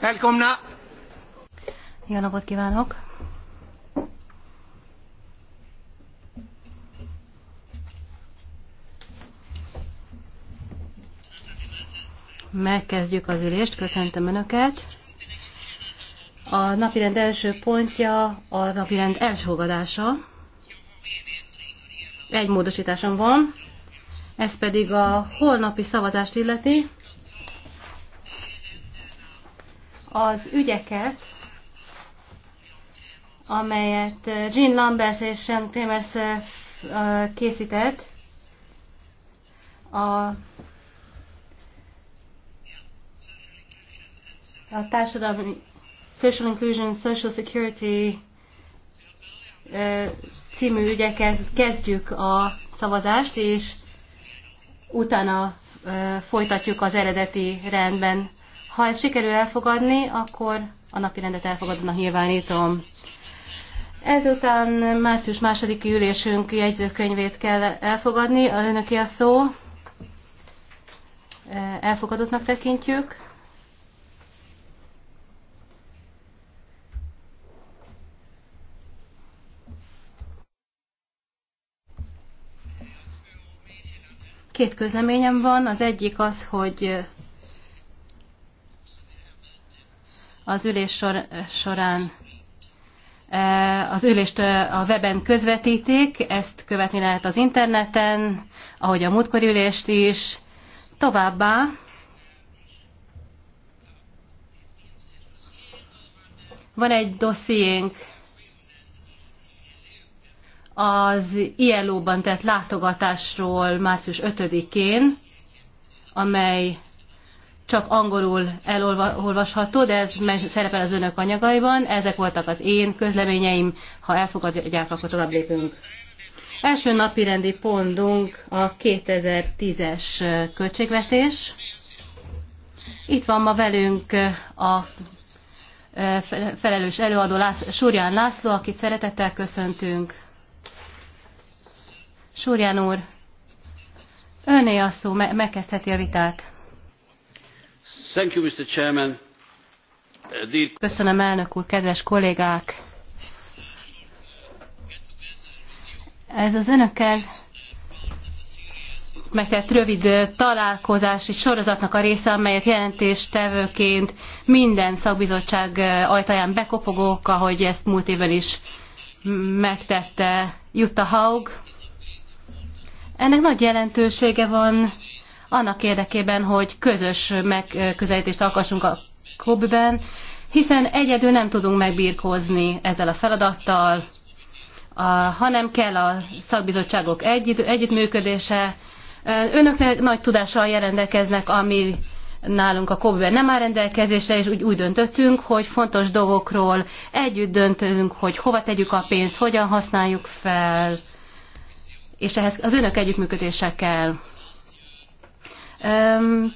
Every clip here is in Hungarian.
Välkomna! Jó napot kívánok! Megkezdjük az ülést, köszöntöm Önöket. A napirend első pontja a napirend elfogadása. Egy módosításom van, ez pedig a holnapi szavazást illeti. az ügyeket, amelyet Jean Lambert és Sean Témes készített a, a társadalmi Social Inclusion, Social Security című ügyeket kezdjük a szavazást, és utána folytatjuk az eredeti rendben ha ezt sikerül elfogadni, akkor a napi rendet elfogadnak nyilvánítom. Ezután március második ülésünk jegyzőkönyvét kell elfogadni, a önöki a szó. E, elfogadottnak tekintjük. Két közleményem van, az egyik az, hogy az ülés sor, során e, az ülést e, a weben közvetítik, ezt követni lehet az interneten, ahogy a múltkori ülést is. Továbbá van egy dossziénk az ILO-ban tett látogatásról március 5-én, amely csak angolul elolvasható, de ez szerepel az önök anyagaiban. Ezek voltak az én közleményeim. Ha elfogadják, akkor tovább lépünk. Első napi rendi pontunk a 2010-es költségvetés. Itt van ma velünk a e, felelős előadó László, Súrján László, akit szeretettel köszöntünk. Súrján úr, öné a szó, megkezdheti a vitát. Uh, Köszönöm, elnök úr, kedves kollégák! Ez az önökkel megtett rövid találkozás, egy sorozatnak a része, amelyet jelentéstevőként minden szakbizottság ajtaján bekopogok, ahogy ezt múlt évben is megtette Jutta Haug. Ennek nagy jelentősége van annak érdekében, hogy közös megközelítést alkassunk a COB-ben, hiszen egyedül nem tudunk megbírkozni ezzel a feladattal, a, hanem kell a szakbizottságok egy, együttműködése. Önöknek nagy tudással rendelkeznek, ami nálunk a COVID nem áll rendelkezésre, és úgy, úgy döntöttünk, hogy fontos dolgokról együtt döntünk, hogy hova tegyük a pénzt, hogyan használjuk fel, és ehhez az önök együttműködése kell.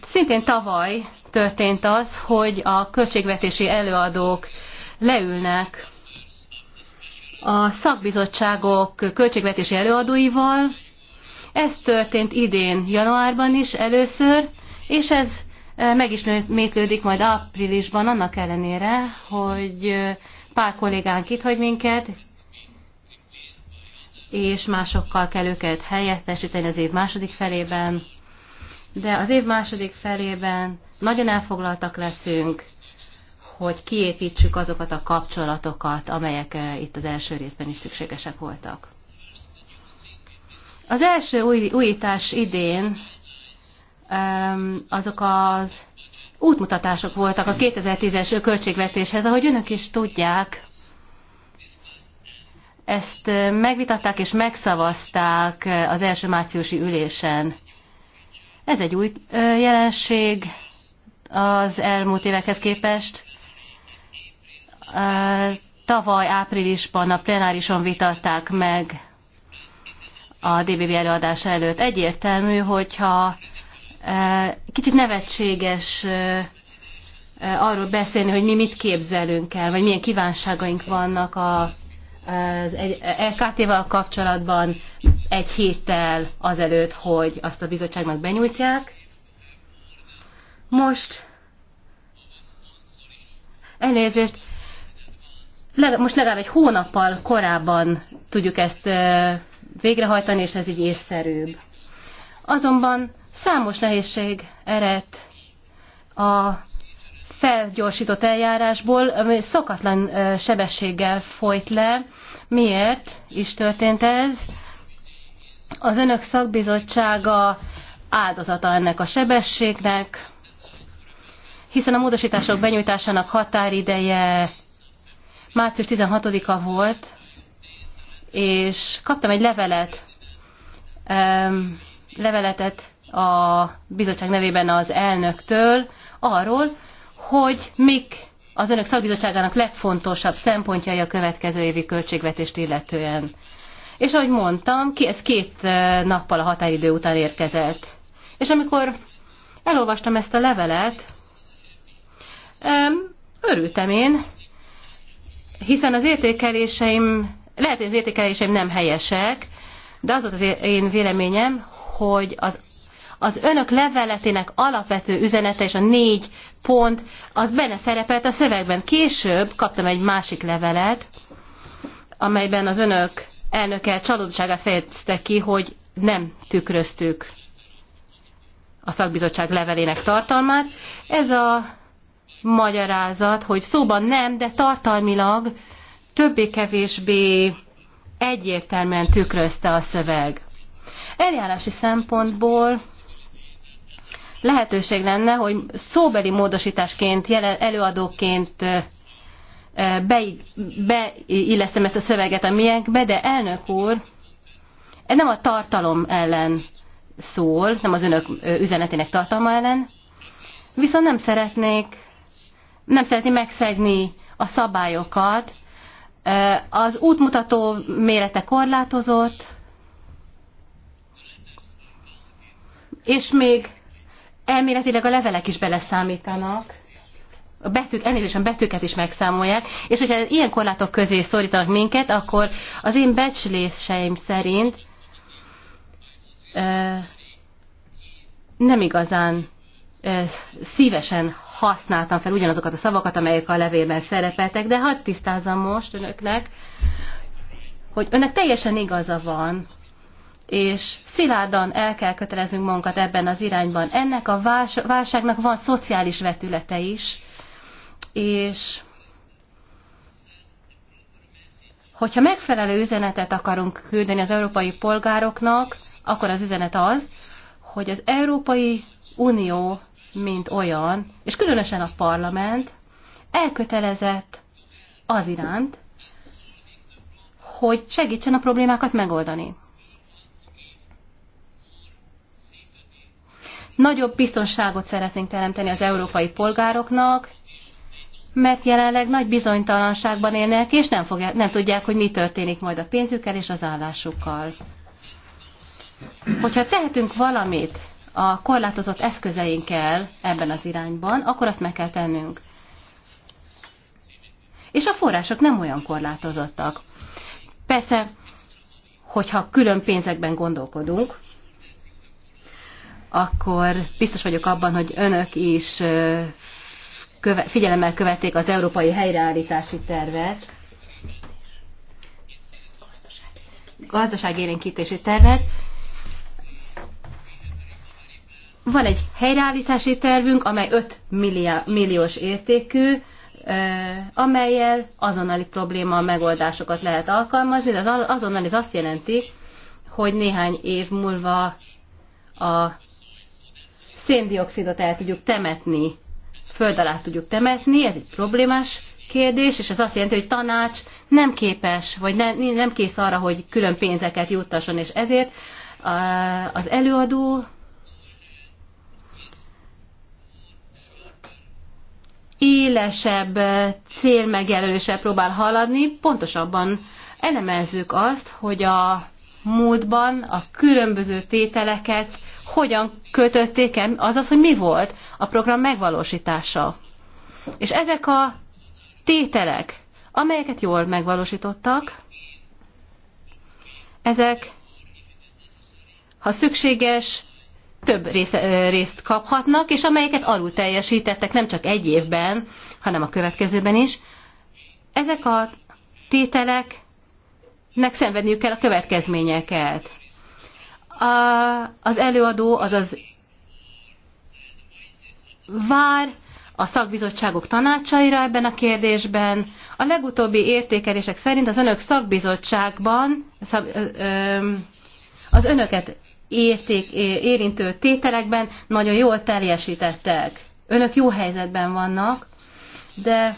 Szintén tavaly történt az, hogy a költségvetési előadók leülnek a szakbizottságok költségvetési előadóival. Ez történt idén, januárban is először, és ez meg is métlődik majd áprilisban, annak ellenére, hogy pár kollégánk itt hagy minket, és másokkal kell őket helyettesíteni az év második felében de az év második felében nagyon elfoglaltak leszünk, hogy kiépítsük azokat a kapcsolatokat, amelyek eh, itt az első részben is szükségesek voltak. Az első új, újítás idén azok az útmutatások voltak a 2010-es költségvetéshez, ahogy önök is tudják, ezt eh, megvitatták és megszavazták eh, az első márciusi ülésen ez egy új jelenség az elmúlt évekhez képest. Tavaly áprilisban a plenárison vitatták meg a DBB előadás előtt. Egyértelmű, hogyha kicsit nevetséges arról beszélni, hogy mi mit képzelünk el, vagy milyen kívánságaink vannak a az egy e, val kapcsolatban egy héttel azelőtt, hogy azt a bizottságnak benyújtják. Most elnézést, leg, most legalább egy hónappal korábban tudjuk ezt e, végrehajtani, és ez így észszerűbb. Azonban számos nehézség eredt a felgyorsított eljárásból, ami szokatlan sebességgel folyt le. Miért is történt ez? Az önök szakbizottsága áldozata ennek a sebességnek, hiszen a módosítások benyújtásának határideje március 16-a volt, és kaptam egy levelet, um, leveletet a bizottság nevében az elnöktől arról, hogy mik az önök szakbizottságának legfontosabb szempontjai a következő évi költségvetést illetően. És ahogy mondtam, ki ez két eh, nappal a határidő után érkezett. És amikor elolvastam ezt a levelet, örültem én, hiszen az értékeléseim, lehet, hogy az értékeléseim nem helyesek, de az volt az én véleményem, hogy az az önök leveletének alapvető üzenete és a négy pont, az benne szerepelt a szövegben. Később kaptam egy másik levelet, amelyben az önök elnöke csalódottságát fejezte ki, hogy nem tükröztük a szakbizottság levelének tartalmát. Ez a magyarázat, hogy szóban nem, de tartalmilag többé-kevésbé egyértelműen tükrözte a szöveg. Eljárási szempontból lehetőség lenne, hogy szóbeli módosításként, előadóként beillesztem ezt a szöveget a miénkbe, de elnök úr, ez nem a tartalom ellen szól, nem az önök üzenetének tartalma ellen, viszont nem szeretnék, nem szeretné megszegni a szabályokat. Az útmutató mérete korlátozott, és még elméletileg a levelek is beleszámítanak, a betűk, elnézést, a betűket is megszámolják, és hogyha ilyen korlátok közé szorítanak minket, akkor az én becsléseim szerint ö, nem igazán ö, szívesen használtam fel ugyanazokat a szavakat, amelyek a levélben szerepeltek, de hadd tisztázom most önöknek, hogy önnek teljesen igaza van, és szilárdan el kell köteleznünk magunkat ebben az irányban. Ennek a válságnak van szociális vetülete is, és hogyha megfelelő üzenetet akarunk küldeni az európai polgároknak, akkor az üzenet az, hogy az Európai Unió, mint olyan, és különösen a parlament elkötelezett az iránt, hogy segítsen a problémákat megoldani. Nagyobb biztonságot szeretnénk teremteni az európai polgároknak, mert jelenleg nagy bizonytalanságban élnek, és nem, fogja, nem tudják, hogy mi történik majd a pénzükkel és az állásukkal. Hogyha tehetünk valamit a korlátozott eszközeinkkel ebben az irányban, akkor azt meg kell tennünk. És a források nem olyan korlátozottak. Persze, hogyha külön pénzekben gondolkodunk, akkor biztos vagyok abban, hogy önök is köve, figyelemmel követték az európai helyreállítási tervet, gazdaságélénkítési tervet. Van egy helyreállítási tervünk, amely 5 milliós értékű, amelyel azonnali probléma megoldásokat lehet alkalmazni, de az azonnal azt jelenti, hogy néhány év múlva a széndiokszidot el tudjuk temetni, föld alá tudjuk temetni, ez egy problémás kérdés, és ez azt jelenti, hogy tanács nem képes, vagy ne, nem kész arra, hogy külön pénzeket juttasson, és ezért az előadó élesebb célmegjelöléssel próbál haladni, pontosabban elemezzük azt, hogy a múltban a különböző tételeket hogyan kötötték el, azaz, hogy mi volt a program megvalósítása. És ezek a tételek, amelyeket jól megvalósítottak, ezek, ha szükséges, több része, részt kaphatnak, és amelyeket alul teljesítettek nem csak egy évben, hanem a következőben is, ezek a tételeknek szenvedniük kell a következményeket a, az előadó, azaz vár a szakbizottságok tanácsaira ebben a kérdésben. A legutóbbi értékelések szerint az önök szakbizottságban az önöket érték, érintő tételekben nagyon jól teljesítettek. Önök jó helyzetben vannak, de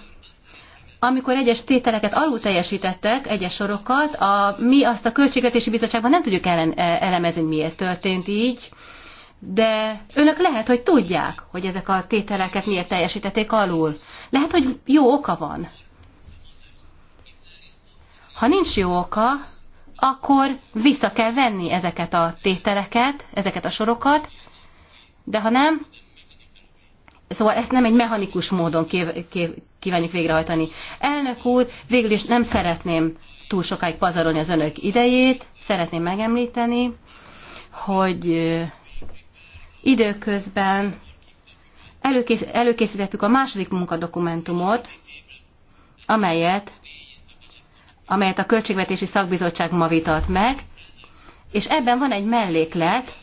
amikor egyes tételeket alul teljesítettek, egyes sorokat, a, mi azt a Költségvetési Bizottságban nem tudjuk ellen, e, elemezni, miért történt így, de önök lehet, hogy tudják, hogy ezek a tételeket miért teljesítették alul. Lehet, hogy jó oka van. Ha nincs jó oka, akkor vissza kell venni ezeket a tételeket, ezeket a sorokat, de ha nem, szóval ezt nem egy mechanikus módon kívánjuk végrehajtani. Elnök úr, végül is nem szeretném túl sokáig pazarolni az önök idejét, szeretném megemlíteni, hogy időközben előkészítettük a második munkadokumentumot, amelyet, amelyet a Költségvetési Szakbizottság ma vitat meg, és ebben van egy melléklet,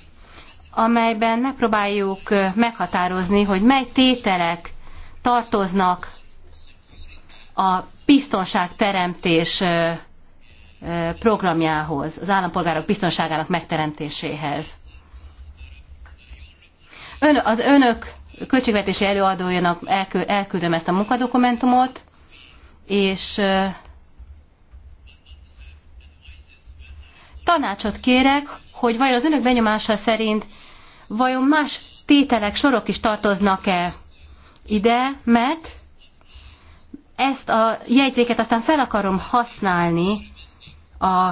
amelyben megpróbáljuk meghatározni, hogy mely tételek tartoznak a biztonságteremtés programjához, az állampolgárok biztonságának megteremtéséhez. Ön, az önök költségvetési előadójának elküldöm ezt a munkadokumentumot, és tanácsot kérek, hogy vajon az önök benyomása szerint vajon más tételek, sorok is tartoznak-e ide, mert ezt a jegyzéket aztán fel akarom használni a,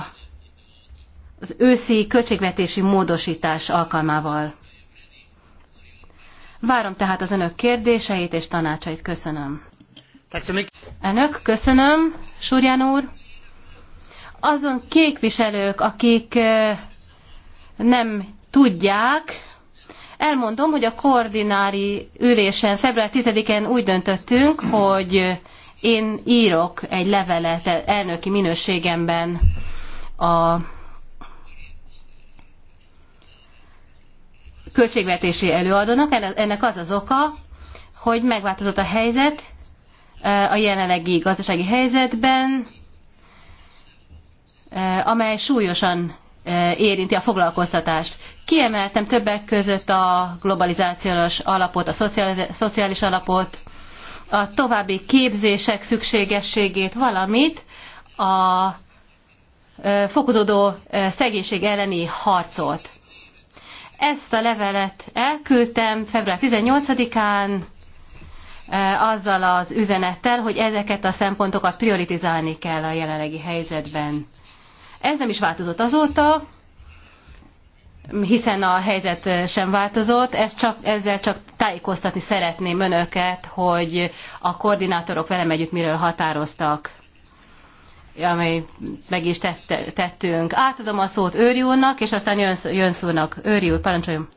az őszi költségvetési módosítás alkalmával. Várom tehát az önök kérdéseit és tanácsait. Köszönöm. Önök, köszönöm, Súrján úr. Azon képviselők, akik nem tudják, elmondom, hogy a koordinári ülésen február 10 én úgy döntöttünk, hogy én írok egy levelet elnöki minőségemben a költségvetési előadónak. Ennek az az oka, hogy megváltozott a helyzet eh, a jelenlegi gazdasági helyzetben, eh, amely súlyosan eh, érinti a foglalkoztatást. Kiemeltem többek között a globalizációs alapot, a szociális alapot, a további képzések szükségességét, valamit a fokozódó szegénység elleni harcot. Ezt a levelet elküldtem február 18-án azzal az üzenettel, hogy ezeket a szempontokat prioritizálni kell a jelenlegi helyzetben. Ez nem is változott azóta, hiszen a helyzet sem változott. Ez csak, ezzel csak tájékoztatni szeretném önöket, hogy a koordinátorok velem együtt miről határoztak amely meg is tette, tettünk. Átadom a szót Őri úrnak, és aztán jön jön úrnak. Őri úr, parancsoljon.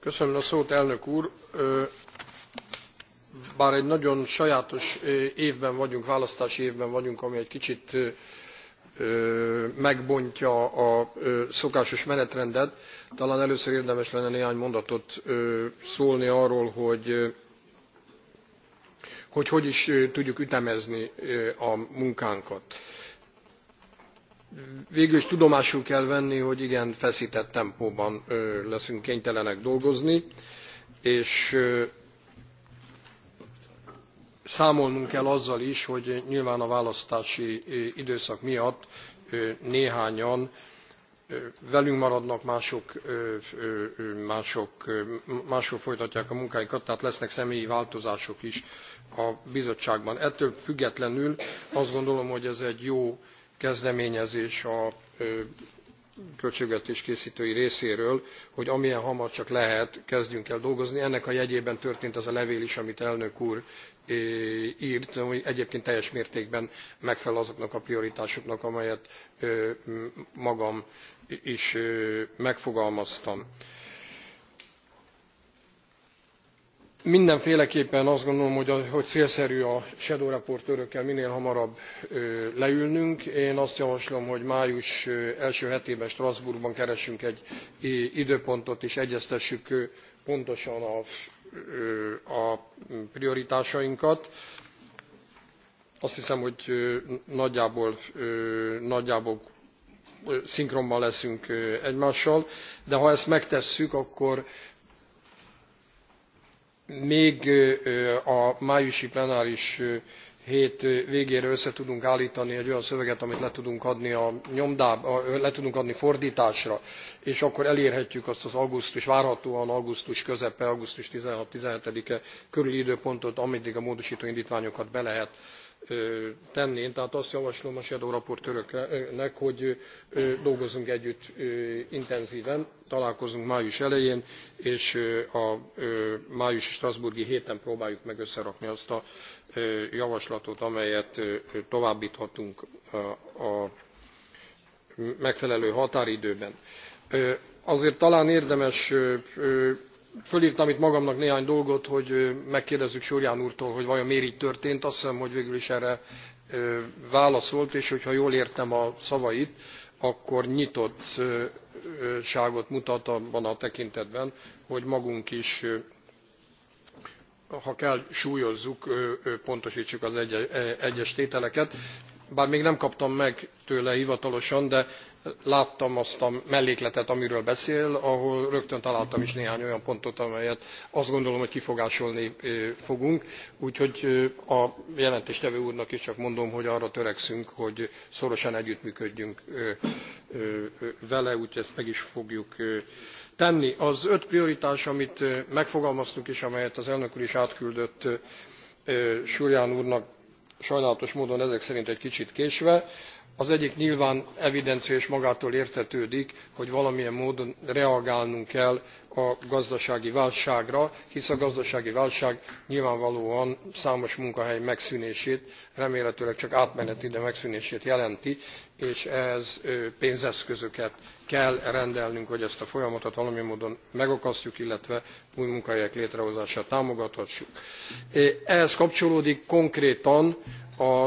Köszönöm a szót, elnök úr. Bár egy nagyon sajátos évben vagyunk, választási évben vagyunk, ami egy kicsit megbontja a szokásos menetrendet. Talán először érdemes lenne néhány mondatot szólni arról, hogy hogy, hogy is tudjuk ütemezni a munkánkat. Végül is tudomásul kell venni, hogy igen, feszített tempóban leszünk kénytelenek dolgozni, és számolnunk kell azzal is, hogy nyilván a választási időszak miatt néhányan velünk maradnak, mások, mások, mások folytatják a munkájukat, tehát lesznek személyi változások is a bizottságban. Ettől függetlenül azt gondolom, hogy ez egy jó kezdeményezés a költségvetés készítői részéről, hogy amilyen hamar csak lehet, kezdjünk el dolgozni. Ennek a jegyében történt az a levél is, amit elnök úr írt, ami egyébként teljes mértékben megfelel azoknak a prioritásoknak, amelyet magam is megfogalmaztam. mindenféleképpen azt gondolom hogy, célszerű a shadow raportőrökkel minél hamarabb leülnünk. én azt javaslom hogy május első hetében strasbourgban keressünk egy időpontot és egyeztessük pontosan a a prioritásainkat. Azt hiszem, hogy nagyjából, nagyjából szinkronban leszünk egymással, de ha ezt megtesszük, akkor még a májusi plenáris hét végére össze tudunk álltani egy olyan szöveget amit le tudunk adni a nyomdába, le tudunk adni fordtásra és akkor elérhetjük azt az augusztus várhatóan augusztus közepe augusztus sixteen seventeen e körüli időpontot ameddig a módostó indtványokat be lehet tenni. Én tehát azt javaslom a shadow raportőröknek, hogy dolgozzunk együtt intenzíven, találkozunk május elején, és a májusi Strasburgi héten próbáljuk meg összerakni azt a javaslatot, amelyet továbbíthatunk a megfelelő határidőben. Azért talán érdemes fölrtam itt magamnak néhány dolgot hogy megkérdezzük surján úrtól hogy vajon miért gy történt azt hiszem hogy végül is erre válaszolt és hogyha jól értem a szavait akkor nyitottságot mutat abban a tekintetben hogy magunk is ha kell súlyozzuk pontostsuk az e-, egyes tételeket bár még nem kaptam meg tőle hivatalosan de láttam azt a mellékletet amiről beszél ahol rögtön találtam is néhány olyan pontot amelyet azt gondolom hogy kifogásolni fogunk úgyhogy a jelentéstevő úrnak is csak mondom hogy arra törekszünk hogy szorosan együttműködjünk vele úgyhogy ezt meg is fogjuk tenni. az öt prioritás amit megfogalmaztunk és amelyet az elnök úr is átküldött surján úrnak sajnálatos módon ezek szerint egy kicsit késve az egyik nyilván evidencia és magától értetődik hogy valamilyen módon reagálnunk kell a gazdasági válságra hisz a gazdasági válság nyilvánvalóan számos munkahely megszűnését remélhetőleg csak átmeneti de megszűnését jelenti és ehhez pénzeszközöket kell rendelnünk hogy ezt a folyamatot valamilyen módon megakasztjuk illetve új munkahelyek létrehozását támogathassuk. ehhez kapcsolódik konkrétan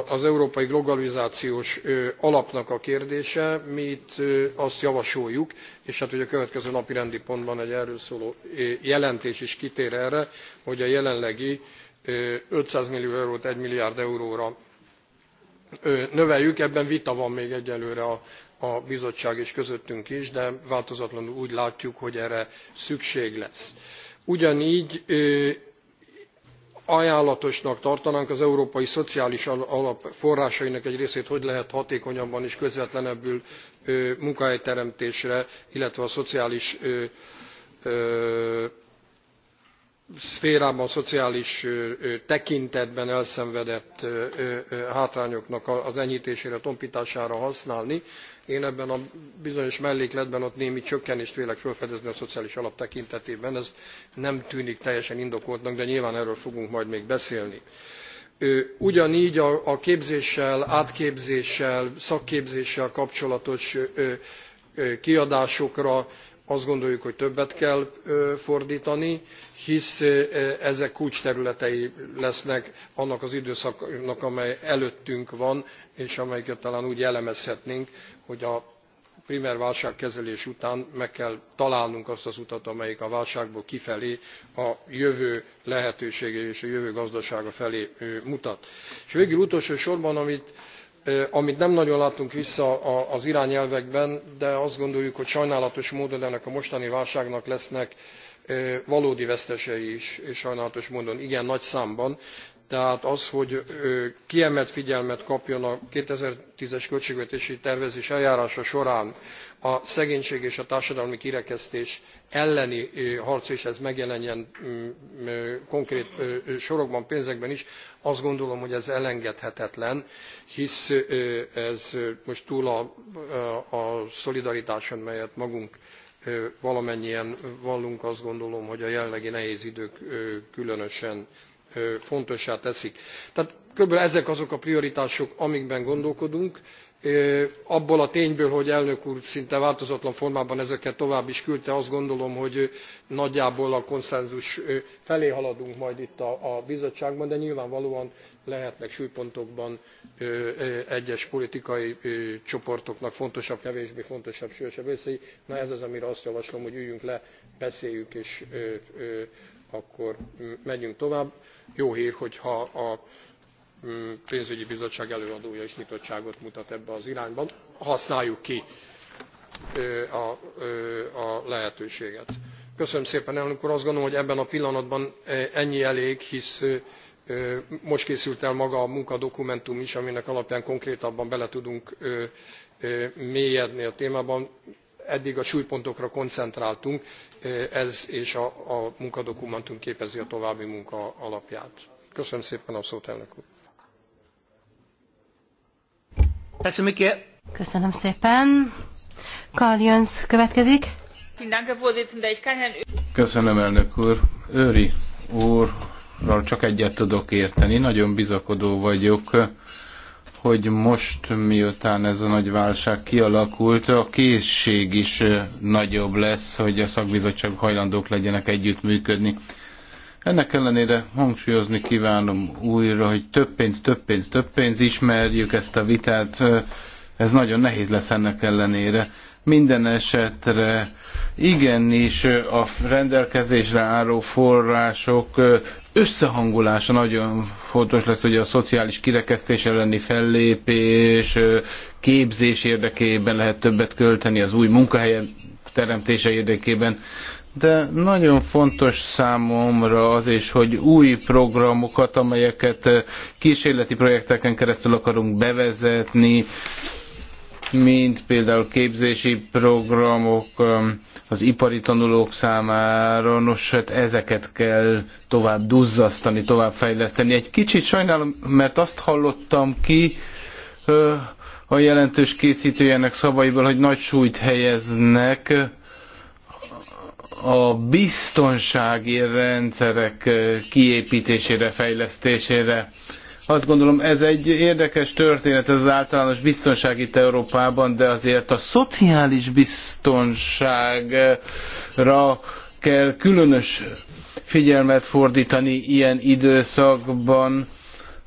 az európai globalizációs alapnak a kérdése. Mi itt azt javasoljuk, és hát hogy a következő napi rendi pontban egy erről szóló jelentés is kitér erre, hogy a jelenlegi 500 millió eurót 1 milliárd euróra növeljük. Ebben vita van még egyelőre a, a bizottság és közöttünk is, de változatlanul úgy látjuk, hogy erre szükség lesz. Ugyanígy ajánlatosnak tartanánk az európai szociális alap forrásainak egy részét hogy lehet hatékonyabban és közvetlenebbül munkahelyteremtésre illetve a szociális szférában, szociális tekintetben elszenvedett hátrányoknak az enyhtésére tompítására használni. Én ebben a bizonyos mellékletben ott némi csökkenést vélek felfedezni a szociális alap tekintetében. Ez nem tűnik teljesen indokoltnak, de nyilván erről fogunk majd még beszélni ugyangy a képzéssel átképzéssel szakképzéssel kapcsolatos kiadásokra azt gondoljuk, hogy többet kell fordítani, hisz ezek kulcsterületei lesznek annak az időszaknak, amely előttünk van, és amelyiket talán úgy elemezhetnénk, hogy a primer válságkezelés után meg kell találnunk azt az utat, amelyik a válságból kifelé a jövő lehetősége és a jövő gazdasága felé mutat. És végül utolsó sorban, amit amit nem nagyon látunk vissza az irányelvekben de azt gondoljuk hogy sajnálatos módon ennek a mostani válságnak lesznek valódi vesztesei is sajnálatos módon igen nagy számban tehát az hogy kiemelt figyelmet kapjon a two thousand and ten es költségvetési tervezés eljárása során a szegénység és a társadalmi kirekesztés elleni harc, és ez megjelenjen mm, konkrét sorokban, pénzekben is, azt gondolom, hogy ez elengedhetetlen, hisz ez most túl a, a szolidaritáson, melyet magunk valamennyien vallunk, azt gondolom, hogy a jelenlegi nehéz idők különösen fontossá teszik. Tehát körülbelül ezek azok a prioritások, amikben gondolkodunk abból a tényből hogy elnök úr szinte változatlan formában ezeket tovább is küldte azt gondolom hogy nagyjából a konszenzus felé haladunk majd itt a bizottságban de nyilvánvalóan lehetnek súlypontokban egyes politikai csoportoknak fontosabb kevésbé fontosabb súlyosabb részei na ez az amire azt javaslom hogy üljünk le beszéljük és akkor megyünk tovább. jó hr hogyha a pénzügyi bizottság előadója is nyitottságot mutat ebbe az irányban. Használjuk ki a, a lehetőséget. Köszönöm szépen, elnök úr. Azt gondolom, hogy ebben a pillanatban ennyi elég, hisz most készült el maga a munkadokumentum is, aminek alapján konkrétabban bele tudunk mélyedni a témában. Eddig a súlypontokra koncentráltunk, ez és a, a munkadokumentum képezi a további munka alapját. Köszönöm szépen a szót, elnök úr. Köszönöm szépen. Karl Jöns következik. Köszönöm, elnök úr. Őri úrral csak egyet tudok érteni. Nagyon bizakodó vagyok, hogy most, miután ez a nagy válság kialakult, a készség is nagyobb lesz, hogy a szakbizottság hajlandók legyenek együttműködni. Ennek ellenére hangsúlyozni kívánom újra, hogy több pénz, több pénz, több pénz, ismerjük ezt a vitát, ez nagyon nehéz lesz ennek ellenére. Minden esetre igenis a rendelkezésre álló források összehangolása nagyon fontos lesz, hogy a szociális kirekesztés elleni fellépés, képzés érdekében lehet többet költeni az új munkahelyek teremtése érdekében, de nagyon fontos számomra az is, hogy új programokat, amelyeket eh, kísérleti projekteken keresztül akarunk bevezetni, mint például képzési programok eh, az ipari tanulók számára, nos, hát ezeket kell tovább duzzasztani, tovább fejleszteni. Egy kicsit sajnálom, mert azt hallottam ki eh, a jelentős készítőjének szavaiból, hogy nagy súlyt helyeznek a biztonsági rendszerek eh, kiépítésére, fejlesztésére. Azt gondolom, ez egy érdekes történet az általános biztonság itt Európában, de azért a szociális biztonságra kell különös figyelmet fordítani ilyen időszakban,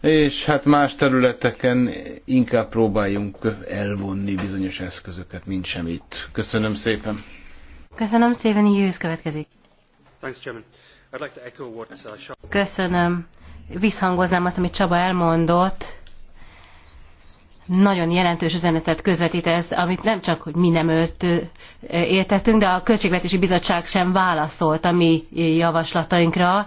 és hát más területeken inkább próbáljunk elvonni bizonyos eszközöket, mint sem itt. Köszönöm szépen! Köszönöm, Stephen Hughes következik. Thanks, I'd like to echo what, uh, Köszönöm. Visszhangoznám azt, amit Csaba elmondott. Nagyon jelentős üzenetet közvetít ez, amit nem csak, hogy mi nem őt értettünk, de a Költségvetési Bizottság sem válaszolt a mi javaslatainkra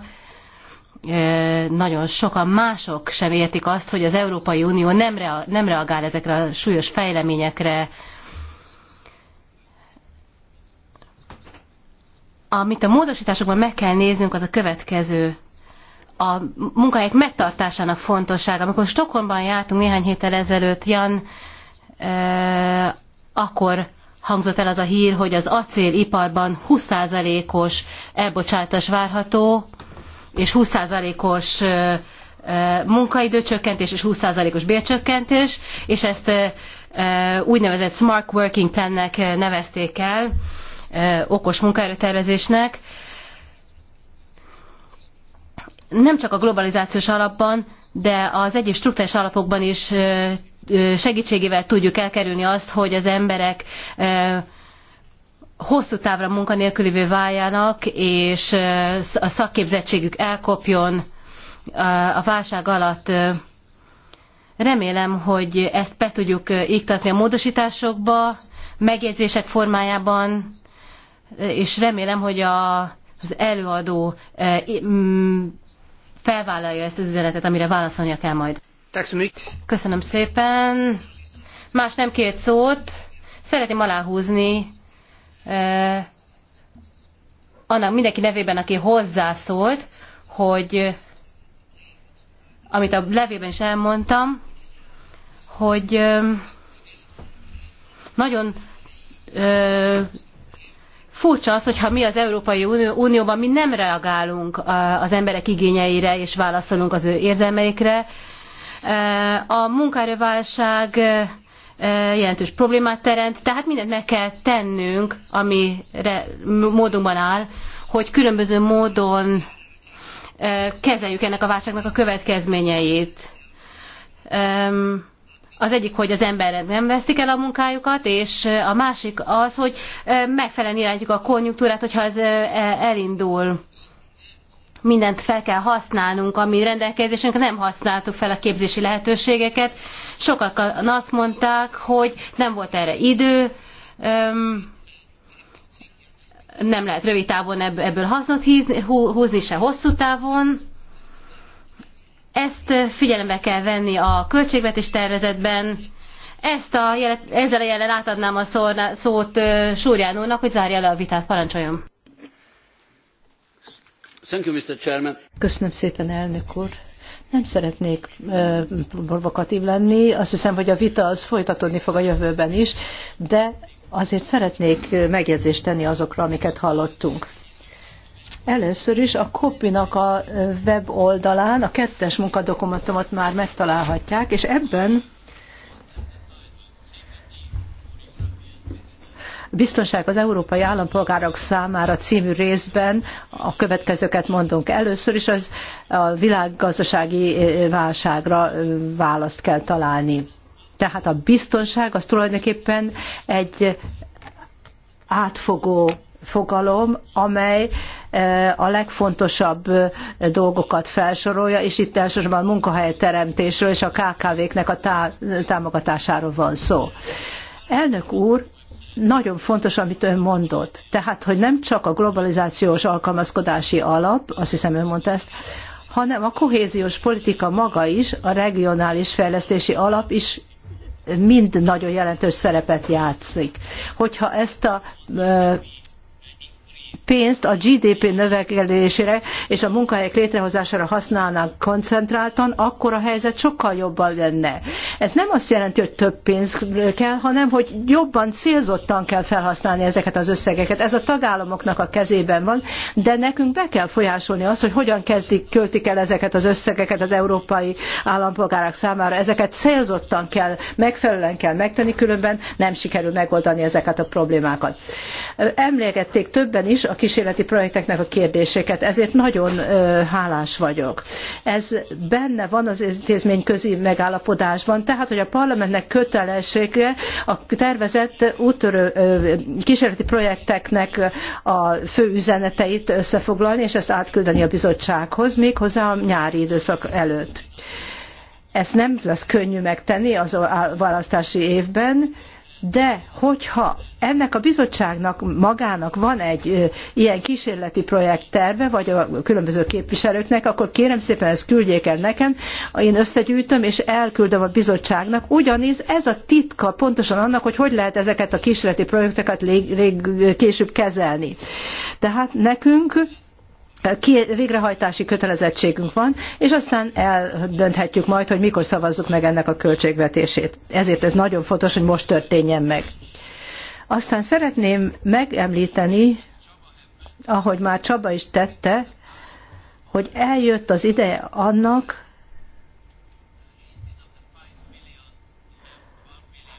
nagyon sokan mások sem értik azt, hogy az Európai Unió nem, nem reagál ezekre a súlyos fejleményekre, Amit a módosításokban meg kell néznünk, az a következő. A munkahelyek megtartásának fontossága. Amikor Stockholmban jártunk néhány héttel ezelőtt, Jan, e, akkor hangzott el az a hír, hogy az acéliparban 20%-os elbocsátás várható, és 20%-os e, munkaidőcsökkentés és 20%-os bércsökkentés, és ezt úgynevezett Smart Working Plannek nevezték el okos munkaerőtervezésnek. Nem csak a globalizációs alapban, de az egyéb struktúrás alapokban is segítségével tudjuk elkerülni azt, hogy az emberek hosszú távra munkanélkülivé váljanak, és a szakképzettségük elkopjon a válság alatt. Remélem, hogy ezt be tudjuk iktatni a módosításokba, megjegyzések formájában, és remélem, hogy a, az előadó e, felvállalja ezt az üzenetet, amire válaszolnia kell majd. Köszönöm szépen. Más nem két szót. Szeretném aláhúzni e, annak mindenki nevében, aki hozzászólt, hogy amit a levében is elmondtam, hogy e, nagyon Furcsa az, hogyha mi az Európai Unióban mi nem reagálunk az emberek igényeire és válaszolunk az ő érzelmeikre. A munkaerőválság jelentős problémát teremt, tehát mindent meg kell tennünk, ami módunkban áll, hogy különböző módon kezeljük ennek a válságnak a következményeit az egyik, hogy az emberek nem veszik el a munkájukat, és a másik az, hogy megfelelően irányítjuk a konjunktúrát, hogyha ez e, elindul. Mindent fel kell használnunk, ami rendelkezésünk, nem használtuk fel a képzési lehetőségeket. Sokakan azt mondták, hogy nem volt erre idő, nem lehet rövid távon ebből hasznot húzni, se hosszú távon ezt figyelembe kell venni a költségvetés tervezetben. Ezt a, ezzel a jelen átadnám a szót Súrján úrnak, hogy zárja le a vitát. Parancsoljon! Köszönöm szépen, elnök úr! Nem szeretnék provokatív lenni, azt hiszem, hogy a vita az folytatódni fog a jövőben is, de azért szeretnék megjegyzést tenni azokra, amiket hallottunk. Először is a Kopinak a weboldalán a kettes munkadokumentumot már megtalálhatják, és ebben Biztonság az európai állampolgárok számára című részben a következőket mondunk. Először is az a világgazdasági válságra választ kell találni. Tehát a biztonság az tulajdonképpen egy átfogó fogalom, amely e, a legfontosabb e, dolgokat felsorolja, és itt elsősorban a teremtésről és a KKV-knek a támogatásáról van szó. Elnök úr, nagyon fontos, amit ön mondott. Tehát, hogy nem csak a globalizációs alkalmazkodási alap, azt hiszem ön mondta ezt, hanem a kohéziós politika maga is, a regionális fejlesztési alap is mind nagyon jelentős szerepet játszik. Hogyha ezt a e, pénzt a GDP növekedésére és a munkahelyek létrehozására használnánk koncentráltan, akkor a helyzet sokkal jobban lenne. Ez nem azt jelenti, hogy több pénz kell, hanem hogy jobban célzottan kell felhasználni ezeket az összegeket. Ez a tagállamoknak a kezében van, de nekünk be kell folyásolni azt, hogy hogyan kezdik, költik el ezeket az összegeket az európai állampolgárok számára. Ezeket célzottan kell, megfelelően kell megtenni, különben nem sikerül megoldani ezeket a problémákat. Emlékezték többen is a kísérleti projekteknek a kérdéseket, ezért nagyon hálás vagyok. Ez benne van az intézményközi megállapodásban, tehát hogy a parlamentnek kötelessége a tervezett úttörő kísérleti projekteknek a fő üzeneteit összefoglalni, és ezt átküldeni a bizottsághoz, méghozzá a nyári időszak előtt. Ezt nem lesz könnyű megtenni az a választási évben, de hogyha ennek a bizottságnak magának van egy ilyen kísérleti projekt terve, vagy a különböző képviselőknek, akkor kérem szépen ezt küldjék el nekem, én összegyűjtöm és elküldöm a bizottságnak, ugyanis ez a titka pontosan annak, hogy hogy lehet ezeket a kísérleti projekteket később kezelni. Tehát nekünk végrehajtási kötelezettségünk van, és aztán eldönthetjük majd, hogy mikor szavazzuk meg ennek a költségvetését. Ezért ez nagyon fontos, hogy most történjen meg. Aztán szeretném megemlíteni, ahogy már Csaba is tette, hogy eljött az ideje annak,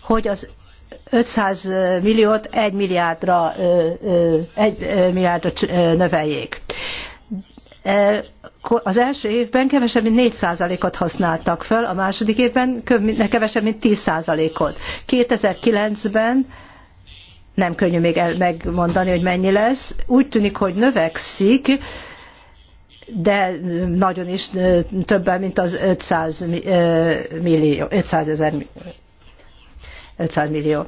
hogy az 500 milliót 1 milliárdra, 1 milliárdra növeljék. E, az első évben kevesebb, mint 4%-ot használtak fel, a második évben kevesebb, mint 10%-ot. 2009-ben nem könnyű még el, megmondani, hogy mennyi lesz. Úgy tűnik, hogy növekszik, de nagyon is e, többen, mint az 500 e, millió. 500 ezer 500 millió.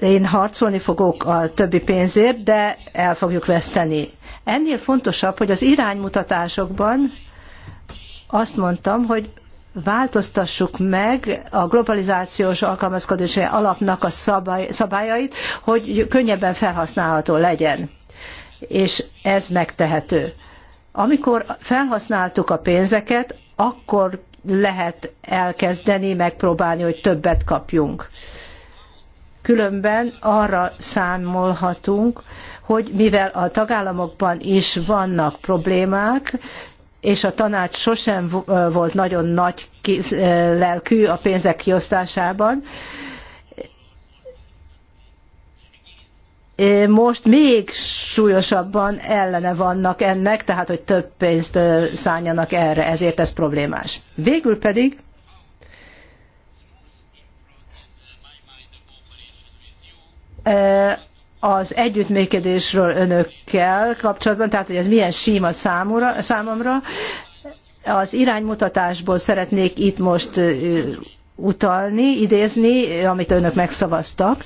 Én harcolni fogok a többi pénzért, de el fogjuk veszteni. Ennél fontosabb, hogy az iránymutatásokban azt mondtam, hogy változtassuk meg a globalizációs alkalmazkodási alapnak a szabály, szabályait, hogy könnyebben felhasználható legyen. És ez megtehető. Amikor felhasználtuk a pénzeket, akkor lehet elkezdeni, megpróbálni, hogy többet kapjunk. Különben arra számolhatunk, hogy mivel a tagállamokban is vannak problémák, és a tanács sosem volt nagyon nagy lelkű a pénzek kiosztásában, most még súlyosabban ellene vannak ennek, tehát hogy több pénzt szálljanak erre, ezért ez problémás. Végül pedig az együttműködésről önökkel kapcsolatban, tehát hogy ez milyen síma számomra, számomra. Az iránymutatásból szeretnék itt most utalni, idézni, amit önök megszavaztak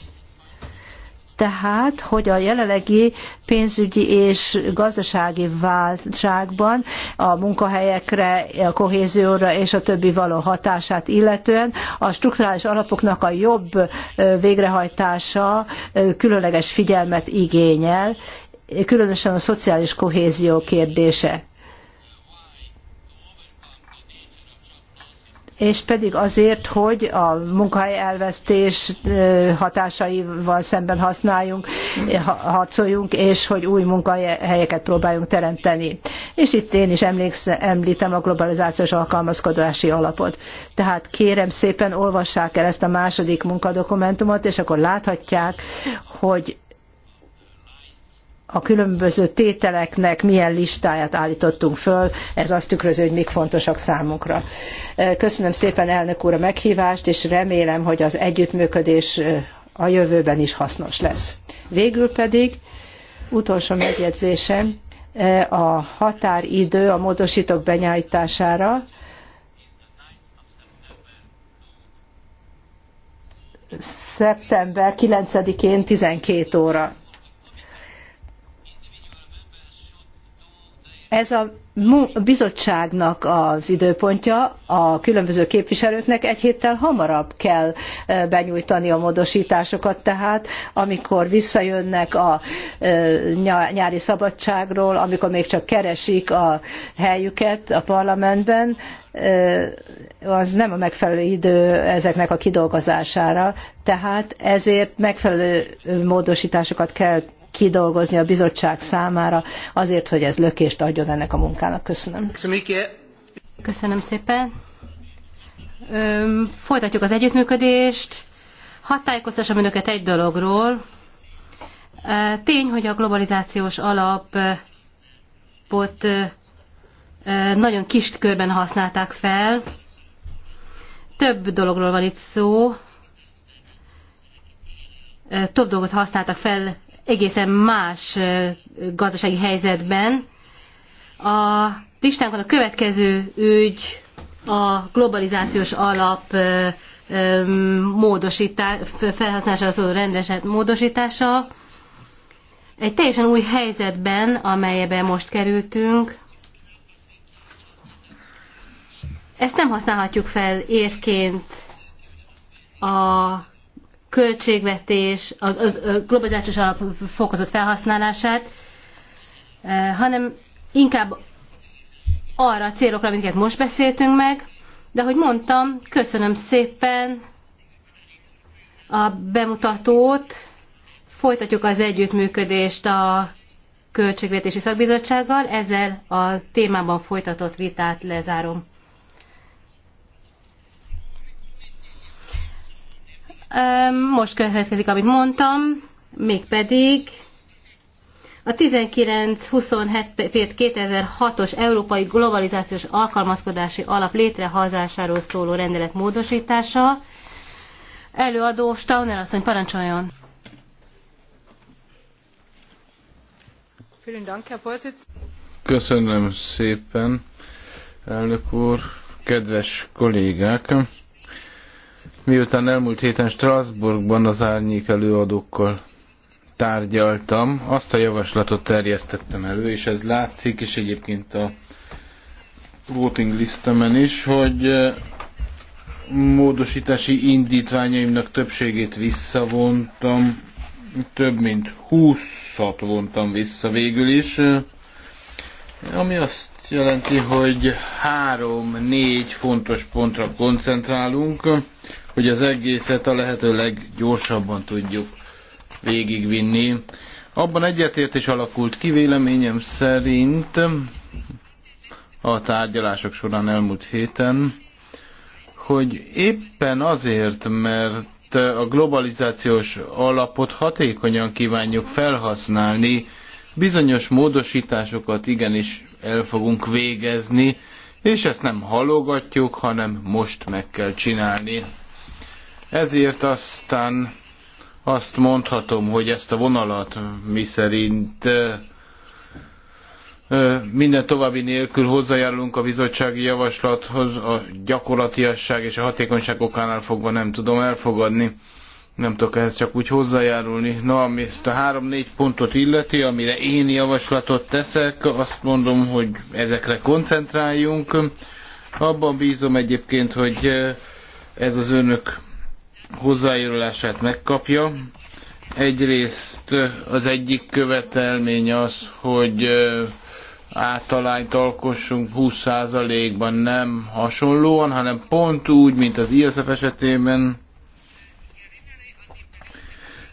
tehát, hogy a jelenlegi pénzügyi és gazdasági válságban a munkahelyekre, a kohézióra és a többi való hatását illetően a strukturális alapoknak a jobb végrehajtása különleges figyelmet igényel, különösen a szociális kohézió kérdése. és pedig azért, hogy a munkahely elvesztés hatásaival szemben használjunk, harcoljunk, és hogy új munkahelyeket próbáljunk teremteni. És itt én is emléksz, említem a globalizációs alkalmazkodási alapot. Tehát kérem szépen olvassák el ezt a második munkadokumentumot, és akkor láthatják, hogy a különböző tételeknek milyen listáját állítottunk föl, ez azt tükrözi, hogy mik fontosak számunkra. Köszönöm szépen elnök úr a meghívást, és remélem, hogy az együttműködés eh, a jövőben is hasznos lesz. Végül pedig utolsó megjegyzésem eh, a határidő a módosítók benyújtására szeptember 9-én 12 óra. Ez a bizottságnak az időpontja a különböző képviselőknek egy héttel hamarabb kell benyújtani a módosításokat, tehát amikor visszajönnek a nyári szabadságról, amikor még csak keresik a helyüket a parlamentben, az nem a megfelelő idő ezeknek a kidolgozására, tehát ezért megfelelő módosításokat kell kidolgozni a bizottság számára, azért, hogy ez lökést adjon ennek a munkának. Köszönöm. Köszönöm szépen. Öm, folytatjuk az együttműködést. Hadd tájékoztassam önöket egy dologról. Tény, hogy a globalizációs alapot nagyon kis körben használták fel. Több dologról van itt szó. Több dolgot használtak fel egészen más gazdasági helyzetben. A listánkon a következő ügy a globalizációs alap felhasználására szóló rendeset módosítása. Egy teljesen új helyzetben, amelybe most kerültünk, ezt nem használhatjuk fel évként a költségvetés, az, az, az globalizációs alap fokozott felhasználását, hanem inkább arra a célokra, amiket most beszéltünk meg, de ahogy mondtam, köszönöm szépen a bemutatót, folytatjuk az együttműködést a Költségvetési Szakbizottsággal, ezzel a témában folytatott vitát lezárom. Most következik, amit mondtam, mégpedig a 1927. 2006-os Európai Globalizációs Alkalmazkodási Alap létrehozásáról szóló rendelet módosítása. Előadó Stauner asszony, parancsoljon! Köszönöm szépen, elnök úr, kedves kollégák! Miután elmúlt héten Strasbourgban az árnyék előadókkal tárgyaltam, azt a javaslatot terjesztettem elő, és ez látszik, és egyébként a voting listemen is, hogy eh, módosítási indítványaimnak többségét visszavontam, több mint 20-at vontam vissza végül is, eh, ami azt jelenti, hogy három-négy fontos pontra koncentrálunk hogy az egészet a lehető leggyorsabban tudjuk végigvinni. Abban egyetértés alakult ki véleményem szerint a tárgyalások során elmúlt héten, hogy éppen azért, mert a globalizációs alapot hatékonyan kívánjuk felhasználni, bizonyos módosításokat igenis el fogunk végezni, és ezt nem halogatjuk, hanem most meg kell csinálni. Ezért aztán azt mondhatom, hogy ezt a vonalat, mi szerint minden további nélkül hozzájárulunk a bizottsági javaslathoz, a gyakorlatiasság és a hatékonyság okánál fogva nem tudom elfogadni. Nem tudok ehhez csak úgy hozzájárulni. Na, ami ezt a három-négy pontot illeti, amire én javaslatot teszek, azt mondom, hogy ezekre koncentráljunk. Abban bízom egyébként, hogy ez az önök hozzájárulását megkapja. Egyrészt az egyik követelmény az, hogy általányt alkossunk 20%-ban nem hasonlóan, hanem pont úgy, mint az ISF esetében.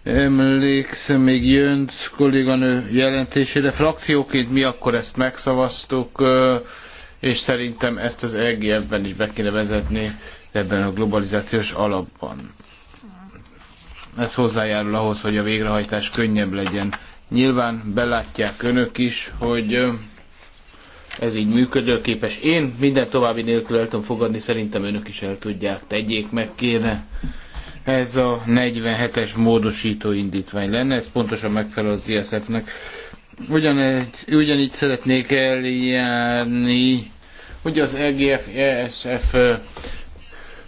Emlékszem még Jönc kolléganő jelentésére. Frakcióként mi akkor ezt megszavaztuk, és szerintem ezt az EGF-ben is be kéne vezetni ebben a globalizációs alapban. Ez hozzájárul ahhoz, hogy a végrehajtás könnyebb legyen. Nyilván belátják önök is, hogy ez így működőképes. Én minden további nélkül el tudom fogadni, szerintem önök is el tudják. Tegyék meg, kéne. Ez a 47-es módosító indítvány lenne, ez pontosan megfelel az ISF-nek. ugyanígy szeretnék eljárni, hogy az EGF, ESF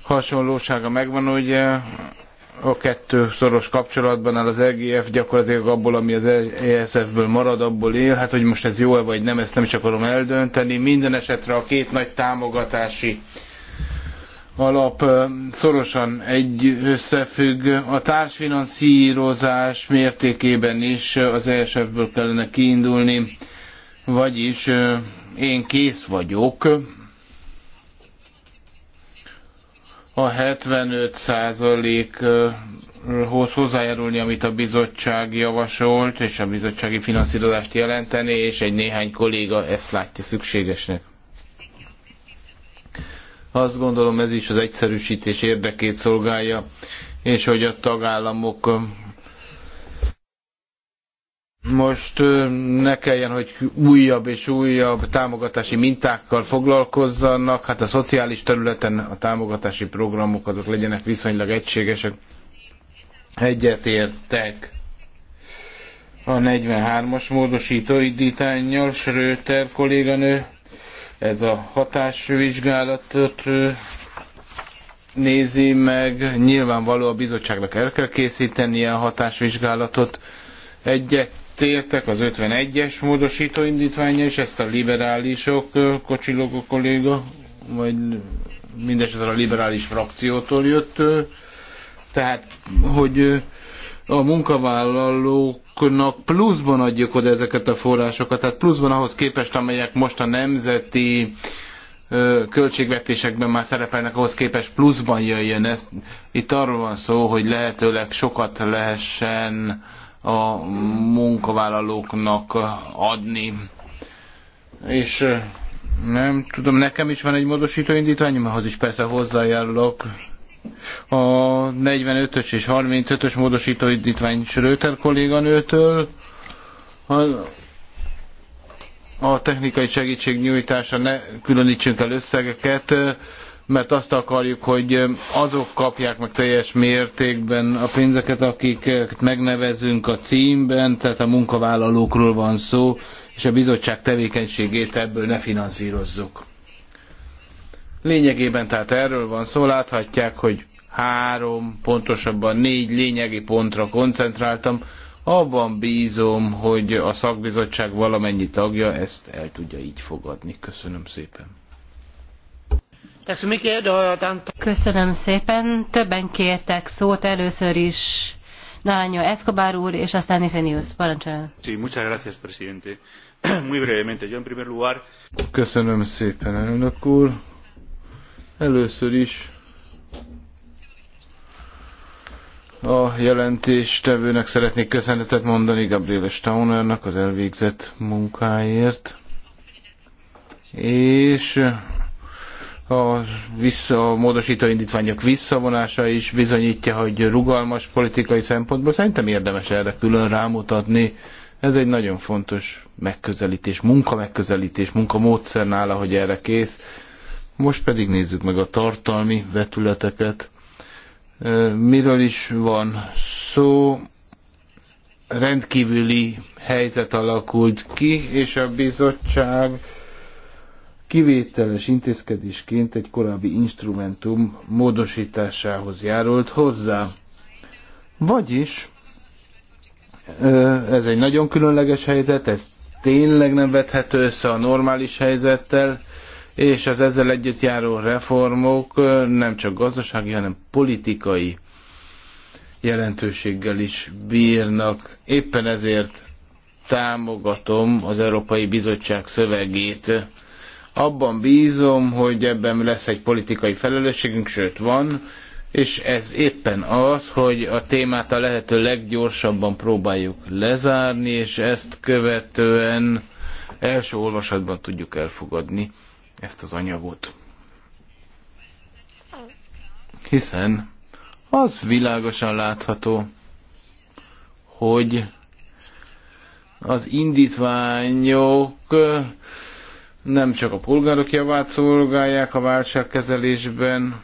hasonlósága megvan, hogy a kettő szoros kapcsolatban áll az EGF gyakorlatilag abból, ami az ESF-ből marad, abból él. Hát, hogy most ez jó-e vagy nem, ezt nem is akarom eldönteni. Minden esetre a két nagy támogatási alap szorosan egy összefügg. A társfinanszírozás mértékében is az ESF-ből kellene kiindulni, vagyis én kész vagyok a 75%-hoz hozzájárulni, amit a bizottság javasolt, és a bizottsági finanszírozást jelenteni, és egy néhány kolléga ezt látja szükségesnek. Azt gondolom ez is az egyszerűsítés érdekét szolgálja, és hogy a tagállamok most ne kelljen, hogy újabb és újabb támogatási mintákkal foglalkozzanak, hát a szociális területen a támogatási programok azok legyenek viszonylag egységesek. Egyetértek a 43-as módosító indítányjal, Schröter kolléganő, ez a hatásvizsgálatot nézi meg, nyilvánvaló a bizottságnak el kell készítenie a hatásvizsgálatot, egyet tértek az 51-es módosító indítványa, és ezt a liberálisok, Kocsilog a kolléga, vagy mindesetre a liberális frakciótól jött, tehát, hogy a munkavállalóknak pluszban adjuk oda ezeket a forrásokat, tehát pluszban ahhoz képest, amelyek most a nemzeti költségvetésekben már szerepelnek, ahhoz képest pluszban jöjjön ez. Itt arról van szó, hogy lehetőleg sokat lehessen a munkavállalóknak adni. És nem tudom, nekem is van egy módosító indítványom, ahhoz is persze hozzájárulok. A 45-ös és 35-ös módosító indítvány Schröter kolléganőtől. A, a technikai segítség nyújtása, ne különítsünk el összegeket mert azt akarjuk, hogy azok kapják meg teljes mértékben a pénzeket, akiket megnevezünk a címben, tehát a munkavállalókról van szó, és a bizottság tevékenységét ebből ne finanszírozzuk. Lényegében tehát erről van szó, láthatják, hogy három, pontosabban négy lényegi pontra koncentráltam. Abban bízom, hogy a szakbizottság valamennyi tagja ezt el tudja így fogadni. Köszönöm szépen. Köszönöm szépen. Többen kértek szót először is. nálanyó Escobar úr, és aztán Isenius. Parancsoljon. Sí, muchas gracias, presidente. Muy brevemente, yo en primer lugar... Köszönöm szépen, elnök úr. Először is a jelentéstevőnek szeretnék köszönetet mondani Gabriel Staunernak az elvégzett munkáért, és a vissza, a módosító indítványok visszavonása is bizonyítja, hogy rugalmas politikai szempontból szerintem érdemes erre külön rámutatni. Ez egy nagyon fontos megközelítés, munka megközelítés, munka módszer nála, hogy erre kész. Most pedig nézzük meg a tartalmi vetületeket. Miről is van szó? Rendkívüli helyzet alakult ki, és a bizottság kivételes intézkedésként egy korábbi instrumentum módosításához járult hozzá. Vagyis ez egy nagyon különleges helyzet, ez tényleg nem vethető össze a normális helyzettel, és az ezzel együtt járó reformok nem csak gazdasági, hanem politikai jelentőséggel is bírnak. Éppen ezért támogatom az Európai Bizottság szövegét, abban bízom, hogy ebben lesz egy politikai felelősségünk, sőt van, és ez éppen az, hogy a témát a lehető leggyorsabban próbáljuk lezárni, és ezt követően első olvasatban tudjuk elfogadni ezt az anyagot. Hiszen az világosan látható, hogy az indítványok nem csak a polgárok javát szolgálják a válságkezelésben,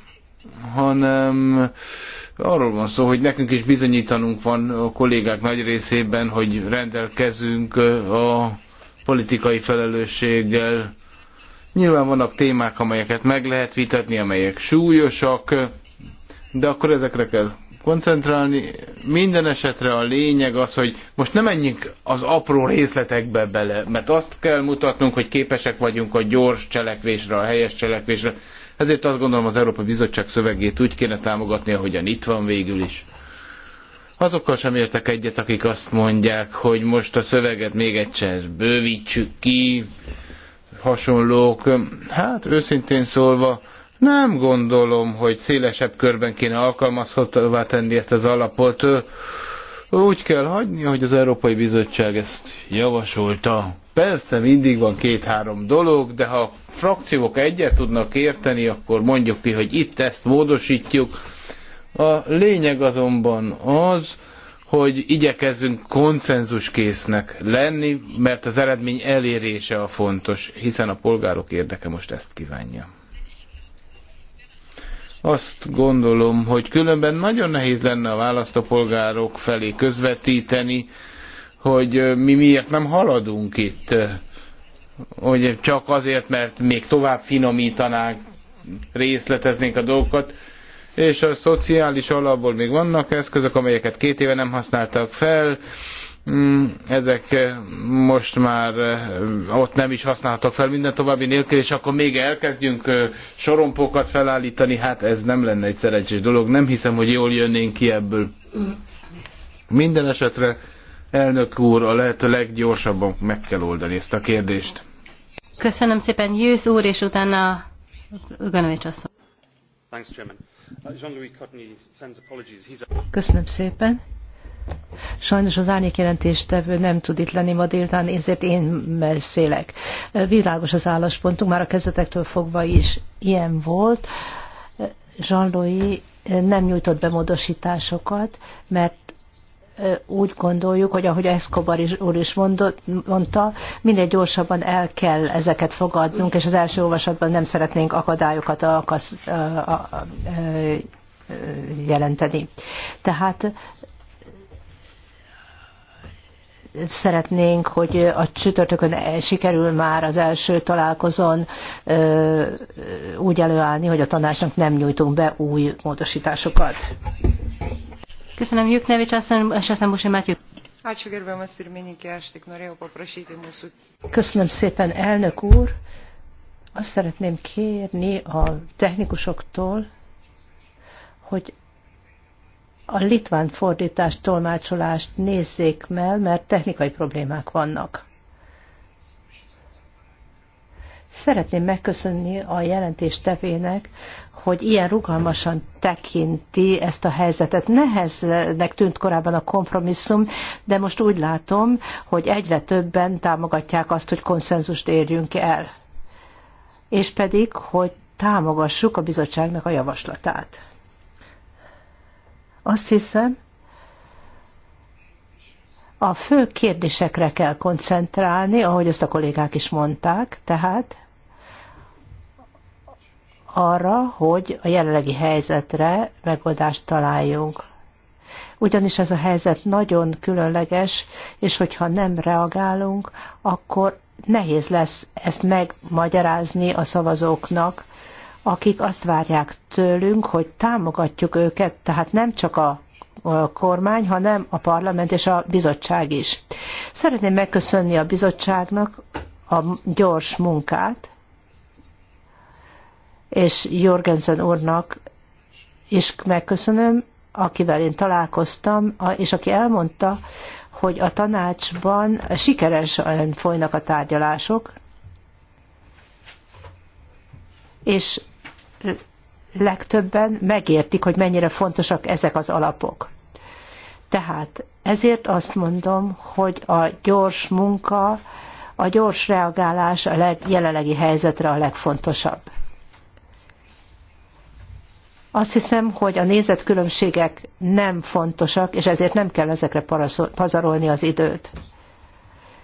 hanem arról van szó, hogy nekünk is bizonyítanunk van a kollégák nagy részében, hogy rendelkezünk a politikai felelősséggel. Nyilván vannak témák, amelyeket meg lehet vitatni, amelyek súlyosak, de akkor ezekre kell koncentrálni. Minden esetre a lényeg az, hogy most nem menjünk az apró részletekbe bele, mert azt kell mutatnunk, hogy képesek vagyunk a gyors cselekvésre, a helyes cselekvésre. Ezért azt gondolom az Európai Bizottság szövegét úgy kéne támogatni, ahogyan itt van végül is. Azokkal sem értek egyet, akik azt mondják, hogy most a szöveget még egyszer bővítsük ki, hasonlók. Hát őszintén szólva, nem gondolom, hogy szélesebb körben kéne alkalmazhatóvá tenni ezt az alapot. Úgy kell hagyni, hogy az Európai Bizottság ezt javasolta. Persze mindig van két-három dolog, de ha a frakciók egyet tudnak érteni, akkor mondjuk ki, hogy itt ezt módosítjuk. A lényeg azonban az, hogy igyekezzünk konszenzuskésznek lenni, mert az eredmény elérése a fontos, hiszen a polgárok érdeke most ezt kívánja. Azt gondolom, hogy különben nagyon nehéz lenne a választópolgárok felé közvetíteni, hogy mi miért nem haladunk itt. Hogy csak azért, mert még tovább finomítanánk, részleteznénk a dolgokat, és a szociális alapból még vannak eszközök, amelyeket két éve nem használtak fel, Mm, ezek eh, most már eh, ott nem is használhatok fel minden további nélkül, és akkor még elkezdjünk eh, sorompókat felállítani, hát ez nem lenne egy szerencsés dolog, nem hiszem, hogy jól jönnénk ki ebből. Minden esetre, elnök úr, a lehető leggyorsabban meg kell oldani ezt a kérdést. Köszönöm szépen, Jősz úr, és utána Uganovics asszony. Uh, Köszönöm szépen. Sajnos az jelentéstevő nem tud itt lenni ma délután, ezért én beszélek. Világos az álláspontunk, már a kezdetektől fogva is ilyen volt. jean nem nyújtott be módosításokat, mert úgy gondoljuk, hogy ahogy Escobar is, úr is mondott, mondta, minél gyorsabban el kell ezeket fogadnunk, és az első olvasatban nem szeretnénk akadályokat akasz, a, a, a, jelenteni. Tehát szeretnénk, hogy a csütörtökön eh, sikerül már az első találkozón eh, úgy előállni, hogy a tanácsnak nem nyújtunk be új módosításokat. Köszönöm, Juk Nevics, és aztán Busi Mátyú. Köszönöm szépen, elnök úr. Azt szeretném kérni a technikusoktól, hogy a litván fordítást, tolmácsolást nézzék meg, mert technikai problémák vannak. Szeretném megköszönni a jelentéstevének, hogy ilyen rugalmasan tekinti ezt a helyzetet. Neheznek tűnt korábban a kompromisszum, de most úgy látom, hogy egyre többen támogatják azt, hogy konszenzust érjünk el. És pedig, hogy támogassuk a bizottságnak a javaslatát. Azt hiszem, a fő kérdésekre kell koncentrálni, ahogy ezt a kollégák is mondták, tehát arra, hogy a jelenlegi helyzetre megoldást találjunk. Ugyanis ez a helyzet nagyon különleges, és hogyha nem reagálunk, akkor nehéz lesz ezt megmagyarázni a szavazóknak, akik azt várják tőlünk, hogy támogatjuk őket, tehát nem csak a kormány, hanem a parlament és a bizottság is. Szeretném megköszönni a bizottságnak a gyors munkát, és Jorgensen úrnak is megköszönöm, akivel én találkoztam, és aki elmondta, hogy a tanácsban sikeresen folynak a tárgyalások, és legtöbben megértik, hogy mennyire fontosak ezek az alapok. Tehát ezért azt mondom, hogy a gyors munka, a gyors reagálás a leg, jelenlegi helyzetre a legfontosabb. Azt hiszem, hogy a nézetkülönbségek nem fontosak, és ezért nem kell ezekre pazarolni az időt.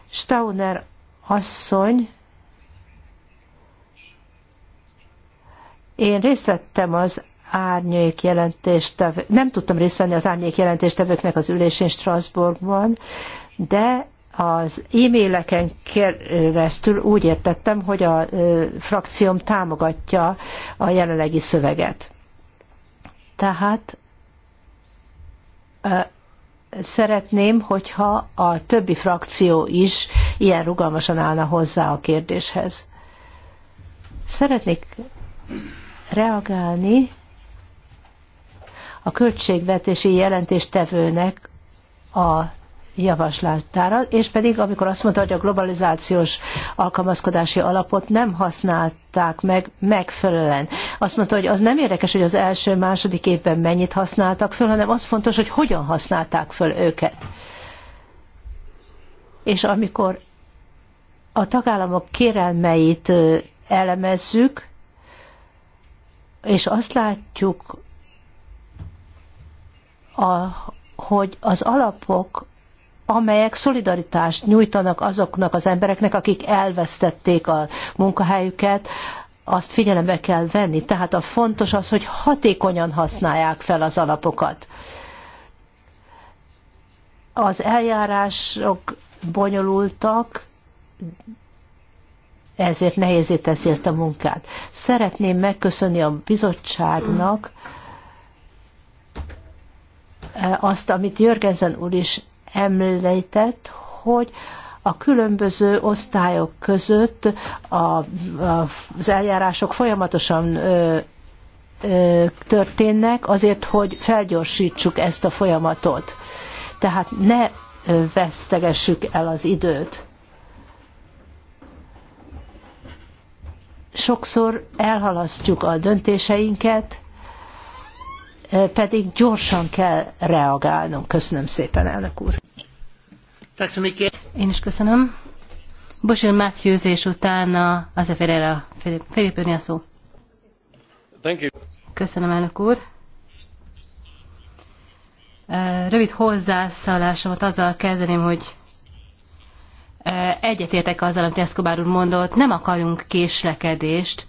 Stauner asszony Én részt vettem az árnyék jelentéstevő, nem tudtam részt venni az árnyék jelentéstevőknek az ülésén Strasbourgban, de az e-maileken keresztül úgy értettem, hogy a frakcióm támogatja a jelenlegi szöveget. Tehát szeretném, hogyha a többi frakció is ilyen rugalmasan állna hozzá a kérdéshez. Szeretnék reagálni a költségvetési jelentéstevőnek a javaslatára, és pedig amikor azt mondta, hogy a globalizációs alkalmazkodási alapot nem használták meg megfelelően. Azt mondta, hogy az nem érdekes, hogy az első-második évben mennyit használtak föl, hanem az fontos, hogy hogyan használták föl őket. És amikor a tagállamok kérelmeit elemezzük, és azt látjuk, a, hogy az alapok, amelyek szolidaritást nyújtanak azoknak az embereknek, akik elvesztették a munkahelyüket, azt figyelembe kell venni. Tehát a fontos az, hogy hatékonyan használják fel az alapokat. Az eljárások bonyolultak, ezért nehézé teszi ezt a munkát. Szeretném megköszönni a bizottságnak e, azt, amit Jörgenzen úr is említett, hogy a különböző osztályok között a, a, az eljárások folyamatosan ö, e, ö, e, történnek azért, hogy felgyorsítsuk ezt a folyamatot. Tehát ne vesztegessük el az időt. sokszor elhalasztjuk a döntéseinket, pedig gyorsan kell reagálnunk. Köszönöm szépen, elnök úr. Én is köszönöm. Bosil Matthews és utána az a e Ferreira. Felipe a szó. Köszönöm, elnök úr. Rövid hozzászállásomat azzal kezdeném, hogy Egyetértek azzal, amit Eszkobár úr mondott, nem akarunk késlekedést.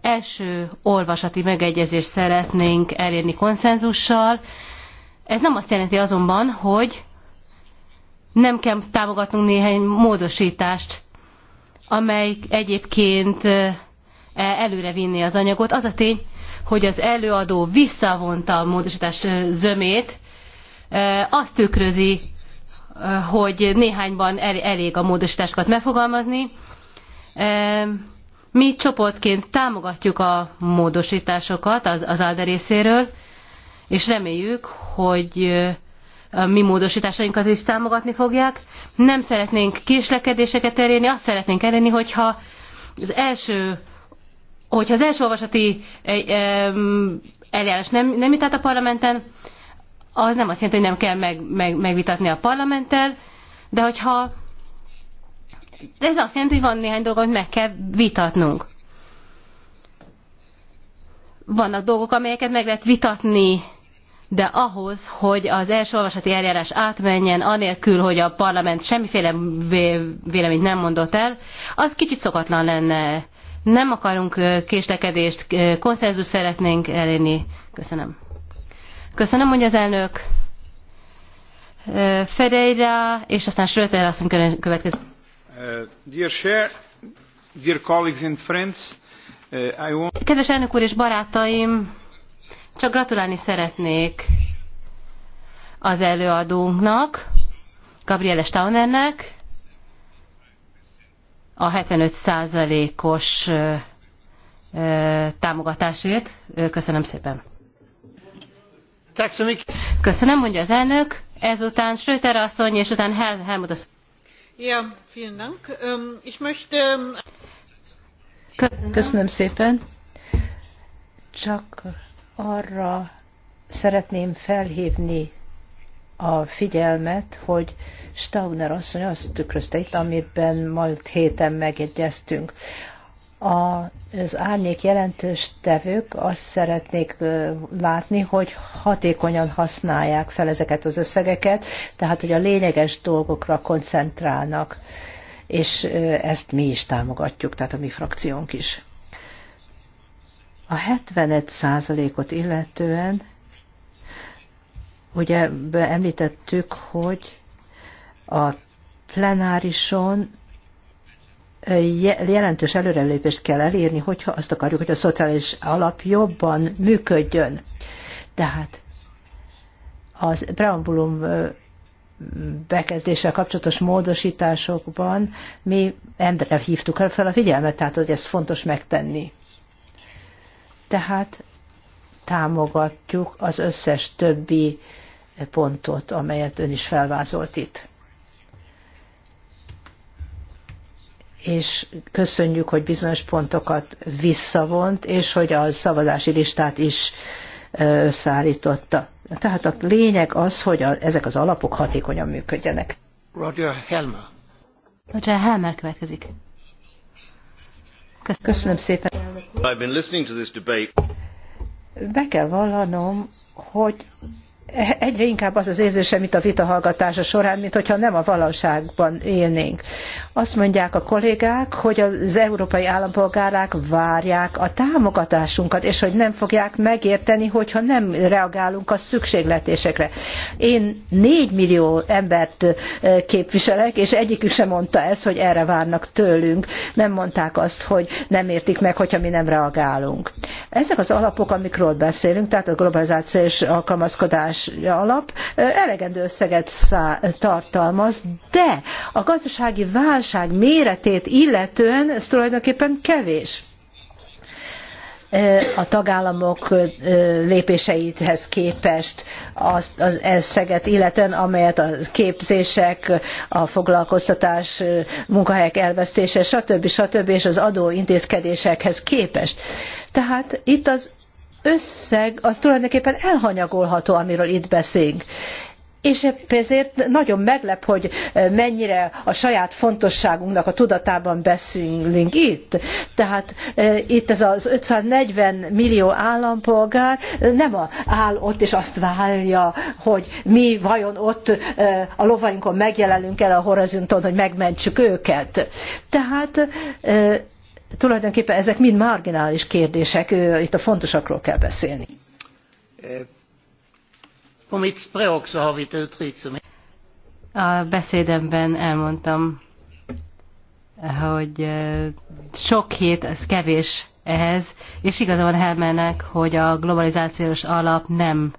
Első olvasati megegyezést szeretnénk elérni konszenzussal. Ez nem azt jelenti azonban, hogy nem kell támogatnunk néhány módosítást, amely egyébként előre vinné az anyagot. Az a tény, hogy az előadó visszavonta a módosítás zömét, azt tükrözi, hogy néhányban elég a módosításokat megfogalmazni. Mi csoportként támogatjuk a módosításokat az, az ALDE részéről, és reméljük, hogy a mi módosításainkat is támogatni fogják. Nem szeretnénk késlekedéseket elérni, azt szeretnénk elérni, hogyha az első, hogyha az első olvasati eljárás nem, nem itt a parlamenten, az nem azt jelenti, hogy nem kell meg, meg, megvitatni a parlamenttel, de hogyha ez azt jelenti, hogy van néhány dolog, amit meg kell vitatnunk. Vannak dolgok, amelyeket meg lehet vitatni, de ahhoz, hogy az első olvasati eljárás átmenjen, anélkül, hogy a parlament semmiféle véleményt nem mondott el, az kicsit szokatlan lenne. Nem akarunk késlekedést, konszenzus szeretnénk elérni. Köszönöm. Köszönöm, hogy az elnök Ferreira, és aztán Schröter asszony következik. Uh, dear Chair, dear colleagues and friends, uh, I want... Kedves elnök úr és barátaim, csak gratulálni szeretnék az előadónknak, Gabriele Staunernek, a 75%-os támogatásért. Köszönöm szépen! Köszönöm, mondja az elnök. Ezután Schröter asszony, és után Hel Helmut asszony. Ja, vielen Dank. Um, ich möchte... Ähm, Köszönöm. Köszönöm szépen. Csak arra szeretném felhívni a figyelmet, hogy Stauner asszony azt tükrözte itt, amiben majd héten megegyeztünk az árnyék jelentős tevők azt szeretnék látni, hogy hatékonyan használják fel ezeket az összegeket, tehát hogy a lényeges dolgokra koncentrálnak, és ezt mi is támogatjuk, tehát a mi frakciónk is. A 75 ot illetően, ugye említettük, hogy a plenárison jelentős előrelépést kell elérni, hogyha azt akarjuk, hogy a szociális alap jobban működjön. Tehát az preambulum bekezdéssel kapcsolatos módosításokban mi Endre hívtuk el fel a figyelmet, tehát hogy ezt fontos megtenni. Tehát támogatjuk az összes többi pontot, amelyet ön is felvázolt itt. és köszönjük, hogy bizonyos pontokat visszavont, és hogy a szavazási listát is szállította. Tehát a lényeg az, hogy a, ezek az alapok hatékonyan működjenek. Roger Helmer. Roger Helmer következik. Köszönöm, Köszönöm szépen. I've been listening to this debate. Be kell vallanom, hogy egyre inkább az az érzésem itt a vita hallgatása során, mint hogyha nem a valóságban élnénk. Azt mondják a kollégák, hogy az európai állampolgárák várják a támogatásunkat, és hogy nem fogják megérteni, hogyha nem reagálunk a szükségletésekre. Én négy millió embert képviselek, és egyikük sem mondta ezt, hogy erre várnak tőlünk. Nem mondták azt, hogy nem értik meg, hogyha mi nem reagálunk. Ezek az alapok, amikről beszélünk, tehát a és alkalmazkodás támogatás alap elegendő összeget tartalmaz, de a gazdasági válság méretét illetően ez tulajdonképpen kevés a tagállamok lépéseithez képest azt az összeget, illetően amelyet a képzések, a foglalkoztatás, munkahelyek elvesztése, stb. stb. és az adóintézkedésekhez képest. Tehát itt az összeg az tulajdonképpen elhanyagolható, amiről itt beszélünk. És ezért nagyon meglep, hogy mennyire a saját fontosságunknak a tudatában beszélünk itt. Tehát e, itt ez az 540 millió állampolgár nem áll ott és azt várja, hogy mi vajon ott e, a lovainkon megjelenünk el a horizonton, hogy megmentsük őket. Tehát e, tulajdonképpen ezek mind marginális kérdések, itt a fontosakról kell beszélni. Eh, a beszédemben elmondtam, hogy sok hét, ez kevés ehhez, és igaza van Helmennek, hogy a globalizációs alap nem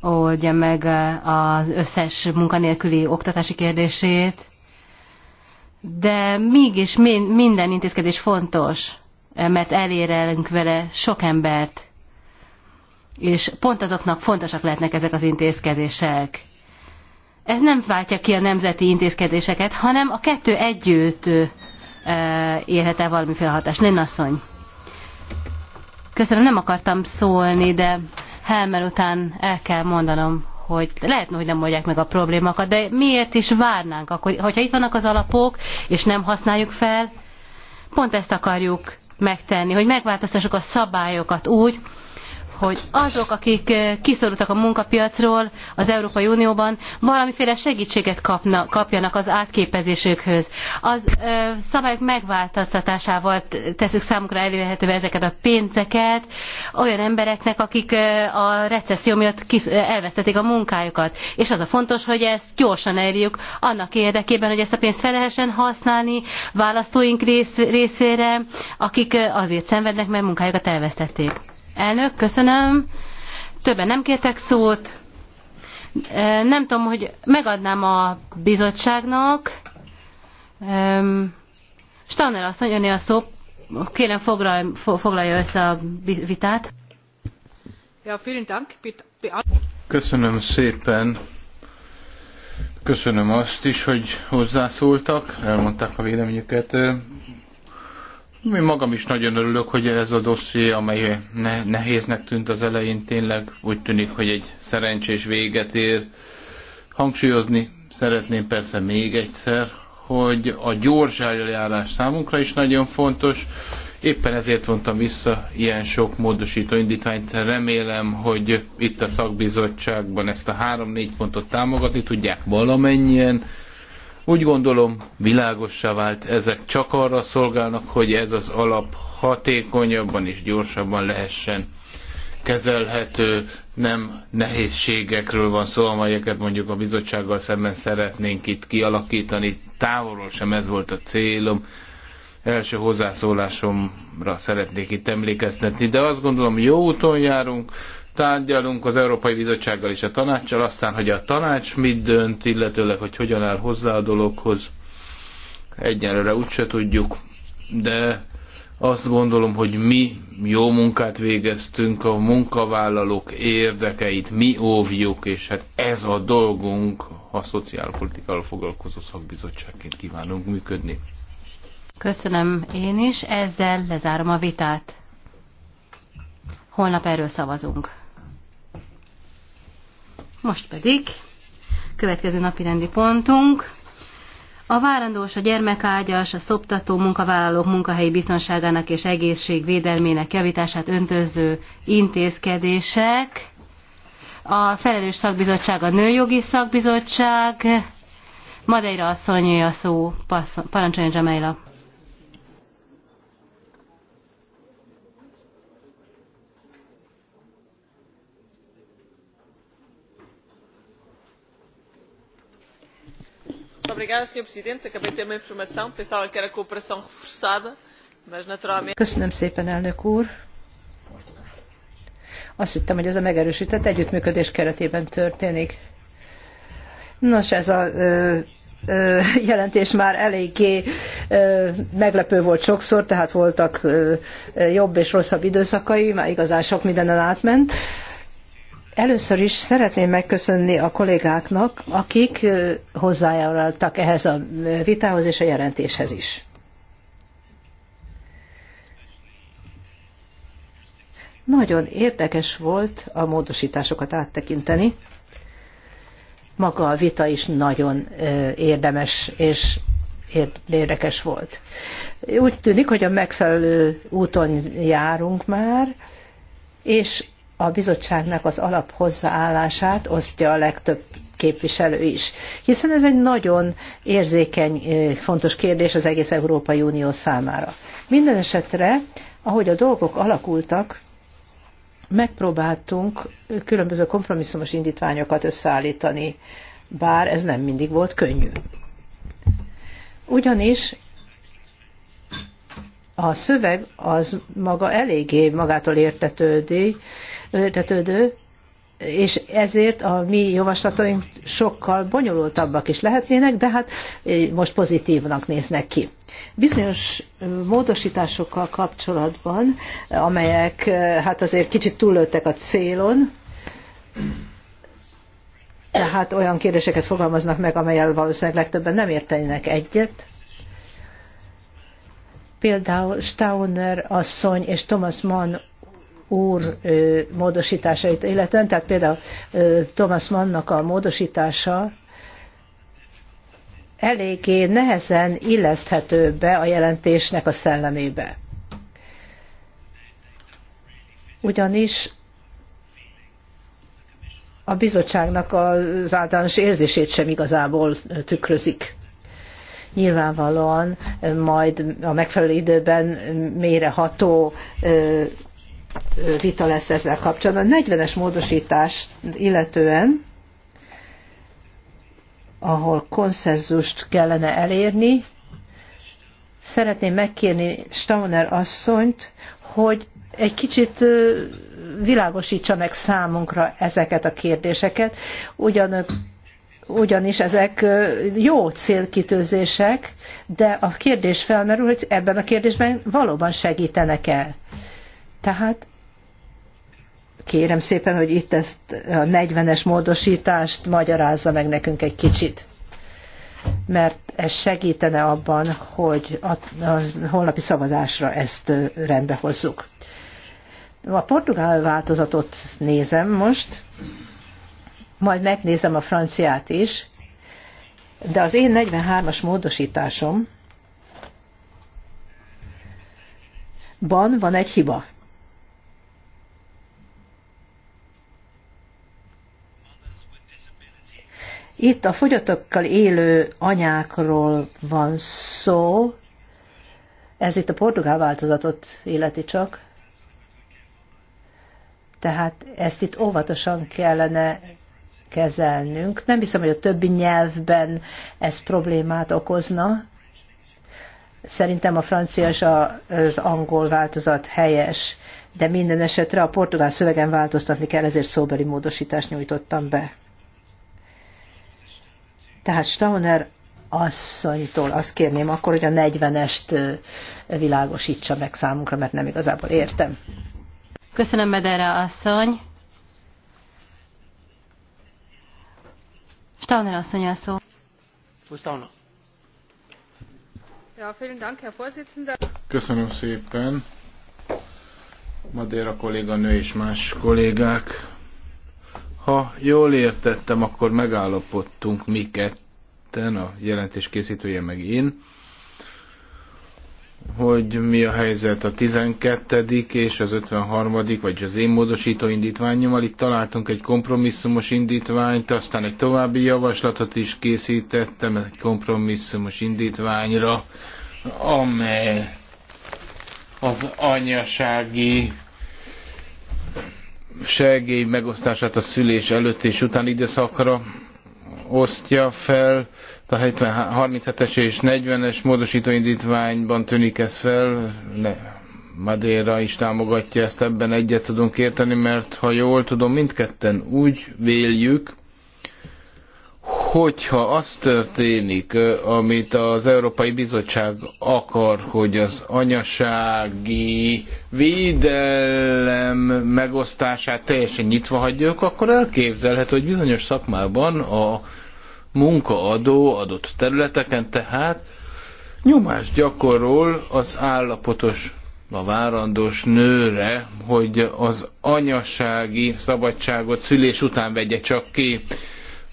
oldja meg az összes munkanélküli oktatási kérdését, de mégis minden intézkedés fontos, eh, mert elérelünk vele sok embert, és pont azoknak fontosak lehetnek ezek az intézkedések. Ez nem váltja ki a nemzeti intézkedéseket, hanem a kettő együtt eh, érhet el valamiféle hatást. Lennasszony. Köszönöm, nem akartam szólni, de Helmer után el kell mondanom, hogy lehetne, hogy nem mondják meg a problémákat, de miért is várnánk? Akkor, hogyha itt vannak az alapok, és nem használjuk fel, pont ezt akarjuk megtenni, hogy megváltoztassuk a szabályokat úgy, hogy azok, akik kiszorultak a munkapiacról az Európai Unióban, valamiféle segítséget kapna, kapjanak az átképezésükhöz. Az ö, szabályok megváltoztatásával teszük számukra elérhetővé ezeket a pénzeket olyan embereknek, akik ö, a recesszió miatt ö, elvesztették a munkájukat. És az a fontos, hogy ezt gyorsan elérjük annak érdekében, hogy ezt a pénzt fel lehessen használni választóink rész, részére, akik azért szenvednek, mert munkájukat elvesztették. Elnök, köszönöm. Többen nem kértek szót. Nem tudom, hogy megadnám a bizottságnak. Stanner azt mondja, a szó. Kérem, foglalja össze a vitát. Ja, vielen Dank. Köszönöm szépen. Köszönöm azt is, hogy hozzászóltak, elmondták a véleményüket. Mi magam is nagyon örülök, hogy ez a dosszié, amely nehéznek tűnt az elején, tényleg úgy tűnik, hogy egy szerencsés véget ér. Hangsúlyozni szeretném persze még egyszer, hogy a gyors eljárás számunkra is nagyon fontos. Éppen ezért vontam vissza ilyen sok módosító indítványt. Remélem, hogy itt a szakbizottságban ezt a három-négy pontot támogatni tudják valamennyien úgy gondolom, világossá vált, ezek csak arra szolgálnak, hogy ez az alap hatékonyabban és gyorsabban lehessen kezelhető, nem nehézségekről van szó, amelyeket mondjuk a bizottsággal szemben szeretnénk itt kialakítani. Távolról sem ez volt a célom. Első hozzászólásomra szeretnék itt emlékeztetni, de azt gondolom, jó úton járunk, Tárgyalunk az Európai Bizottsággal és a tanácssal, aztán, hogy a tanács mit dönt, illetőleg, hogy hogyan áll hozzá a dologhoz, egyenlőre úgyse tudjuk, de azt gondolom, hogy mi jó munkát végeztünk, a munkavállalók érdekeit mi óvjuk, és hát ez a dolgunk, a szociálpolitikával foglalkozó szakbizottságként kívánunk működni. Köszönöm én is, ezzel lezárom a vitát. Holnap erről szavazunk. Most pedig következő napi rendi pontunk. A várandós, a gyermekágyas, a szoptató munkavállalók munkahelyi biztonságának és egészségvédelmének javítását öntöző intézkedések. A felelős szakbizottság a Nőjogi Szakbizottság. Madeira asszonyi a szó. parancsolja Jamaila. Köszönöm szépen, elnök úr. Azt hittem, hogy ez a megerősített együttműködés keretében történik. Nos, ez a ö, ö, jelentés már eléggé ö, meglepő volt sokszor, tehát voltak ö, jobb és rosszabb időszakai, már igazán sok mindenen átment. Ö, Először is szeretném megköszönni a kollégáknak, akik hozzájárultak ehhez a vitához és a jelentéshez is. Nagyon érdekes volt a módosításokat áttekinteni. Maga a vita is nagyon érdemes és érdekes volt. Úgy tűnik, hogy a megfelelő úton járunk már, és a bizottságnak az alaphozzáállását osztja a legtöbb képviselő is. Hiszen ez egy nagyon érzékeny, eh, fontos kérdés az egész Európai Unió számára. Minden esetre, ahogy a dolgok alakultak, megpróbáltunk különböző kompromisszumos indítványokat összeállítani, bár ez nem mindig volt könnyű. Ugyanis a szöveg az maga eléggé magától értetődik, vetődő, és ezért a mi javaslataink sokkal bonyolultabbak is lehetnének, de hát eh, most pozitívnak néznek ki. Bizonyos eh, módosításokkal kapcsolatban, eh, amelyek hát azért kicsit túllőttek a célon, tehát olyan kérdéseket fogalmaznak meg, amelyel valószínűleg legtöbben nem értenének egyet. Például Stauner asszony és Thomas Mann úr módosításait illetően, tehát például Thomas Mannnak a módosítása eléggé nehezen illeszthető be a jelentésnek a szellemébe. Ugyanis a bizottságnak az általános érzését sem igazából tükrözik. Nyilvánvalóan majd a megfelelő időben mélyreható vita lesz ezzel kapcsolatban. A 40-es módosítást illetően, ahol konszenzust kellene elérni, szeretném megkérni Stauner asszonyt, hogy egy kicsit világosítsa meg számunkra ezeket a kérdéseket, ugyan, ugyanis ezek jó célkitőzések, de a kérdés felmerül, hogy ebben a kérdésben valóban segítenek el. Tehát kérem szépen, hogy itt ezt a 40-es módosítást magyarázza meg nekünk egy kicsit mert ez segítene abban, hogy a, a holnapi szavazásra ezt rendbe hozzuk. A portugál változatot nézem most, majd megnézem a franciát is, de az én 43-as módosításom ban van egy hiba. Itt a fogyatokkal élő anyákról van szó, ez itt a portugál változatot illeti csak, tehát ezt itt óvatosan kellene kezelnünk. Nem hiszem, hogy a többi nyelvben ez problémát okozna. Szerintem a francia és az angol változat helyes, de minden esetre a portugál szövegen változtatni kell, ezért szóbeli módosítást nyújtottam be. Tehát Stauner asszonytól azt kérném akkor, hogy a 40-est világosítsa meg számunkra, mert nem igazából értem. Köszönöm, Medera asszony. Stauner asszony a szó. Köszönöm szépen. Madéra kolléganő és más kollégák ha jól értettem, akkor megállapodtunk mi ketten, a jelentés készítője meg én, hogy mi a helyzet a 12. és az 53. vagy az én módosító indítványommal. Itt találtunk egy kompromisszumos indítványt, aztán egy további javaslatot is készítettem egy kompromisszumos indítványra, amely az anyasági segély megosztását a szülés előtt és utáni időszakra osztja fel. A 37-es és 40-es módosítóindítványban tűnik ez fel. Ne. Madeira is támogatja ezt, ebben egyet tudunk érteni, mert ha jól tudom, mindketten úgy véljük, hogyha az történik, amit az Európai Bizottság akar, hogy az anyasági védelem megosztását teljesen nyitva hagyjuk, akkor elképzelhető, hogy bizonyos szakmában a munkaadó adott területeken tehát nyomást gyakorol az állapotos a várandós nőre, hogy az anyasági szabadságot szülés után vegye csak ki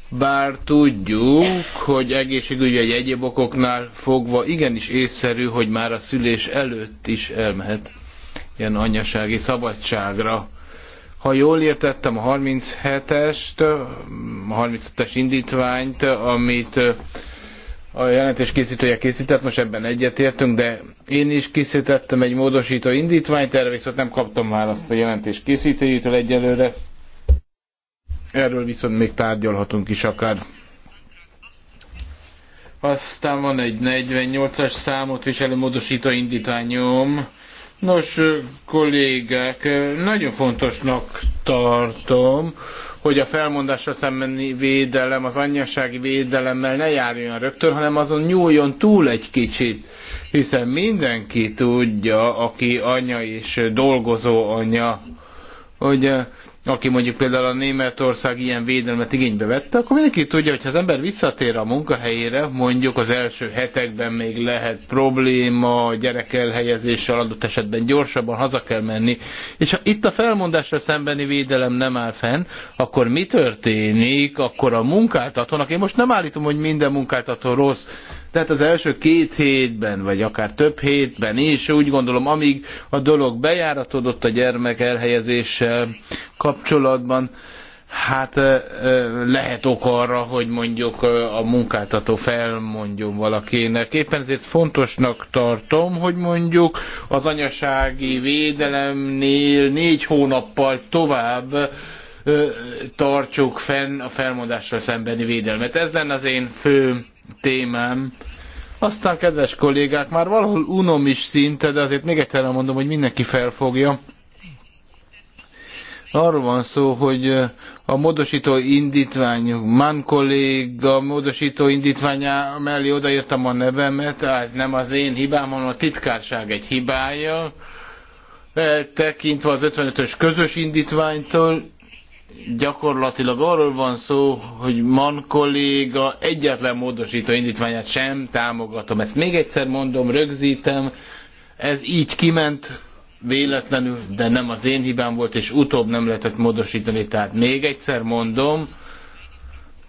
bár tudjuk, hogy egészségügyi egy egyéb okoknál fogva igenis észszerű, hogy már a szülés előtt is elmehet ilyen anyasági szabadságra. Ha jól értettem a 37-est, a 37-es indítványt, amit a jelentés készítője készített, most ebben egyetértünk, de én is készítettem egy módosító indítványt, erre viszont nem kaptam választ a jelentés készítőjétől egyelőre Erről viszont még tárgyalhatunk is akár. Aztán van egy 48-as számot viselő módosító indítványom. Nos, kollégák, nagyon fontosnak tartom, hogy a felmondásra szembeni védelem, az anyasági védelemmel ne járjon rögtön, hanem azon nyúljon túl egy kicsit, hiszen mindenki tudja, aki anya és dolgozó anya, hogy aki mondjuk például a Németország ilyen védelmet igénybe vette, akkor mindenki tudja, hogy ha az ember visszatér a munkahelyére, mondjuk az első hetekben még lehet probléma, gyerek elhelyezéssel adott esetben gyorsabban haza kell menni, és ha itt a felmondásra szembeni védelem nem áll fenn, akkor mi történik, akkor a munkáltatónak, én most nem állítom, hogy minden munkáltató rossz, tehát az első két hétben, vagy akár több hétben is, úgy gondolom, amíg a dolog bejáratodott a gyermek elhelyezéssel, kapcsolatban, hát lehet ok arra, hogy mondjuk a munkáltató felmondjon valakinek. Éppen ezért fontosnak tartom, hogy mondjuk az anyasági védelemnél négy hónappal tovább tartsuk fenn a felmondással szembeni védelmet. Ez lenne az én fő témám. Aztán, kedves kollégák, már valahol unom is szinte, de azért még egyszer mondom, hogy mindenki felfogja Arról van szó, hogy a módosító indítvány, Mann kolléga módosító indítványa mellé odaírtam a nevemet, ez nem az én hibám, hanem a titkárság egy hibája, eltekintve az 55-ös közös indítványtól, gyakorlatilag arról van szó, hogy man kolléga egyetlen módosító indítványát sem támogatom. Ezt még egyszer mondom, rögzítem, ez így kiment, véletlenül, de nem az én hibám volt, és utóbb nem lehetett módosítani. Tehát még egyszer mondom,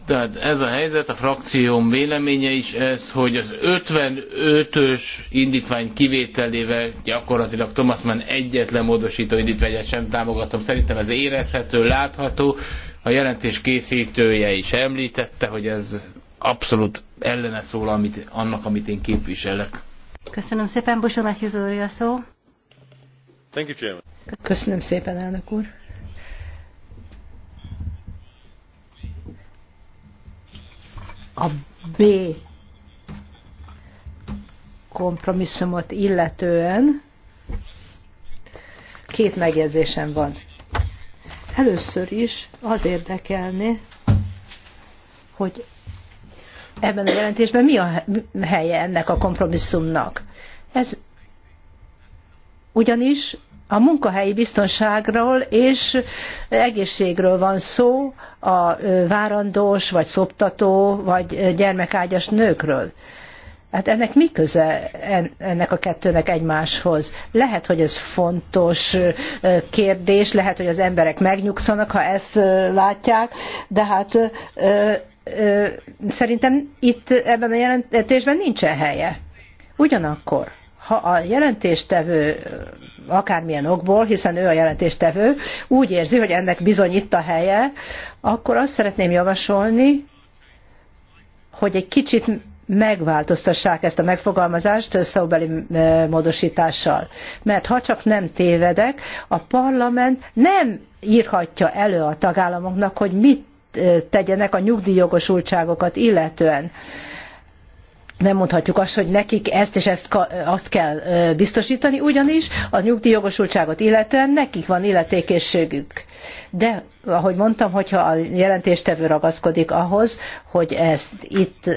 tehát ez a helyzet, a frakcióm véleménye is ez, hogy az 55-ös indítvány kivételével gyakorlatilag Thomas Mann egyetlen módosító indítványát sem támogatom. Szerintem ez érezhető, látható. A jelentés készítője is említette, hogy ez abszolút ellene szól amit, annak, amit én képviselek. Köszönöm szépen, Bosó Józóri a szó. Köszönöm szépen, elnök úr. A B kompromisszumot illetően két megjegyzésem van. Először is az érdekelni, hogy ebben a jelentésben mi a helye ennek a kompromisszumnak. Ez ugyanis a munkahelyi biztonságról és egészségről van szó, a várandós, vagy szoptató, vagy gyermekágyas nőkről. Hát ennek mi köze ennek a kettőnek egymáshoz? Lehet, hogy ez fontos kérdés, lehet, hogy az emberek megnyugszanak, ha ezt látják, de hát szerintem itt ebben a jelentésben nincsen helye. Ugyanakkor ha a jelentéstevő akármilyen okból, hiszen ő a jelentéstevő, úgy érzi, hogy ennek bizony itt a helye, akkor azt szeretném javasolni, hogy egy kicsit megváltoztassák ezt a megfogalmazást szóbeli módosítással. Mert ha csak nem tévedek, a parlament nem írhatja elő a tagállamoknak, hogy mit tegyenek a nyugdíjjogosultságokat illetően nem mondhatjuk azt, hogy nekik ezt és ezt, azt kell biztosítani, ugyanis a nyugdíjjogosultságot illetően nekik van illetékességük. De ahogy mondtam, hogyha a jelentéstevő ragaszkodik ahhoz, hogy ezt itt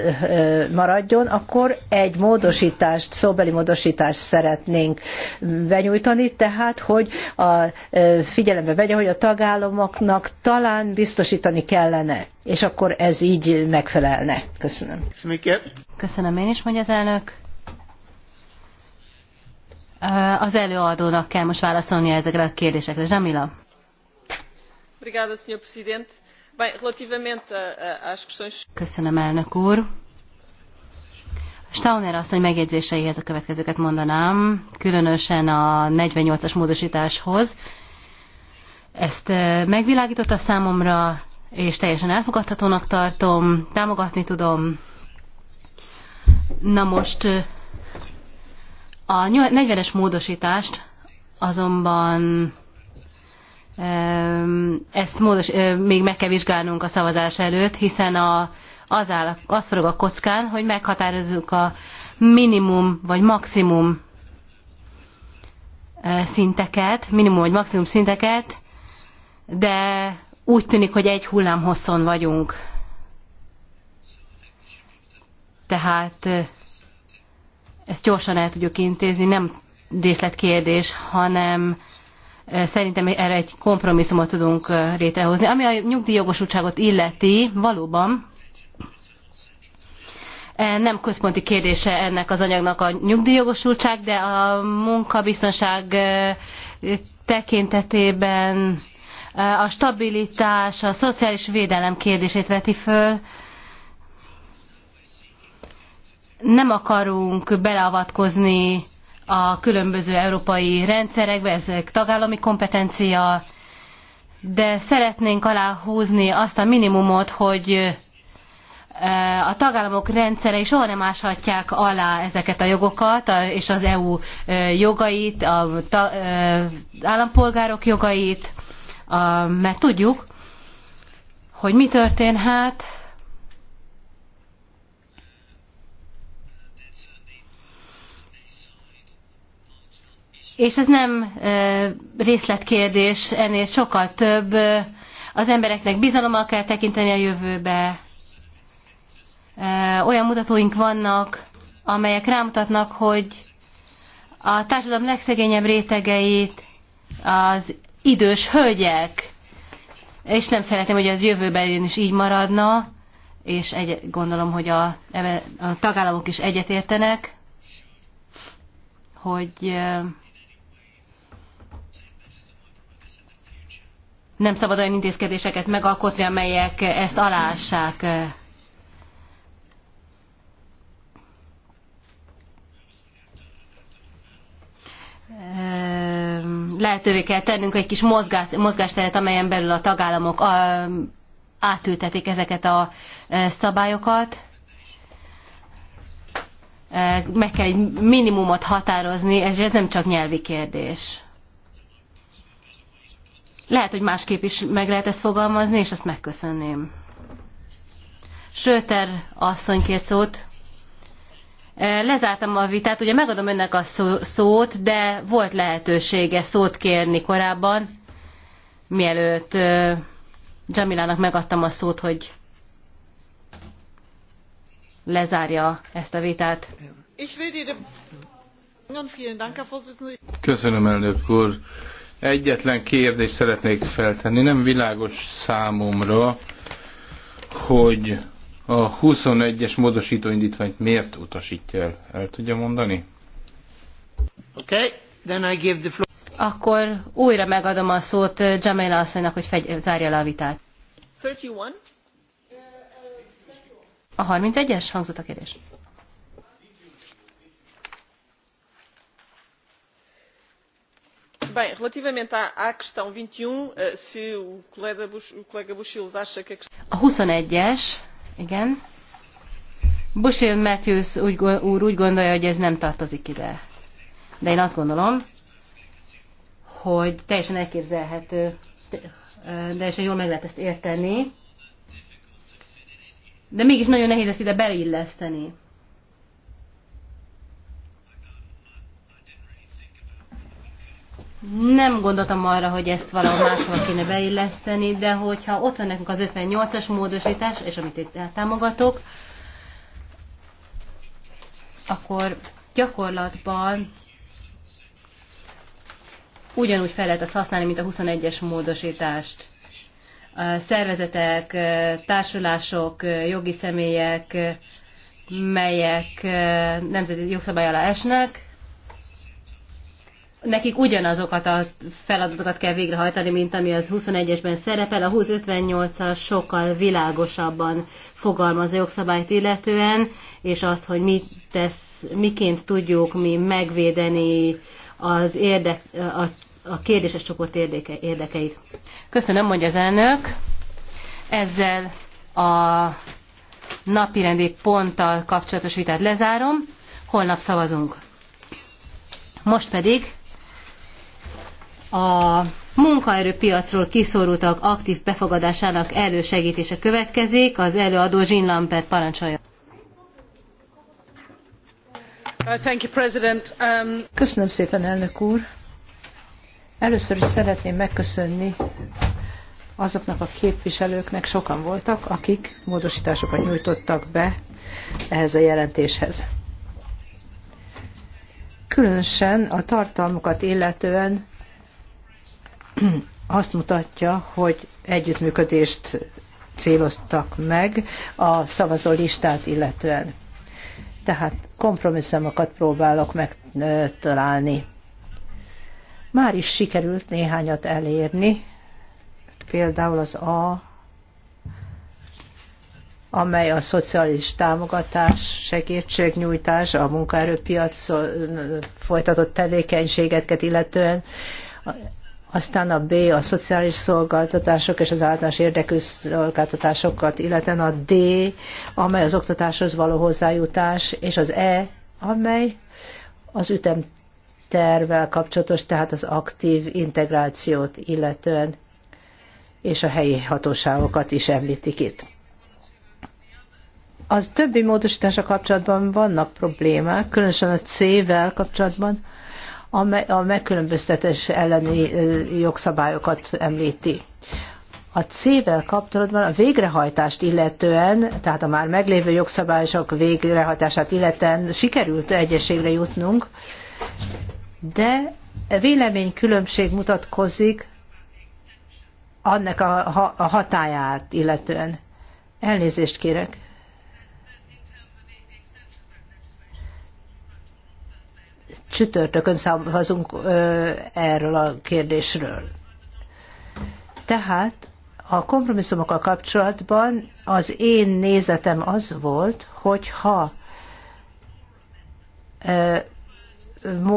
maradjon, akkor egy módosítást, szóbeli módosítást szeretnénk benyújtani, tehát, hogy a figyelembe vegye, hogy a tagállamoknak talán biztosítani kellene, és akkor ez így megfelelne. Köszönöm. Köszönöm én is, mondja az elnök. Az előadónak kell most válaszolnia ezekre a kérdésekre. Zsamila. Köszönöm, elnök úr. Stauner asszony megjegyzéseihez a következőket mondanám, különösen a 48-as módosításhoz. Ezt eh, megvilágította számomra, és teljesen elfogadhatónak tartom, támogatni tudom. Na most eh, a 40-es módosítást azonban ezt módos, még meg kell vizsgálnunk a szavazás előtt, hiszen a, az, áll, az forog a kockán, hogy meghatározzuk a minimum vagy maximum szinteket, minimum vagy maximum szinteket, de úgy tűnik, hogy egy hullám hosszon vagyunk. Tehát ezt gyorsan el tudjuk intézni, nem részletkérdés, hanem Szerintem erre egy kompromisszumot tudunk létrehozni. Ami a nyugdíjjogosultságot illeti, valóban nem központi kérdése ennek az anyagnak a nyugdíjjogosultság, de a munkabiztonság tekintetében a stabilitás, a szociális védelem kérdését veti föl. Nem akarunk beleavatkozni a különböző európai rendszerekbe, ezek tagállami kompetencia, de szeretnénk aláhúzni azt a minimumot, hogy a tagállamok is soha nem áshatják alá ezeket a jogokat, és az EU jogait, a állampolgárok jogait, mert tudjuk, hogy mi történhet, És ez nem részletkérdés, ennél sokkal több. Az embereknek bizalommal kell tekinteni a jövőbe. Olyan mutatóink vannak, amelyek rámutatnak, hogy a társadalom legszegényebb rétegeit az idős hölgyek, és nem szeretném, hogy az jövőben is így maradna, és egy, gondolom, hogy a, a tagállamok is egyetértenek, hogy nem szabad olyan intézkedéseket megalkotni, amelyek ezt alássák. lehetővé kell tennünk egy kis mozgás, mozgásteret, amelyen belül a tagállamok átültetik ezeket a e, szabályokat. E, meg kell egy minimumot határozni, ez nem csak nyelvi kérdés. Lehet, hogy másképp is meg lehet ezt fogalmazni, és azt megköszönném. Söter asszony két szót. E, lezártam a vitát, ugye megadom önnek a szót, de volt lehetősége szót kérni korábban, mielőtt e, Jamilának megadtam a szót, hogy lezárja ezt a vitát. Köszönöm, elnök úr. Egyetlen kérdést szeretnék feltenni. Nem világos számomra, hogy a 21-es módosító indítványt miért utasítja el? El tudja mondani? Okay, then I give the floor. Akkor újra megadom a szót eh, Jamila asszonynak, hogy fegy, zárja le a vitát. 31? A 31-es hangzott a kérdés. relativamente à, questão 21, e um, eh, se o colega, acha que a questão... A 21-es, igen. Matthews úgy, úr úgy gondolja, hogy ez nem tartozik ide. De én azt gondolom, hogy teljesen elképzelhető, eh, teljesen jól meg lehet ezt érteni, de mégis nagyon nehéz ezt ide beilleszteni. nem gondoltam arra, hogy ezt valahol máshol kéne beilleszteni, de hogyha ott van nekünk az 58-as módosítás, és amit itt támogatok, akkor gyakorlatban ugyanúgy fel lehet azt használni, mint a 21-es módosítást. A szervezetek, társulások, jogi személyek, melyek nemzeti jogszabály alá esnek, nekik ugyanazokat a feladatokat kell végrehajtani, mint ami az 21-esben szerepel. A 2058-as sokkal világosabban fogalmaz a jogszabályt illetően, és azt, hogy mit tesz, miként tudjuk mi megvédeni az érde, a, a kérdéses csoport érdeke, érdekeit. Köszönöm, mondja az elnök. Ezzel a napirendi ponttal kapcsolatos vitát lezárom. Holnap szavazunk. Most pedig a munkaerőpiacról kiszorultak aktív befogadásának elősegítése következik. Az előadó Jean Lambert parancsolja. Uh, um, Köszönöm szépen, elnök úr! Először is szeretném megköszönni azoknak a képviselőknek, sokan voltak, akik módosításokat nyújtottak be ehhez a jelentéshez. Különösen a tartalmukat illetően azt mutatja, hogy együttműködést céloztak meg a szavazó listát illetően. Tehát kompromisszumokat próbálok megtalálni. Már is sikerült néhányat elérni, például az A, amely a szociális támogatás, segítségnyújtás, a munkaerőpiac folytatott tevékenységeket illetően aztán a B, a szociális szolgáltatások és az általános érdekű szolgáltatásokat, illetve a D, amely az oktatáshoz való hozzájutás, és az E, amely az ütemtervel kapcsolatos, tehát az aktív integrációt illetően, és a helyi hatóságokat is említik itt. Az többi módosítása kapcsolatban vannak problémák, különösen a C-vel kapcsolatban, a megkülönböztetés elleni jogszabályokat említi. A C-vel kapcsolatban a végrehajtást illetően, tehát a már meglévő jogszabályok végrehajtását illetően sikerült egyességre jutnunk, de véleménykülönbség mutatkozik annak a hatáját illetően. Elnézést kérek. csütörtökön szavazunk erről a kérdésről. Tehát a kompromisszumokkal kapcsolatban az én nézetem az volt, hogy ha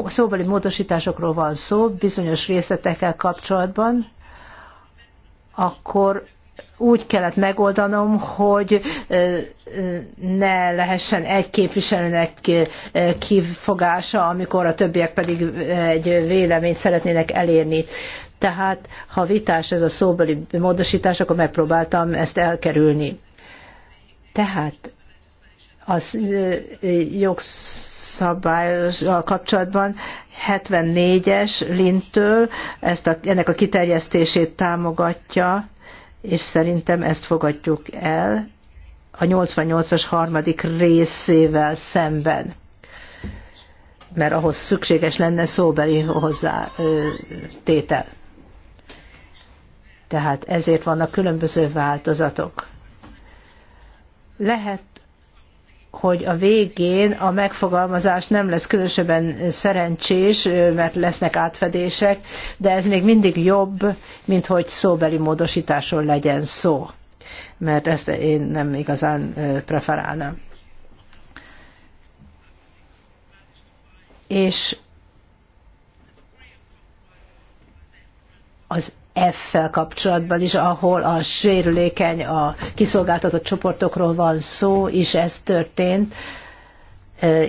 szóbeli módosításokról van szó bizonyos részletekkel kapcsolatban, akkor úgy kellett megoldanom, hogy ne lehessen egy képviselőnek kifogása, amikor a többiek pedig egy véleményt szeretnének elérni. Tehát, ha vitás ez a szóbeli módosítás, akkor megpróbáltam ezt elkerülni. Tehát az a kapcsolatban 74-es Lintől ezt a, ennek a kiterjesztését támogatja, és szerintem ezt fogadjuk el a 88-as harmadik részével szemben, mert ahhoz szükséges lenne szóbeli hozzá tétel. Tehát ezért vannak különböző változatok. Lehet hogy a végén a megfogalmazás nem lesz különösebben szerencsés, mert lesznek átfedések, de ez még mindig jobb, mint hogy szóbeli módosításról legyen szó, mert ezt én nem igazán preferálnám. És az F-fel kapcsolatban is, ahol a sérülékeny, a kiszolgáltatott csoportokról van szó, és ez történt.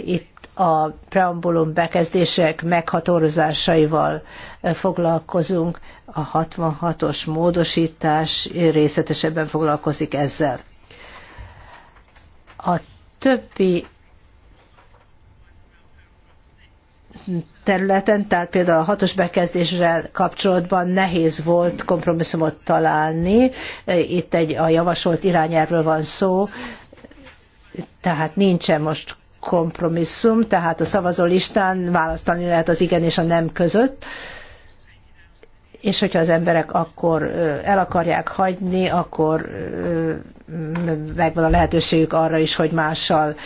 Itt a preambulum bekezdések meghatározásaival foglalkozunk, a 66-os módosítás részletesebben foglalkozik ezzel. A többi területen, tehát például a hatos bekezdéssel kapcsolatban nehéz volt kompromisszumot találni. Itt egy a javasolt irányelvről van szó, tehát nincsen most kompromisszum, tehát a szavazó listán választani lehet az igen és a nem között. És hogyha az emberek akkor el akarják hagyni, akkor megvan a lehetőségük arra is, hogy mással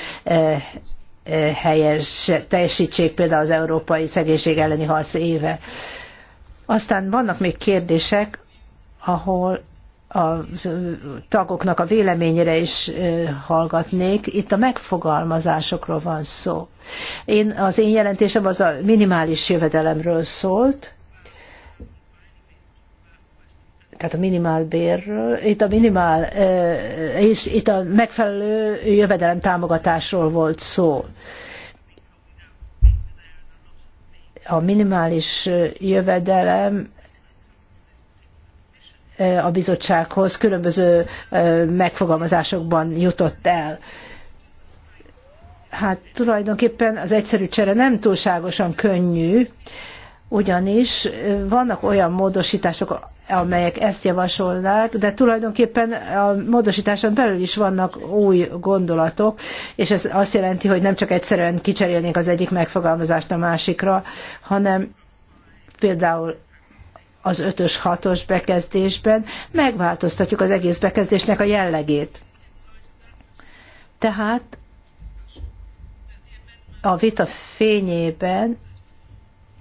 helyes teljesítsék például az Európai Szegénység elleni harc éve. Aztán vannak még kérdések, ahol a tagoknak a véleményére is hallgatnék. Itt a megfogalmazásokról van szó. Én, az én jelentésem az a minimális jövedelemről szólt, tehát a minimálbérről, itt a minimál, és itt a megfelelő jövedelem támogatásról volt szó. A minimális jövedelem a bizottsághoz különböző megfogalmazásokban jutott el. Hát tulajdonképpen az egyszerű csere nem túlságosan könnyű, ugyanis vannak olyan módosítások, amelyek ezt javasolnák, de tulajdonképpen a módosításon belül is vannak új gondolatok, és ez azt jelenti, hogy nem csak egyszerűen kicserélnénk az egyik megfogalmazást a másikra, hanem például az ötös hatos bekezdésben megváltoztatjuk az egész bekezdésnek a jellegét. Tehát a vita fényében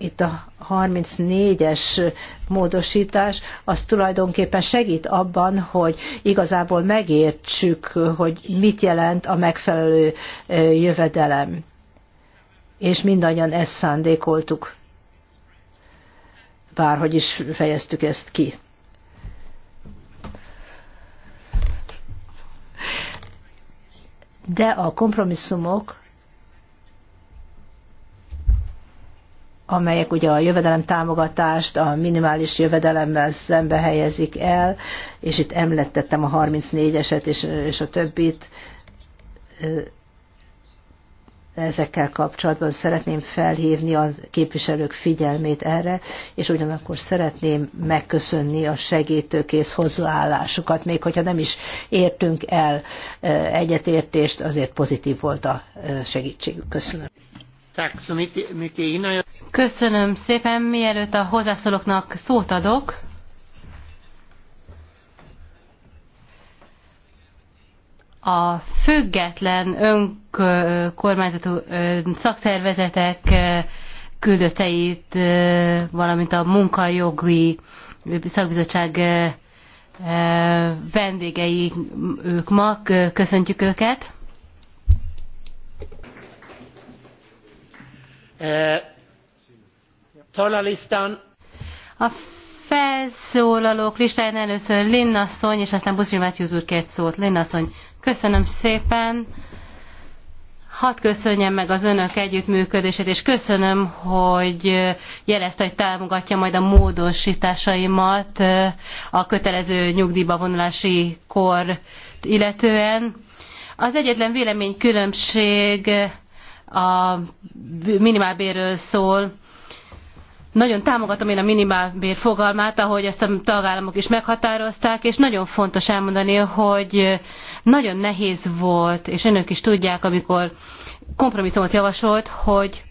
itt a 34-es módosítás, az tulajdonképpen segít abban, hogy igazából megértsük, hogy mit jelent a megfelelő jövedelem. És mindannyian ezt szándékoltuk, bárhogy is fejeztük ezt ki. De a kompromisszumok amelyek ugye a jövedelem támogatást a minimális jövedelemmel szembe helyezik el, és itt említettem a 34-eset és, és a többit, ezekkel kapcsolatban szeretném felhívni a képviselők figyelmét erre, és ugyanakkor szeretném megköszönni a segítőkész hozzáállásukat, még hogyha nem is értünk el egyetértést, azért pozitív volt a segítségük. Köszönöm. Köszönöm szépen, mielőtt a hozzászólóknak szót adok. A független önkormányzatú szakszervezetek küldöteit, valamint a munkajogi szakbizottság vendégei ők ma. Köszöntjük őket. Eh, a felszólalók listáján először Linnasszony, és aztán Buszri Matthews úr kért szót. Linnasszony, köszönöm szépen. Hadd köszönjem meg az önök együttműködését, és köszönöm, hogy jelezte, hogy támogatja majd a módosításaimat eh, a kötelező nyugdíjba vonulási kor illetően. Az egyetlen véleménykülönbség a minimálbérről szól. Nagyon támogatom én a minimálbér fogalmát, ahogy ezt a tagállamok is meghatározták, és nagyon fontos elmondani, hogy nagyon nehéz volt, és önök is tudják, amikor kompromisszumot javasolt, hogy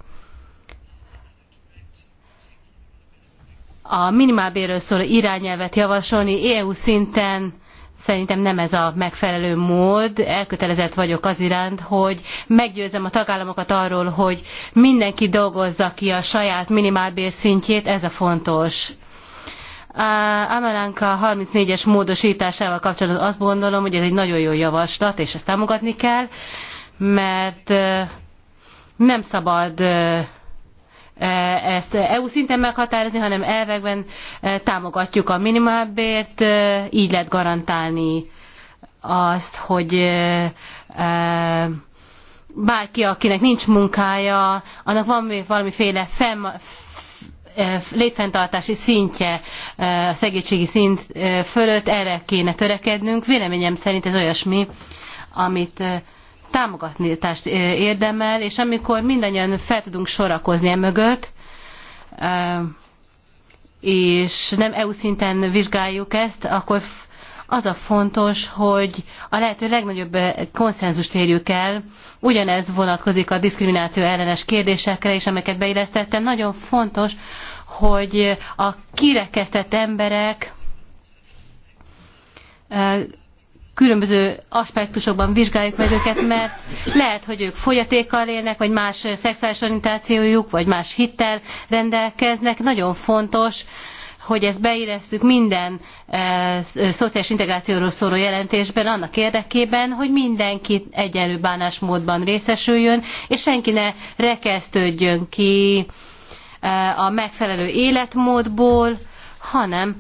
a minimálbérről szóló irányelvet javasolni EU szinten Szerintem nem ez a megfelelő mód. Elkötelezett vagyok az iránt, hogy meggyőzem a tagállamokat arról, hogy mindenki dolgozza ki a saját minimálbér szintjét, ez a fontos. Amalánka 34-es módosításával kapcsolatban azt gondolom, hogy ez egy nagyon jó javaslat, és ezt támogatni kell, mert nem szabad E, ezt EU szinten meghatározni, hanem elvekben e, támogatjuk a minimálbért, e, így lehet garantálni azt, hogy bárki, akinek nincs munkája, annak van valamiféle fenn, létfenntartási szintje a szegénységi szint fölött, erre kéne törekednünk. Véleményem szerint ez olyasmi, amit támogatást érdemel, és amikor mindannyian fel tudunk sorakozni e mögött, és nem EU szinten vizsgáljuk ezt, akkor az a fontos, hogy a lehető legnagyobb konszenzust érjük el. Ugyanez vonatkozik a diszkrimináció ellenes kérdésekre is, amiket beillesztettem. Nagyon fontos, hogy a kirekesztett emberek különböző aspektusokban vizsgáljuk meg őket, mert lehet, hogy ők fogyatékkal élnek, vagy más szexuális orientációjuk, vagy más hittel rendelkeznek. Nagyon fontos, hogy ezt beérezzük minden e, szociális integrációról szóló jelentésben annak érdekében, hogy mindenki egyenlő bánásmódban részesüljön, és senki ne rekesztődjön ki e, a megfelelő életmódból, hanem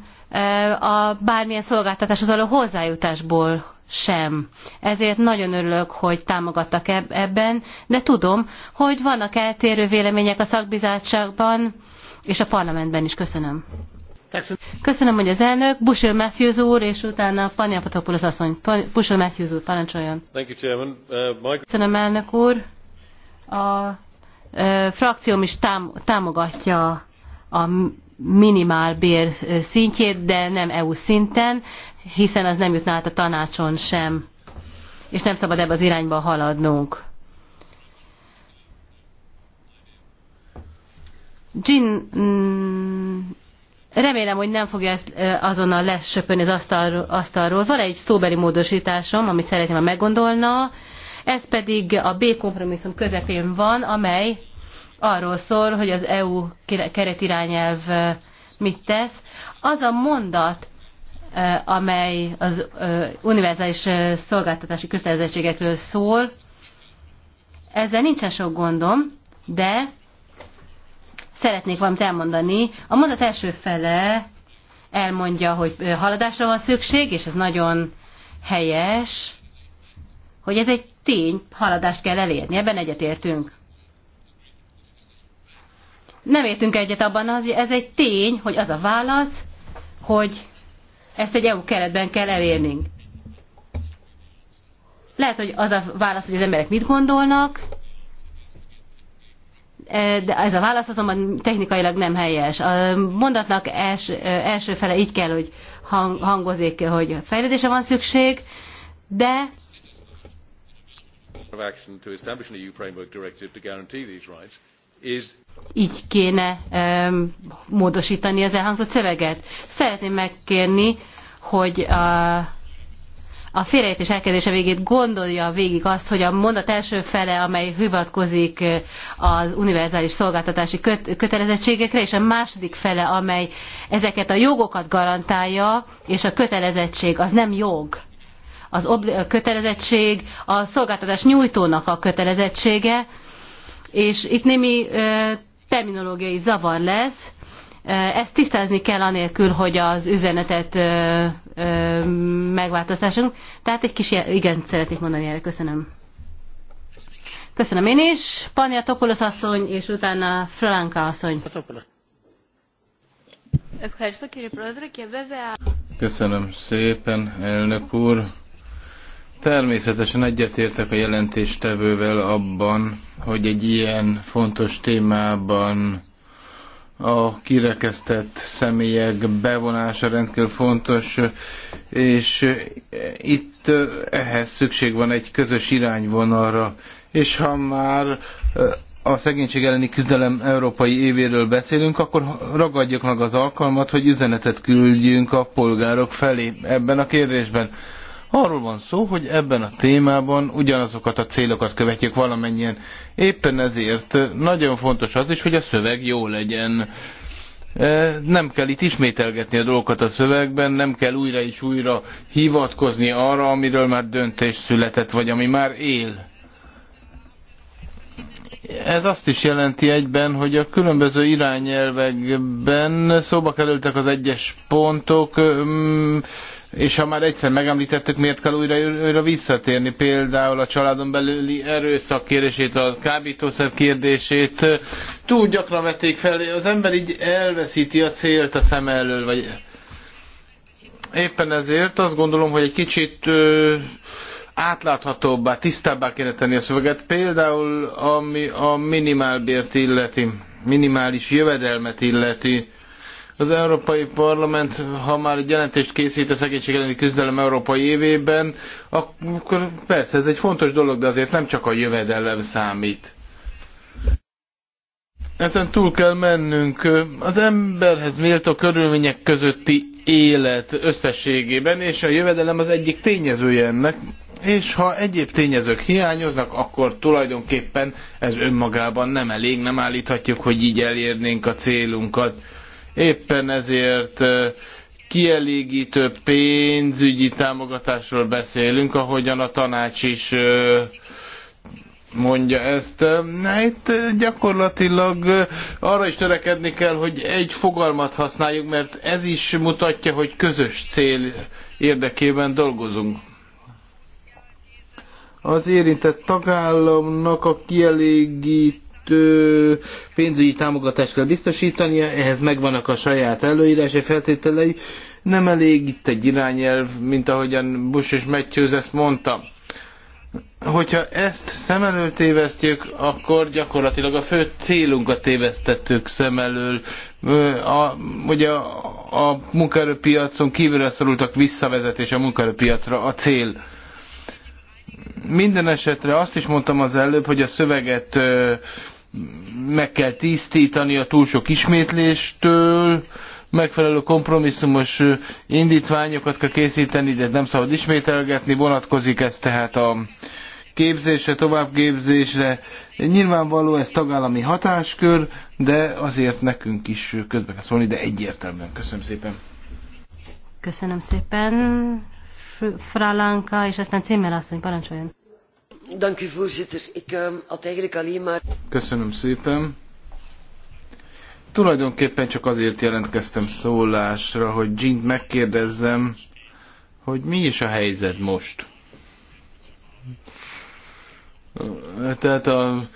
a bármilyen szolgáltatáshoz való hozzájutásból sem. Ezért nagyon örülök, hogy támogattak ebben, de tudom, hogy vannak eltérő vélemények a szakbizottságban és a parlamentben is. Köszönöm. Köszönöm, hogy az elnök, Bushel Matthews úr, és utána Apatopoulos asszony. Bushel Matthews úr, parancsoljon. Uh, Köszönöm, elnök úr. A frakcióm is támogatja a bér szintjét, de nem EU szinten, hiszen az nem jutná át a tanácson sem, és nem szabad ebbe az irányba haladnunk. Jean, mm, remélem, hogy nem fogja ezt azonnal lesöpörni az asztalról. Van egy szóbeli módosításom, amit szeretném, ha meggondolna. Ez pedig a B kompromisszum közepén van, amely arról szól, hogy az EU keretirányelv mit tesz. Az a mondat, amely az univerzális szolgáltatási kötelezettségekről szól, ezzel nincsen sok gondom, de szeretnék valamit elmondani. A mondat első fele elmondja, hogy haladásra van szükség, és ez nagyon helyes, hogy ez egy tény, haladást kell elérni, ebben egyetértünk nem értünk egyet abban, az, hogy ez egy tény, hogy az a válasz, hogy ezt egy EU keretben kell elérnünk. Lehet, hogy az a válasz, hogy az emberek mit gondolnak, e, de ez a válasz azonban technikailag nem helyes. A mondatnak els, e, első fele így kell, hogy hang, hangozik, hogy fejlődése van szükség, de of action to establish an EU framework directive to guarantee these rights így kéne um, módosítani az elhangzott szöveget. Szeretném megkérni, hogy a, a félreértés elkezdése végét gondolja végig azt, hogy a mondat első fele, amely hivatkozik az univerzális szolgáltatási köt, kötelezettségekre, és a második fele, amely ezeket a jogokat garantálja, és a kötelezettség az nem jog az kötelezettség a szolgáltatás nyújtónak a kötelezettsége, és itt némi terminológiai zavar lesz, ezt tisztázni kell anélkül, hogy az üzenetet megváltoztassunk. Tehát egy kis igen szeretnék mondani erre. Köszönöm. Köszönöm én is. Pania Topolos asszony, és utána Franka asszony. Köszönöm szépen, elnök úr. Természetesen egyetértek a jelentéstevővel abban, hogy egy ilyen fontos témában a kirekesztett személyek bevonása rendkívül fontos, és itt ehhez szükség van egy közös irányvonalra. És ha már a szegénység elleni küzdelem európai évéről beszélünk, akkor ragadjuk meg az alkalmat, hogy üzenetet küldjünk a polgárok felé ebben a kérdésben. Arról van szó, hogy ebben a témában ugyanazokat a célokat követjük valamennyien. Éppen ezért nagyon fontos az is, hogy a szöveg jó legyen. E, nem kell itt ismételgetni a dolgokat a szövegben, nem kell újra és újra hivatkozni arra, amiről már döntés született, vagy ami már él ez azt is jelenti egyben, hogy a különböző irányelvekben szóba kerültek az egyes pontok, mm, és ha már egyszer megemlítettük, miért kell újra, újra visszatérni például a családon belüli erőszak kérdését, a kábítószer kérdését. Túl gyakran vették fel, az ember így elveszíti a célt a szem elől, vagy éppen ezért azt gondolom, hogy egy kicsit ö, átláthatóbbá, tisztábbá kéne tenni a szöveget, például ami a minimálbért illeti, minimális jövedelmet illeti. Az Európai Parlament, ha már egy jelentést készít a szegénység elleni küzdelem Európai évében, akkor persze ez egy fontos dolog, de azért nem csak a jövedelem számít. Ezen túl kell mennünk. Az emberhez méltó körülmények közötti élet összességében, és a jövedelem az egyik tényezője ennek, és ha egyéb tényezők hiányoznak, akkor tulajdonképpen ez önmagában nem elég, nem állíthatjuk, hogy így elérnénk a célunkat. Éppen ezért kielégítő pénzügyi támogatásról beszélünk, ahogyan a tanács is mondja ezt. Na, itt gyakorlatilag arra is törekedni kell, hogy egy fogalmat használjuk, mert ez is mutatja, hogy közös cél érdekében dolgozunk. Az érintett tagállamnak a kielégítő pénzügyi támogatást kell biztosítania, ehhez megvannak a saját előírási feltételei, nem elég itt egy irányelv, mint ahogyan Bush és Matthews ezt mondta. Hogyha ezt szem elől tévesztjük, akkor gyakorlatilag a fő célunkat tévesztettük szem elől. A, ugye a, a munkaerőpiacon kívülre szorultak visszavezetés a munkaerőpiacra a cél minden esetre azt is mondtam az előbb, hogy a szöveget meg kell tisztítani a túl sok ismétléstől, megfelelő kompromisszumos indítványokat kell készíteni, de nem szabad ismételgetni, vonatkozik ez tehát a képzésre, továbbképzésre. Nyilvánvaló ez tagállami hatáskör, de azért nekünk is közbe kell szólni, de egyértelműen. Köszönöm szépen. Köszönöm szépen. Fralanka, és aztán Cimmer asszony, parancsoljon. Ehm, Köszönöm szépen. Tulajdonképpen csak azért jelentkeztem szólásra, hogy Jint megkérdezzem, hogy mi is a helyzet most. Tehát a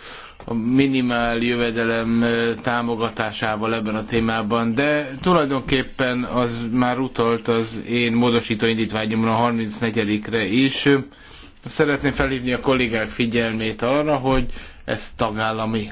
a minimál jövedelem támogatásával ebben a témában, de tulajdonképpen az már utalt az én módosító indítványomra a 34-re is. Szeretném felhívni a kollégák figyelmét arra, hogy ez tagállami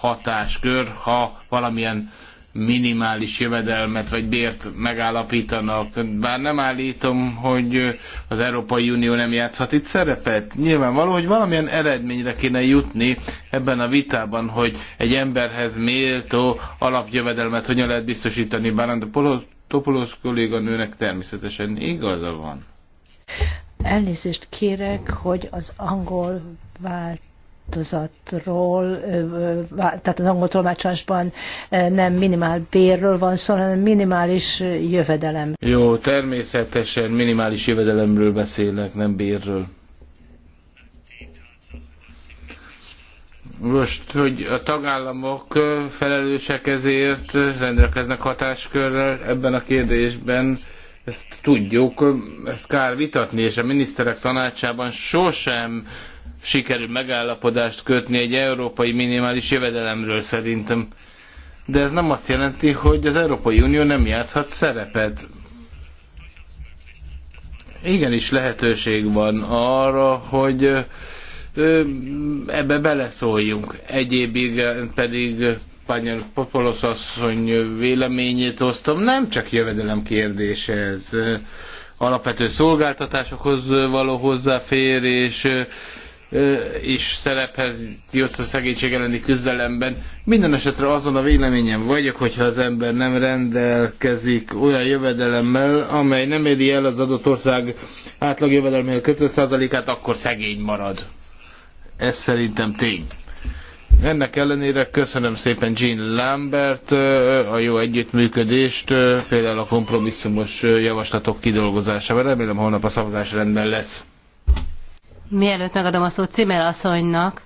hatáskör, ha valamilyen minimális jövedelmet vagy bért megállapítanak. Bár nem állítom, hogy az Európai Unió nem játszhat itt szerepet. Nyilvánvaló, hogy valamilyen eredményre kéne jutni ebben a vitában, hogy egy emberhez méltó alapjövedelmet hogyan lehet biztosítani. Bár a Topolosz kolléganőnek természetesen igaza van. Elnézést kérek, hogy az angol vált változatról, tehát az angol tolmácsásban nem minimál bérről van szó, hanem minimális jövedelem. Jó, természetesen minimális jövedelemről beszélek, nem bérről. Most, hogy a tagállamok felelősek ezért, rendelkeznek hatáskörrel ebben a kérdésben, ezt tudjuk, ezt kár vitatni, és a miniszterek tanácsában sosem sikerül megállapodást kötni egy európai minimális jövedelemről szerintem. De ez nem azt jelenti, hogy az Európai Unió nem játszhat szerepet. Igenis lehetőség van arra, hogy ebbe beleszóljunk. Egyéb pedig Pányar Popolosz asszony véleményét osztom, nem csak jövedelem kérdése ez. Alapvető szolgáltatásokhoz való hozzáférés, is szerephez jött a szegénység elleni küzdelemben. Minden esetre azon a véleményem vagyok, hogyha az ember nem rendelkezik olyan jövedelemmel, amely nem éri el az adott ország átlag jövedelmének 50%-át, akkor szegény marad. Ez szerintem tény. Ennek ellenére köszönöm szépen Jean Lambert a jó együttműködést, például a kompromisszumos javaslatok kidolgozásával. Remélem holnap a szavazás rendben lesz. Mielőtt megadom a szót Cimel asszonynak,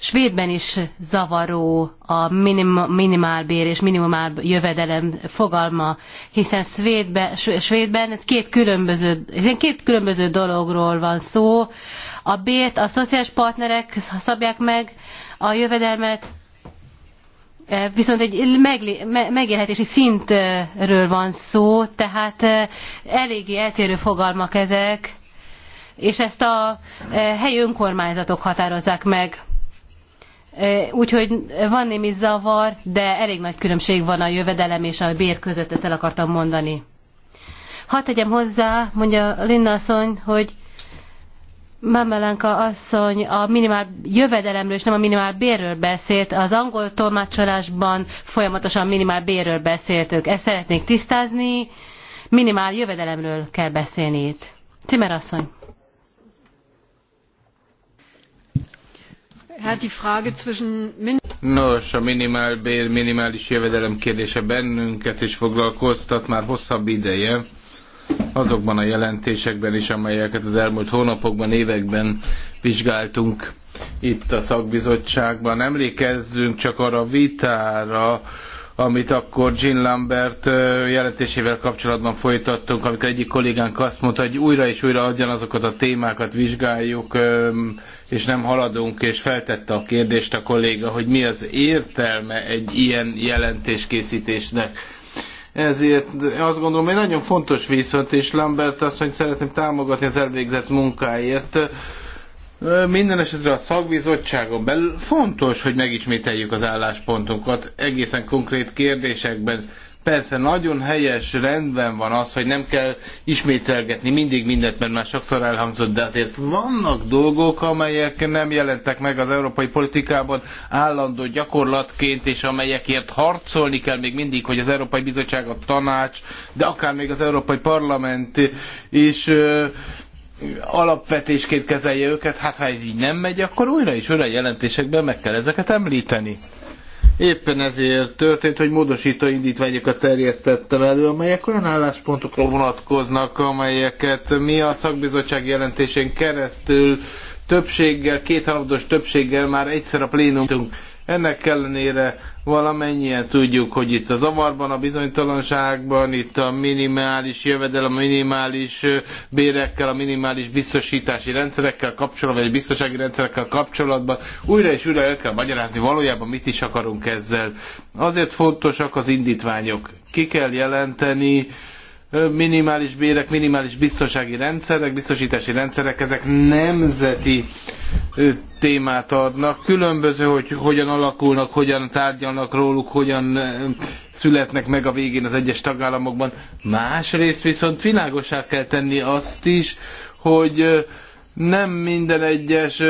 Svédben is zavaró a minim, minimálbér és minimál jövedelem fogalma, hiszen Svédbe, Svédben ez két különböző, hiszen két különböző dologról van szó. A bért a szociális partnerek szabják meg, a jövedelmet e, viszont egy megélhetési szintről van szó, tehát e, eléggé eltérő fogalmak ezek és ezt a e, helyi önkormányzatok határozzák meg. E, úgyhogy van némi zavar, de elég nagy különbség van a jövedelem és a bér között, ezt el akartam mondani. Hadd tegyem hozzá, mondja Linda asszony, hogy Mamelenka asszony a minimál jövedelemről és nem a minimál bérről beszélt, az angol tolmácsolásban folyamatosan minimál bérről beszéltök. Ezt szeretnék tisztázni, minimál jövedelemről kell beszélni itt. Cimer asszony. Nos, a minimálbér, minimális jövedelem kérdése bennünket is foglalkoztat már hosszabb ideje. Azokban a jelentésekben is, amelyeket az elmúlt hónapokban, években vizsgáltunk itt a szakbizottságban. Emlékezzünk csak arra a vitára, amit akkor Jean Lambert jelentésével kapcsolatban folytattunk, amikor egyik kollégánk azt mondta, hogy újra és újra ugyanazokat a témákat vizsgáljuk, és nem haladunk, és feltette a kérdést a kolléga, hogy mi az értelme egy ilyen jelentéskészítésnek. Ezért azt gondolom, hogy nagyon fontos viszont, és Lambert azt, hogy szeretném támogatni az elvégzett munkáért, minden esetre a szakbizottságon belül fontos, hogy megismételjük az álláspontunkat egészen konkrét kérdésekben. Persze nagyon helyes, rendben van az, hogy nem kell ismételgetni mindig mindent, mert már sokszor elhangzott, de azért vannak dolgok, amelyek nem jelentek meg az európai politikában állandó gyakorlatként, és amelyekért harcolni kell még mindig, hogy az Európai Bizottság, a tanács, de akár még az Európai Parlament is alapvetésként kezelje őket, hát ha ez így nem megy, akkor újra is újra jelentésekben meg kell ezeket említeni. Éppen ezért történt, hogy módosító indítványokat terjesztettem elő, amelyek olyan álláspontokra vonatkoznak, amelyeket mi a szakbizottság jelentésén keresztül többséggel, kétharmados többséggel már egyszer a plénumtunk. Ennek ellenére valamennyien tudjuk, hogy itt a zavarban, a bizonytalanságban, itt a minimális jövedelem, a minimális bérekkel, a minimális biztosítási rendszerekkel kapcsolatban, vagy biztonsági rendszerekkel kapcsolatban újra és újra el kell magyarázni valójában mit is akarunk ezzel. Azért fontosak az indítványok. Ki kell jelenteni, minimális bérek, minimális biztonsági rendszerek, biztosítási rendszerek, ezek nemzeti témát adnak. Különböző, hogy hogyan alakulnak, hogyan tárgyalnak róluk, hogyan születnek meg a végén az egyes tagállamokban. Másrészt viszont világosá kell tenni azt is, hogy nem minden egyes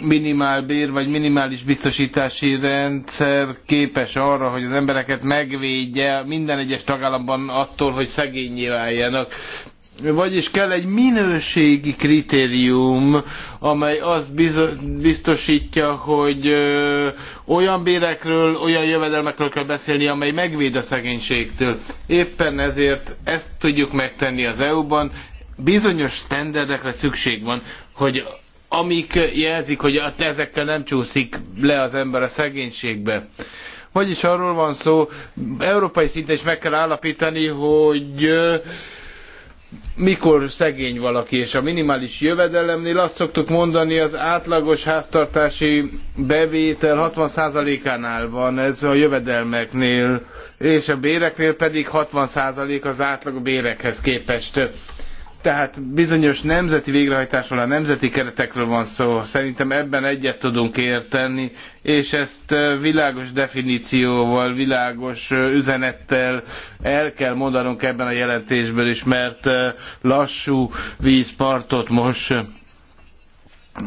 minimálbér vagy minimális biztosítási rendszer képes arra, hogy az embereket megvédje minden egyes tagállamban attól, hogy szegényé váljanak. Vagyis kell egy minőségi kritérium, amely azt biztosítja, hogy olyan bérekről, olyan jövedelmekről kell beszélni, amely megvéd a szegénységtől. Éppen ezért ezt tudjuk megtenni az EU-ban, bizonyos standardekre szükség van hogy amik jelzik, hogy ezekkel nem csúszik le az ember a szegénységbe. Vagyis arról van szó, európai szinten is meg kell állapítani, hogy mikor szegény valaki, és a minimális jövedelemnél azt szoktuk mondani, az átlagos háztartási bevétel 60%-ánál van ez a jövedelmeknél, és a béreknél pedig 60% az átlag bérekhez képest tehát bizonyos nemzeti végrehajtásról, a nemzeti keretekről van szó. Szerintem ebben egyet tudunk érteni, és ezt világos definícióval, világos üzenettel el kell mondanunk ebben a jelentésből is, mert lassú vízpartot most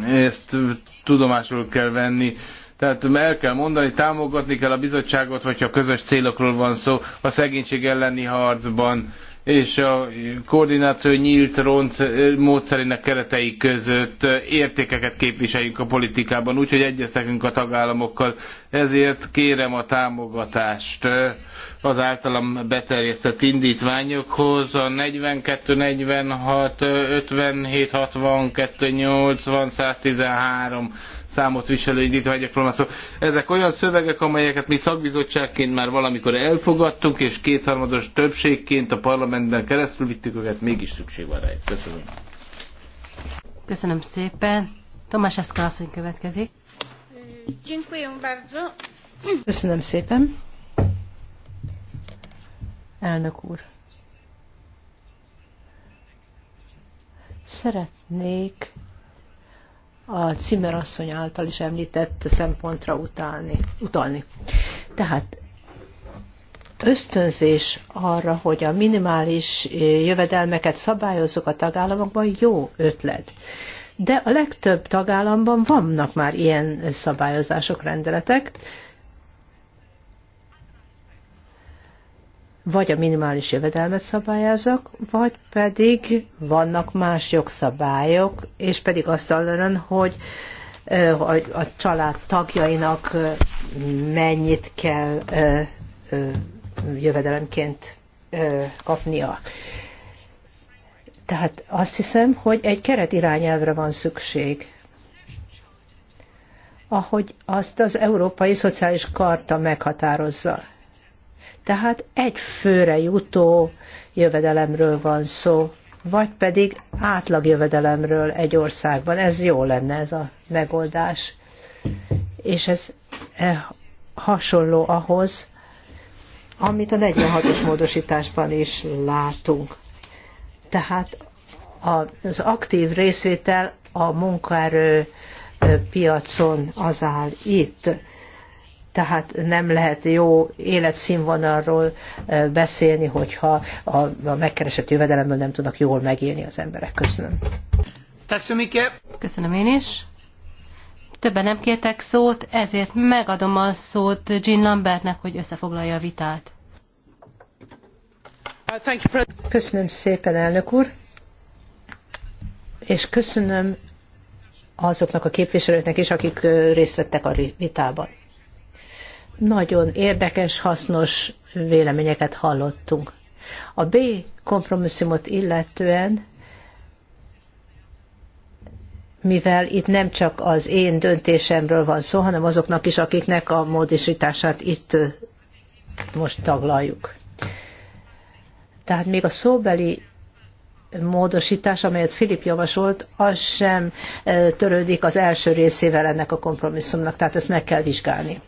ezt tudomásul kell venni. Tehát el kell mondani, támogatni kell a bizottságot, hogyha közös célokról van szó, a szegénység elleni harcban és a koordináció nyílt ronc eh, módszerének keretei között eh, értékeket képviseljünk a politikában, úgyhogy egyeztetünk a tagállamokkal. Ezért kérem a támogatást eh, az általam beterjesztett indítványokhoz a 42, 46, 57, 62, 80, 113 számot viselő indítványokról van szó. Ezek olyan szövegek, amelyeket mi szakbizottságként már valamikor elfogadtunk, és kétharmados többségként a parlamentben keresztül vittük őket, mégis szükség van rájuk. Köszönöm. Köszönöm szépen. Tomás Eszka asszony következik. Köszönöm szépen. Elnök úr. Szeretnék a Cimmer asszony által is említett szempontra utálni, utalni. Tehát ösztönzés arra, hogy a minimális eh, jövedelmeket szabályozzuk a tagállamokban, jó ötlet. De a legtöbb tagállamban vannak már ilyen szabályozások, rendeletek, vagy a minimális jövedelmet szabályozok, vagy pedig vannak más jogszabályok, és pedig azt hallanom, hogy a család tagjainak mennyit kell jövedelemként kapnia. Tehát azt hiszem, hogy egy keret irányelvre van szükség ahogy azt az Európai Szociális Karta meghatározza. Tehát egy főre jutó jövedelemről van szó, vagy pedig átlagjövedelemről egy országban. Ez jó lenne ez a megoldás. És ez e, hasonló ahhoz, amit a 46-os módosításban is látunk. Tehát az aktív részvétel a munkaerő e, piacon az áll itt tehát nem lehet jó életszínvonalról beszélni, hogyha a, a megkeresett jövedelemből nem tudnak jól megélni az emberek. Köszönöm. Köszönöm én is. Többen nem kértek szót, ezért megadom a szót Jean Lambertnek, hogy összefoglalja a vitát. Uh, köszönöm szépen, elnök úr, és köszönöm azoknak a képviselőknek is, akik részt vettek a vitában nagyon érdekes, hasznos véleményeket hallottunk. A B kompromisszumot illetően, mivel itt nem csak az én döntésemről van szó, hanem azoknak is, akiknek a módosítását itt most taglaljuk. Tehát még a szóbeli módosítás, amelyet Filip javasolt, az sem törődik az első részével ennek a kompromisszumnak, tehát ezt meg kell vizsgálni.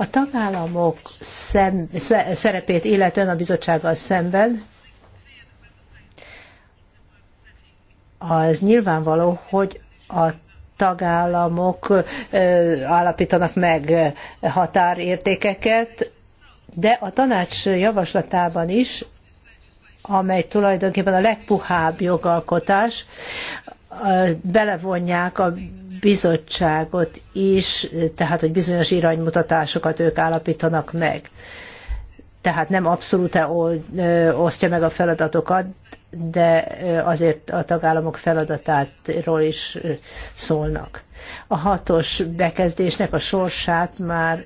A tagállamok szem, szerepét illetően a bizottsággal szemben az nyilvánvaló, hogy a tagállamok állapítanak meg határértékeket, de a tanács javaslatában is, amely tulajdonképpen a legpuhább jogalkotás, belevonják a bizottságot is, tehát hogy bizonyos iránymutatásokat ők állapítanak meg. Tehát nem abszolút e osztja meg a feladatokat, de azért a tagállamok feladatáról is szólnak. A hatos bekezdésnek a sorsát már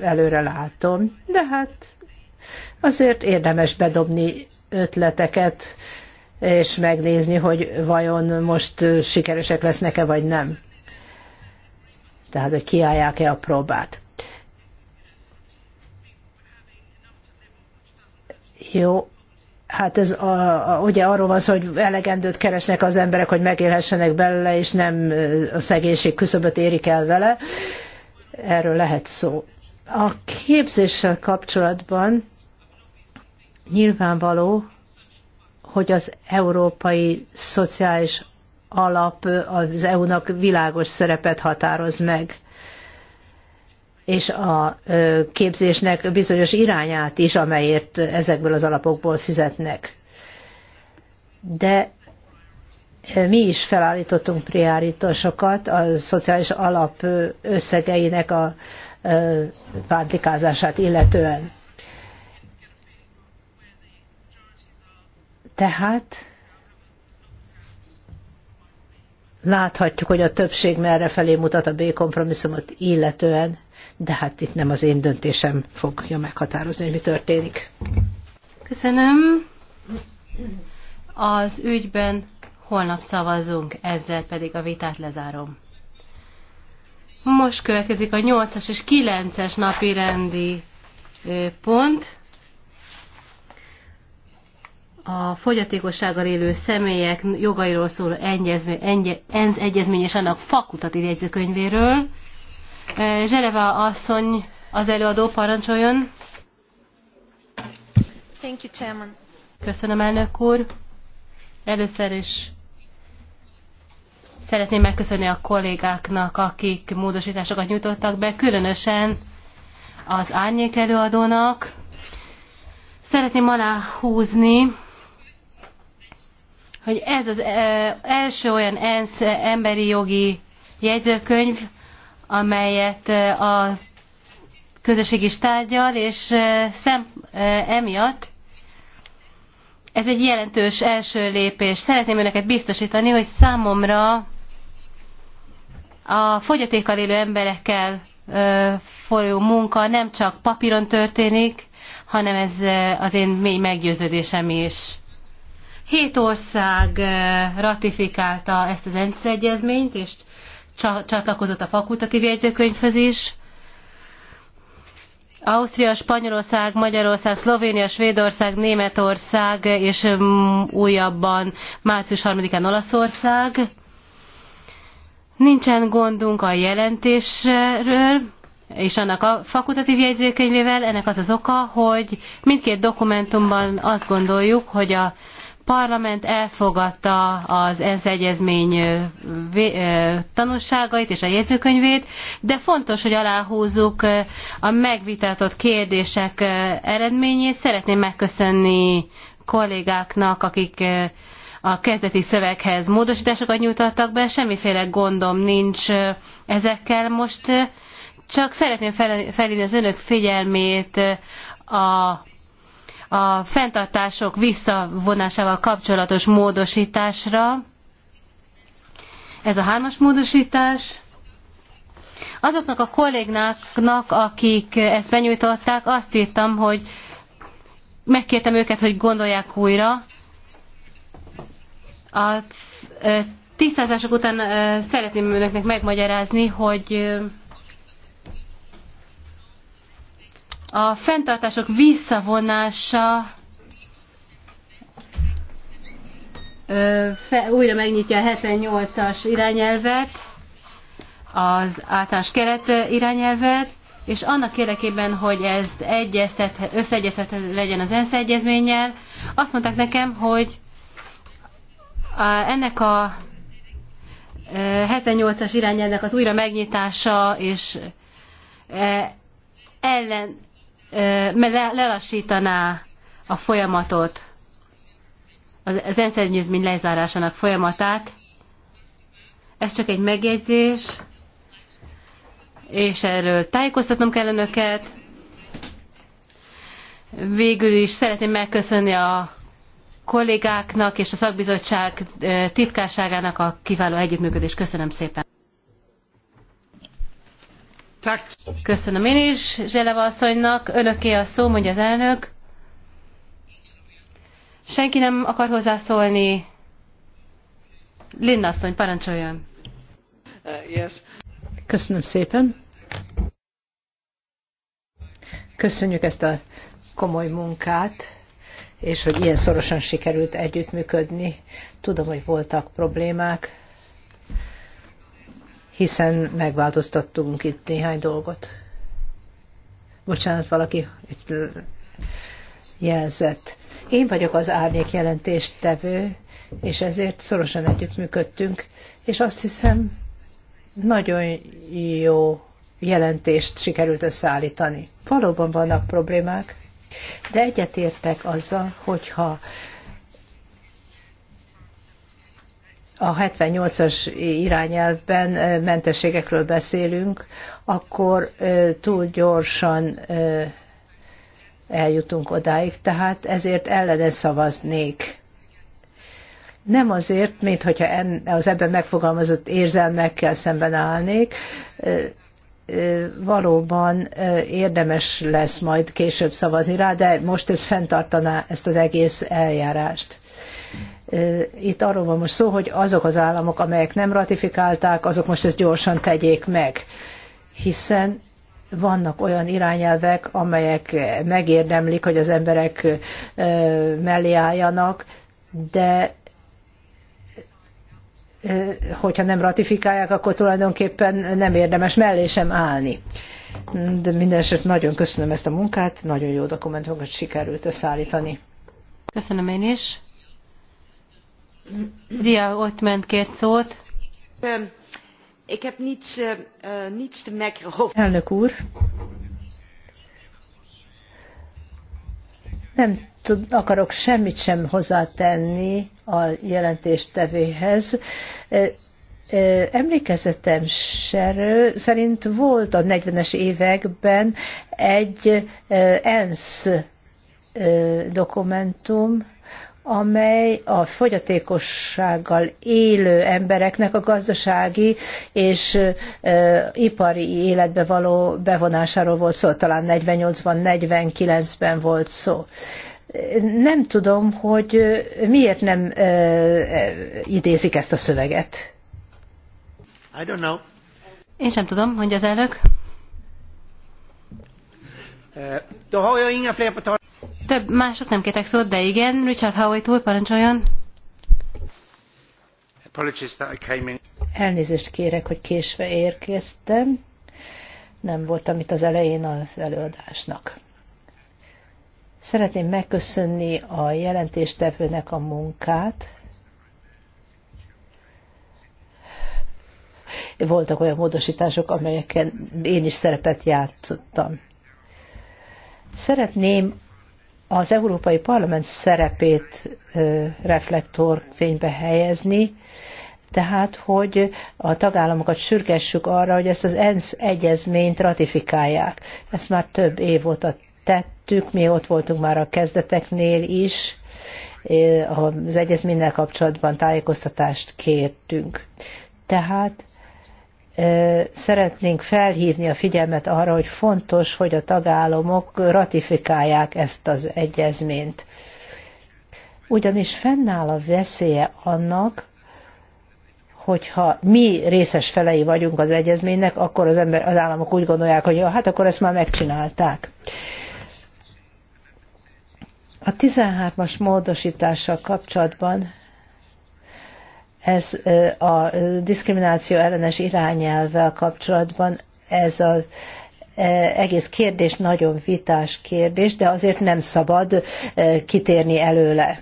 előre látom, de hát azért érdemes bedobni ötleteket, és megnézni, hogy vajon most sikeresek lesznek-e, vagy nem. Tehát, hogy kiállják-e a próbát. Jó, hát ez a, a, ugye arról van szó, hogy elegendőt keresnek az emberek, hogy megélhessenek belőle, és nem a szegénység küszöböt érik el vele. Erről lehet szó. A képzéssel kapcsolatban nyilvánvaló, hogy az európai szociális alap az EU-nak világos szerepet határoz meg és a képzésnek bizonyos irányát is, amelyért ezekből az alapokból fizetnek. De mi is felállítottunk priáritosokat a szociális alap összegeinek a pántlikázását illetően. Tehát láthatjuk, hogy a többség merre felé mutat a B kompromisszumot illetően, de hát itt nem az én döntésem fogja meghatározni, hogy mi történik. Köszönöm. Az ügyben holnap szavazunk, ezzel pedig a vitát lezárom. Most következik a 8-as és 9-es napi rendi pont a fogyatékossággal élő személyek jogairól szóló ENSZ egyezmény és annak fakultatív jegyzőkönyvéről. Eh, Zseleva asszony az előadó parancsoljon. Thank you, Chairman. Köszönöm, elnök úr. Először is szeretném megköszönni a kollégáknak, akik módosításokat nyújtottak be, különösen az árnyék előadónak. Szeretném aláhúzni, hogy ez az első olyan ENSZ emberi jogi jegyzőkönyv, amelyet a közösség is tárgyal, és szem, emiatt ez egy jelentős első lépés. Szeretném önöket biztosítani, hogy számomra a fogyatékkal élő emberekkel folyó munka nem csak papíron történik, hanem ez az én mély meggyőződésem is. Hét ország ratifikálta ezt az ENSZ egyezményt, és csatlakozott a fakultatív jegyzőkönyvhöz is. Ausztria, Spanyolország, Magyarország, Szlovénia, Svédország, Németország és újabban március 3-án Olaszország. Nincsen gondunk a jelentésről és annak a fakultatív jegyzőkönyvével. Ennek az az oka, hogy mindkét dokumentumban azt gondoljuk, hogy a parlament elfogadta az ENSZ egyezmény tanulságait és a jegyzőkönyvét, de fontos, hogy aláhúzzuk a megvitatott kérdések eredményét. Szeretném megköszönni kollégáknak, akik a kezdeti szöveghez módosításokat nyújtottak be, semmiféle gondom nincs ezekkel most. Csak szeretném felhívni az önök figyelmét a a fenntartások visszavonásával kapcsolatos módosításra. Ez a hármas módosítás. Azoknak a kollégáknak, akik ezt benyújtották, azt írtam, hogy megkértem őket, hogy gondolják újra. A tisztázások után szeretném önöknek megmagyarázni, hogy A fenntartások visszavonása fe, újra megnyitja a 78-as irányelvet, az általános keret irányelvet, és annak érdekében, hogy ez összeegyeztet legyen az ENSZ egyezménnyel, azt mondták nekem, hogy a, ennek a 78-as irányelvnek az újra megnyitása és ellen, lelassítaná a folyamatot, az enszerűzmény lezárásának folyamatát. Ez csak egy megjegyzés, és erről tájékoztatnom kell önöket. Végül is szeretném megköszönni a kollégáknak és a szakbizottság titkárságának a kiváló együttműködést. Köszönöm szépen! Köszönöm én is Zseleva asszonynak. Önöké a szó, mondja az elnök. Senki nem akar hozzászólni. Linda asszony, parancsoljon. Uh, Köszönöm szépen. Köszönjük ezt a komoly munkát, és hogy ilyen szorosan sikerült együttműködni. Tudom, hogy voltak problémák, hiszen megváltoztattunk itt néhány dolgot. Bocsánat, valaki itt jelzett. Én vagyok az árnyék jelentést tevő, és ezért szorosan együttműködtünk, és azt hiszem, nagyon jó jelentést sikerült összeállítani. Valóban vannak problémák, de egyetértek azzal, hogyha a 78-as irányelvben mentességekről beszélünk, akkor túl gyorsan eljutunk odáig, tehát ezért ellene szavaznék. Nem azért, mint hogyha az ebben megfogalmazott érzelmekkel szemben állnék, valóban érdemes lesz majd később szavazni rá, de most ez fenntartaná ezt az egész eljárást. Itt arról van most szó, hogy azok az államok, amelyek nem ratifikálták, azok most ezt gyorsan tegyék meg, hiszen vannak olyan irányelvek, amelyek megérdemlik, hogy az emberek mellé álljanak, de hogyha nem ratifikálják, akkor tulajdonképpen nem érdemes mellé sem állni. De minden nagyon köszönöm ezt a munkát, nagyon jó dokumentumokat sikerült összeállítani. Köszönöm én is. Ehm, eh, eh, Elnök úr, nem akarok semmit sem hozzátenni a jelentéstevéhez. Eh, emlékezetem szerint volt a 40-es években egy ENSZ dokumentum, amely a fogyatékossággal élő embereknek a gazdasági és e, ipari életbe való bevonásáról volt szó, talán 48-ban, 49-ben volt szó. Nem tudom, hogy miért nem e, e, idézik ezt a szöveget. I don't know. Én sem tudom, mondja az elnök. Uh, inga több mások nem kétek szót, de igen, Richard Howey túl parancsoljon. Elnézést kérek, hogy késve érkeztem. Nem voltam itt az elején az előadásnak. Szeretném megköszönni a jelentéstevőnek a munkát. Voltak olyan módosítások, amelyeken én is szerepet játszottam. Szeretném az Európai Parlament szerepét reflektorfénybe helyezni, tehát, hogy a tagállamokat sürgessük arra, hogy ezt az ENSZ egyezményt ratifikálják. Ezt már több év óta tettük, mi ott voltunk már a kezdeteknél is, az egyezménnyel kapcsolatban tájékoztatást kértünk. Tehát szeretnénk felhívni a figyelmet arra, hogy fontos, hogy a tagállamok ratifikálják ezt az egyezményt. Ugyanis fennáll a veszélye annak, hogyha mi részes felei vagyunk az egyezménynek, akkor az, ember, az államok úgy gondolják, hogy ja, hát akkor ezt már megcsinálták. A 13-as módosítással kapcsolatban ez a diszkrimináció ellenes irányelvvel kapcsolatban ez az egész kérdés nagyon vitás kérdés, de azért nem szabad kitérni előle.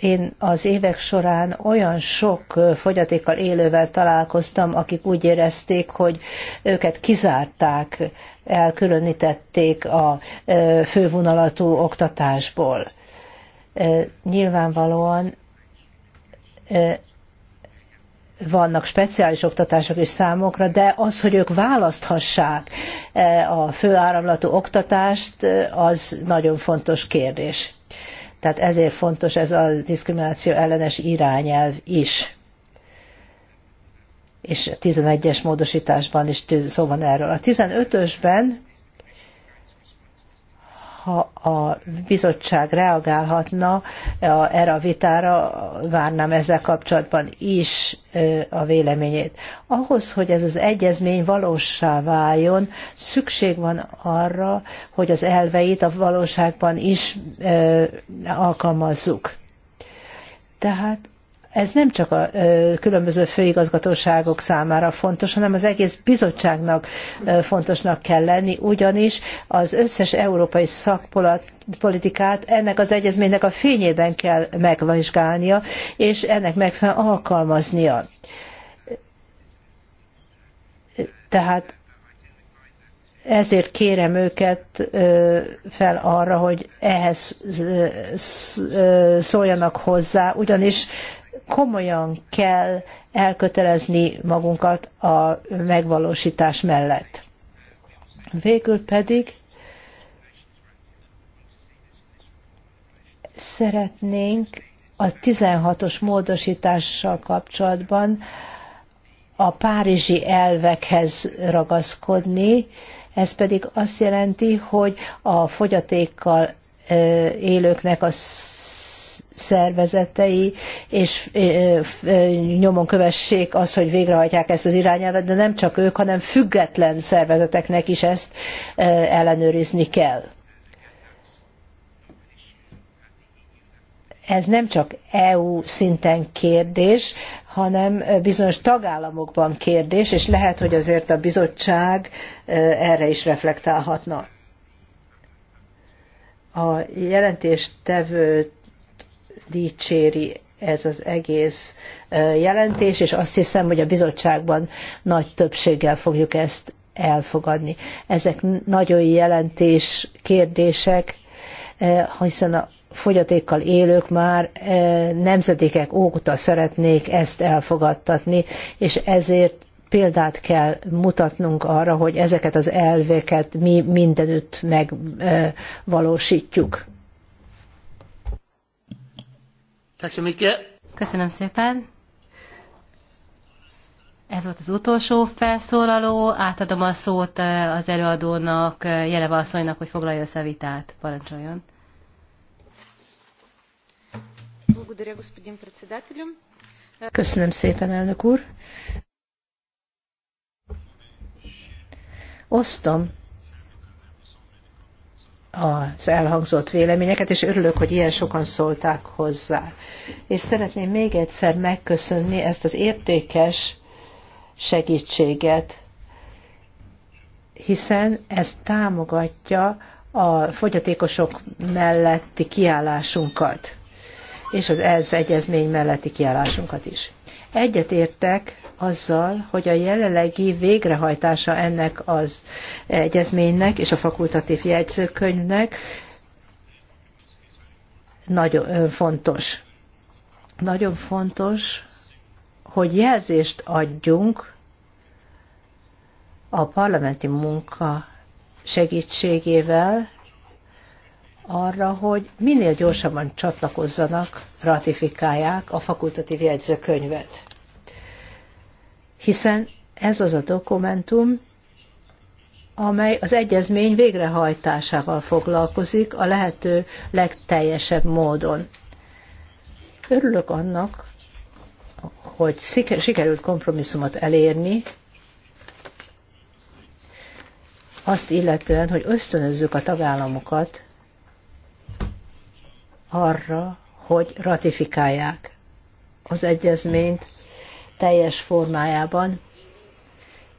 Én az évek során olyan sok fogyatékkal élővel találkoztam, akik úgy érezték, hogy őket kizárták, elkülönítették a fővonalatú oktatásból nyilvánvalóan vannak speciális oktatások is számokra, de az, hogy ők választhassák a főáramlatú oktatást, az nagyon fontos kérdés. Tehát ezért fontos ez a diszkrimináció ellenes irányelv is. És a 11-es módosításban is szó van erről. A 15-ösben ha a bizottság reagálhatna erre a vitára, várnám ezzel kapcsolatban is a véleményét. Ahhoz, hogy ez az egyezmény valósá váljon, szükség van arra, hogy az elveit a valóságban is alkalmazzuk. Tehát ez nem csak a különböző főigazgatóságok számára fontos, hanem az egész bizottságnak fontosnak kell lenni, ugyanis az összes európai szakpolitikát ennek az egyezménynek a fényében kell megvizsgálnia, és ennek megfelelően alkalmaznia. Tehát ezért kérem őket fel arra, hogy ehhez szóljanak hozzá, ugyanis komolyan kell elkötelezni magunkat a megvalósítás mellett. Végül pedig szeretnénk a 16-os módosítással kapcsolatban a párizsi elvekhez ragaszkodni, ez pedig azt jelenti, hogy a fogyatékkal élőknek a szervezetei, és nyomon kövessék az, hogy végrehajtják ezt az irányelvet, de nem csak ők, hanem független szervezeteknek is ezt ellenőrizni kell. Ez nem csak EU szinten kérdés, hanem bizonyos tagállamokban kérdés, és lehet, hogy azért a bizottság erre is reflektálhatna a jelentéstevőt dicséri ez az egész jelentés, és azt hiszem, hogy a bizottságban nagy többséggel fogjuk ezt elfogadni. Ezek nagyon jelentés kérdések, hiszen a fogyatékkal élők már nemzedékek óta szeretnék ezt elfogadtatni, és ezért példát kell mutatnunk arra, hogy ezeket az elveket mi mindenütt megvalósítjuk. Köszönöm szépen. Ez volt az utolsó felszólaló. Átadom a szót eh, az előadónak, eh, Jeleva asszonynak, hogy foglalja össze a vitát. Parancsoljon. Köszönöm szépen, elnök úr. Osztom az elhangzott véleményeket, és örülök, hogy ilyen sokan szólták hozzá. És szeretném még egyszer megköszönni ezt az értékes segítséget, hiszen ez támogatja a fogyatékosok melletti kiállásunkat, és az ez egyezmény melletti kiállásunkat is. Egyetértek azzal, hogy a jelenlegi végrehajtása ennek az egyezménynek és a fakultatív jegyzőkönyvnek nagyon fontos. Nagyon fontos, hogy jelzést adjunk a parlamenti munka segítségével arra, hogy minél gyorsabban csatlakozzanak, ratifikálják a fakultatív jegyzőkönyvet. Hiszen ez az a dokumentum, amely az egyezmény végrehajtásával foglalkozik a lehető legteljesebb módon. Örülök annak, hogy sikerült kompromisszumot elérni, azt illetően, hogy ösztönözzük a tagállamokat arra, hogy ratifikálják az egyezményt teljes formájában,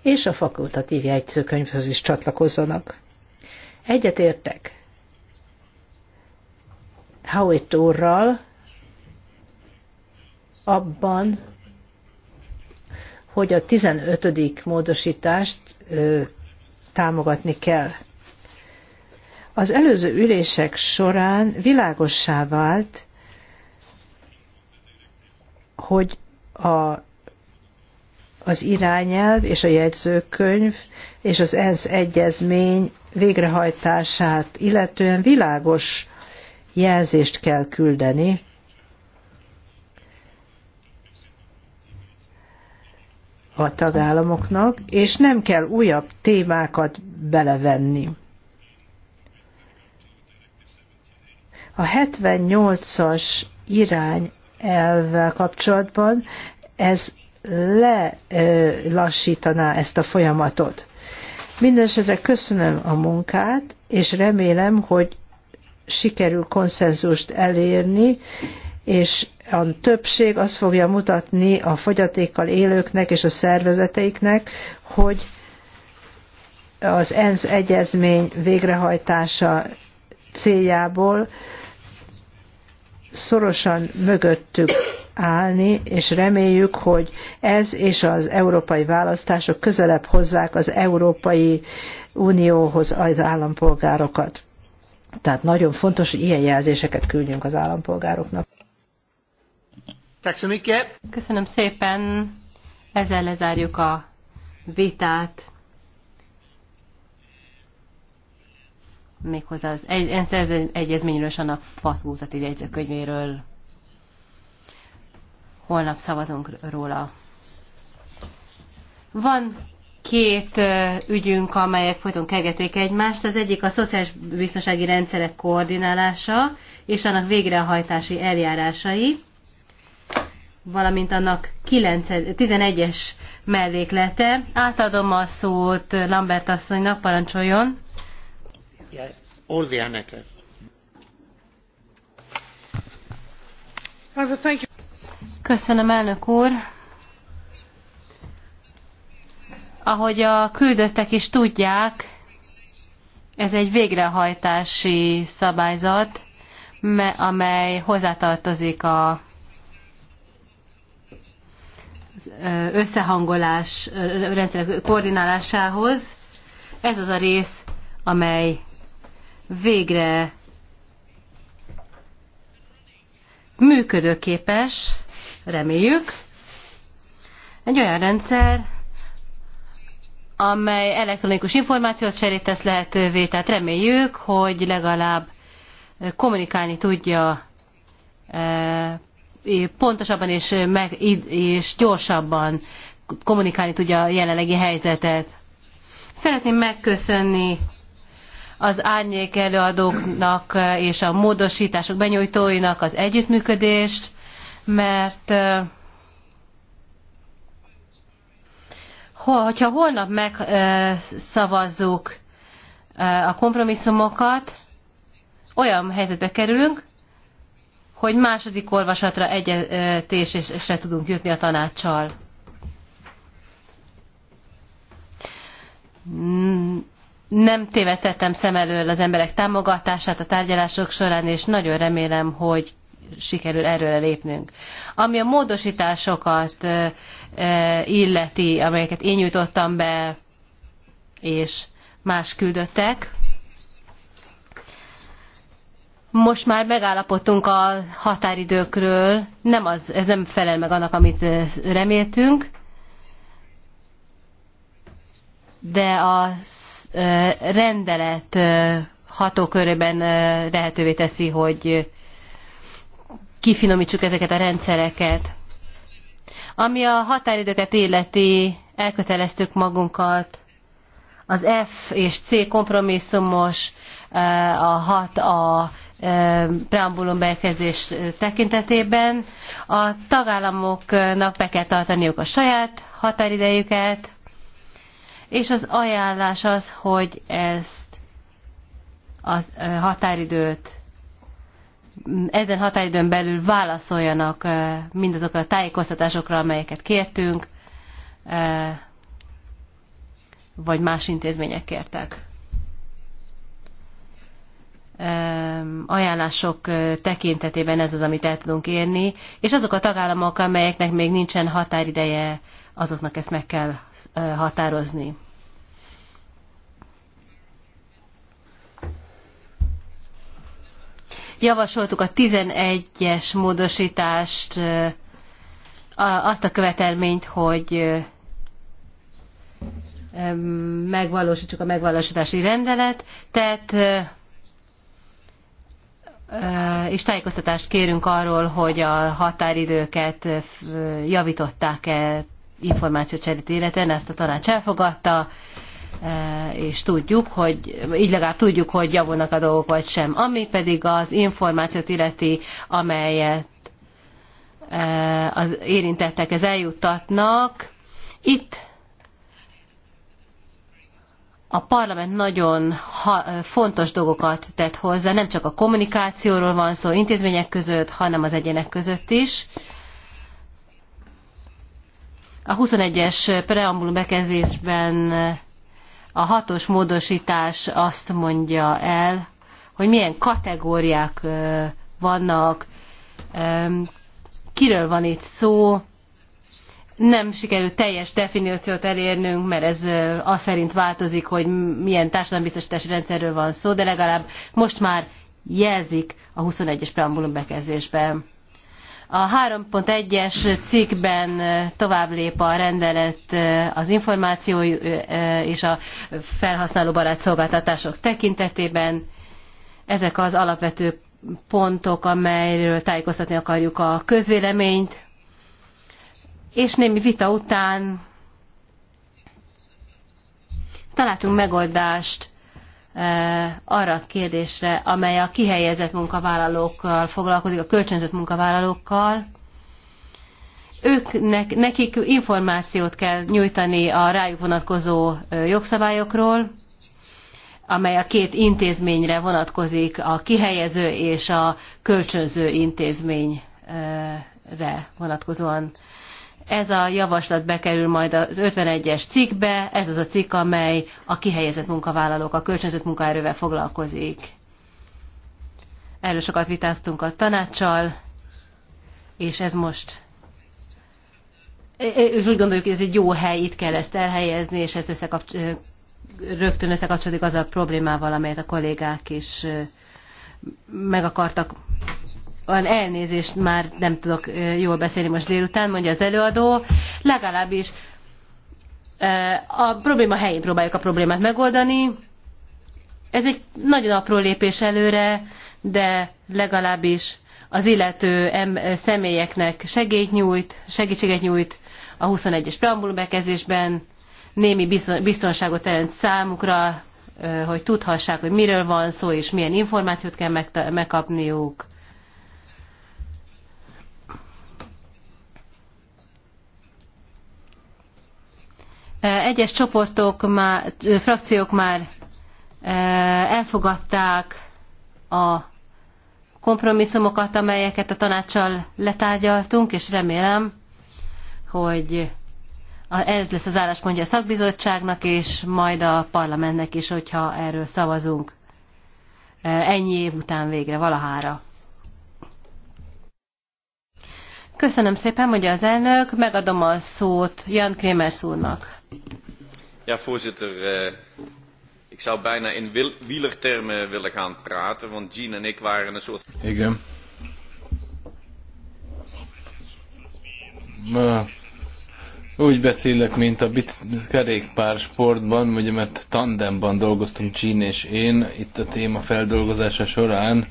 és a fakultatív jegyzőkönyvhöz is csatlakozzanak. Egyetértek Howitt úrral abban, hogy a 15. módosítást ö, támogatni kell. Az előző ülések során világossá vált, hogy a, az irányelv és a jegyzőkönyv és az ENSZ egyezmény végrehajtását illetően világos jelzést kell küldeni, a tagállamoknak, és nem kell újabb témákat belevenni. A 78-as irány elvvel kapcsolatban ez lelassítaná ezt a folyamatot. Mindenesetre köszönöm a munkát, és remélem, hogy sikerül konszenzust elérni, és a többség azt fogja mutatni a fogyatékkal élőknek és a szervezeteiknek, hogy az ENSZ egyezmény végrehajtása céljából szorosan mögöttük állni, és reméljük, hogy ez és az európai választások közelebb hozzák az Európai Unióhoz az állampolgárokat. Tehát nagyon fontos, hogy ilyen jelzéseket küldjünk az állampolgároknak. Köszönöm szépen. Ezzel lezárjuk a vitát. méghozzá az ENSZ egyezményről, és annak fakultatív jegyzőkönyvéről. Holnap szavazunk róla. Van két ügyünk, amelyek folyton kegeték egymást. Az egyik a szociális biztonsági rendszerek koordinálása és annak végrehajtási eljárásai, valamint annak 11-es melléklete. Átadom a szót Lambert asszonynak, parancsoljon. Köszönöm, Ahogy a küldöttek is tudják, ez egy végrehajtási szabályzat, amely hozzátartozik a összehangolás rendszer koordinálásához. Ez az a rész, amely végre működőképes, reméljük, egy olyan rendszer, amely elektronikus információs cserét tesz lehetővé, tehát reméljük, hogy legalább kommunikálni tudja e, pontosabban és, meg, és gyorsabban kommunikálni tudja a jelenlegi helyzetet. Szeretném megköszönni az árnyék előadóknak és a módosítások benyújtóinak az együttműködést, mert hogyha holnap megszavazzuk a kompromisszumokat, olyan helyzetbe kerülünk, hogy második olvasatra egyetésre tudunk jutni a tanácssal nem tévesztettem szem elől az emberek támogatását a tárgyalások során, és nagyon remélem, hogy sikerül erről lépnünk. Ami a módosításokat illeti, amelyeket én nyújtottam be, és más küldöttek, most már megállapodtunk a határidőkről, nem az, ez nem felel meg annak, amit reméltünk, de a rendelet hatókörében lehetővé teszi, hogy kifinomítsuk ezeket a rendszereket. Ami a határidőket illeti, elköteleztük magunkat az F és C kompromisszumos, a hat a preambulum bekezdés tekintetében. A tagállamoknak be kell tartaniuk a saját határidejüket, és az ajánlás az, hogy ezt a határidőt ezen határidőn belül válaszoljanak mindazokra a tájékoztatásokra, amelyeket kértünk, vagy más intézmények kértek. Ajánlások tekintetében ez az, amit el tudunk érni, és azok a tagállamok, amelyeknek még nincsen határideje, azoknak ezt meg kell határozni. Javasoltuk a 11-es módosítást, azt a követelményt, hogy megvalósítsuk a megvalósítási rendelet, tehát és tájékoztatást kérünk arról, hogy a határidőket javították-e információcserét életen, ezt a tanács elfogadta, e, és tudjuk, hogy így legalább tudjuk, hogy javulnak a dolgok vagy sem. Ami pedig az információt illeti, amelyet e, az érintettekhez eljuttatnak, itt a parlament nagyon e, fontos dolgokat tett hozzá, nem csak a kommunikációról van szó intézmények között, hanem az egyének között is. A 21-es preambulum bekezdésben a hatos módosítás azt mondja el, hogy milyen kategóriák vannak, kiről van itt szó, nem sikerült teljes definíciót elérnünk, mert ez az szerint változik, hogy milyen társadalombiztosítási rendszerről van szó, de legalább most már jelzik a 21-es preambulum bekezdésben. A 3.1-es cikkben tovább lép a rendelet az információ és a felhasználóbarát szolgáltatások tekintetében. Ezek az alapvető pontok, amelyről tájékoztatni akarjuk a közvéleményt. És némi vita után találtunk megoldást Eh, arra a kérdésre, amely a kihelyezett munkavállalókkal foglalkozik, a kölcsönzött munkavállalókkal. Őknek, nekik információt kell nyújtani a rájuk vonatkozó eh, jogszabályokról, amely a két intézményre vonatkozik, a kihelyező és a kölcsönző intézményre vonatkozóan. Ez a javaslat bekerül majd az 51-es cikkbe, ez az a cikk, amely a kihelyezett munkavállalók a kölcsönzött munkaerővel foglalkozik. Erről sokat vitáztunk a tanácssal, és ez most és úgy gondoljuk, hogy ez egy jó hely, itt kell ezt elhelyezni, és ez összekapcs rögtön összekapcsolódik az a problémával, amelyet a kollégák is meg akartak van elnézést, már nem tudok jól beszélni most délután, mondja az előadó, legalábbis a probléma helyén próbáljuk a problémát megoldani. Ez egy nagyon apró lépés előre, de legalábbis az illető személyeknek segélyt nyújt, segítséget nyújt a 21-es preambulum bekezdésben, némi biztonságot jelent számukra, hogy tudhassák, hogy miről van szó, és milyen információt kell megkapniuk Eh, egyes csoportok, már, eh, frakciók már eh, elfogadták a kompromisszumokat, amelyeket a tanácssal letárgyaltunk, és remélem, hogy ez lesz az álláspontja a szakbizottságnak, és majd a parlamentnek is, hogyha erről szavazunk ennyi év után végre, valahára. Köszönöm szépen, hogy az elnök, megadom a szót Jan Krémers úrnak voorzitter eh, ik zou bijna in wielertermen willen gaan praten want jean en ik waren een soort. igen. Úgy beszélek, mint a bit kerékpár sportban, ugye mert tandemban dolgoztunk Jean és én itt a téma feldolgozása során.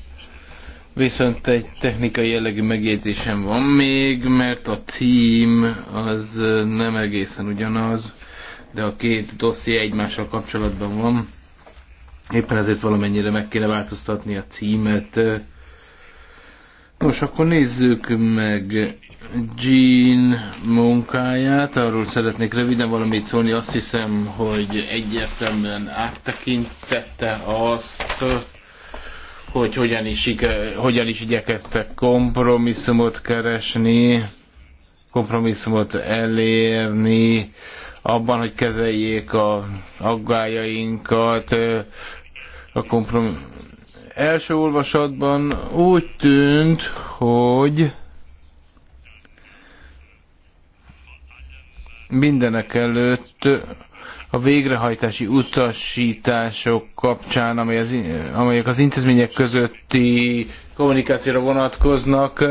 Viszont egy technikai jellegű megjegyzésem van még, mert a cím az eh, nem egészen ugyanaz de a két dosszié egymással kapcsolatban van. Éppen ezért valamennyire meg kéne változtatni a címet. Nos, akkor nézzük meg Jean munkáját. Arról szeretnék röviden valamit szólni. Azt hiszem, hogy egyértelműen áttekintette azt, hogy hogyan is, hogyan is igyekeztek kompromisszumot keresni, kompromisszumot elérni abban, hogy kezeljék a aggájainkat, a komprom... Első olvasatban úgy tűnt, hogy mindenek előtt a végrehajtási utasítások kapcsán, amely az, amelyek az intézmények közötti kommunikációra vonatkoznak,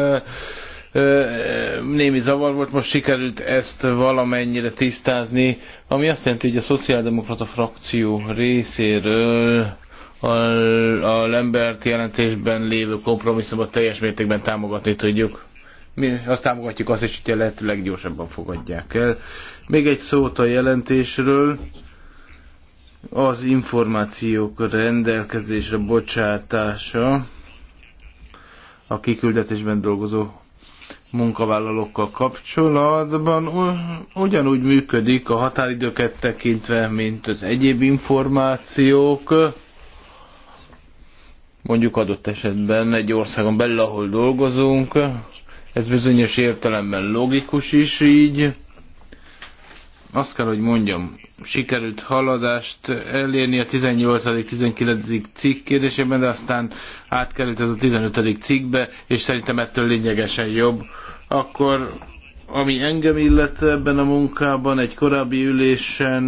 némi zavar volt, most sikerült ezt valamennyire tisztázni, ami azt jelenti, hogy a szociáldemokrata frakció részéről a, a Lembert jelentésben lévő kompromisszumot teljes mértékben támogatni tudjuk. Mi azt támogatjuk azt is, hogy a lehető leggyorsabban fogadják el. Még egy szót a jelentésről. Az információk rendelkezésre bocsátása a kiküldetésben dolgozó munkavállalókkal kapcsolatban ugyanúgy működik a határidőket tekintve, mint az egyéb információk. Mondjuk adott esetben egy országon belül, ahol dolgozunk, ez bizonyos értelemben logikus is így. Azt kell, hogy mondjam, sikerült haladást elérni a 18.-19. cikk kérdésében, de aztán átkerült ez a 15. cikkbe, és szerintem ettől lényegesen jobb. Akkor, ami engem illet ebben a munkában, egy korábbi ülésen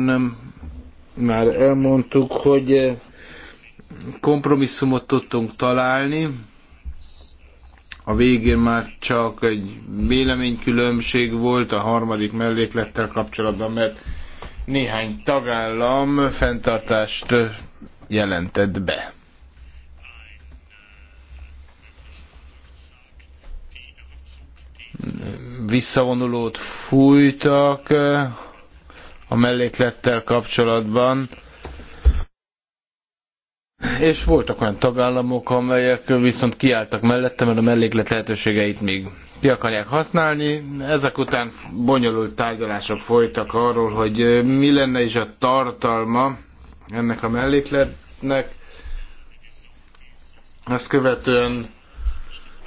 már elmondtuk, hogy kompromisszumot tudtunk találni, a végén már csak egy véleménykülönbség volt a harmadik melléklettel kapcsolatban, mert néhány tagállam fenntartást jelentett be. Visszavonulót fújtak a melléklettel kapcsolatban, és voltak olyan tagállamok, amelyek viszont kiálltak mellette, mert a melléklet lehetőségeit még ki akarják használni. Ezek után bonyolult tárgyalások folytak arról, hogy mi lenne is a tartalma ennek a mellékletnek. Ezt követően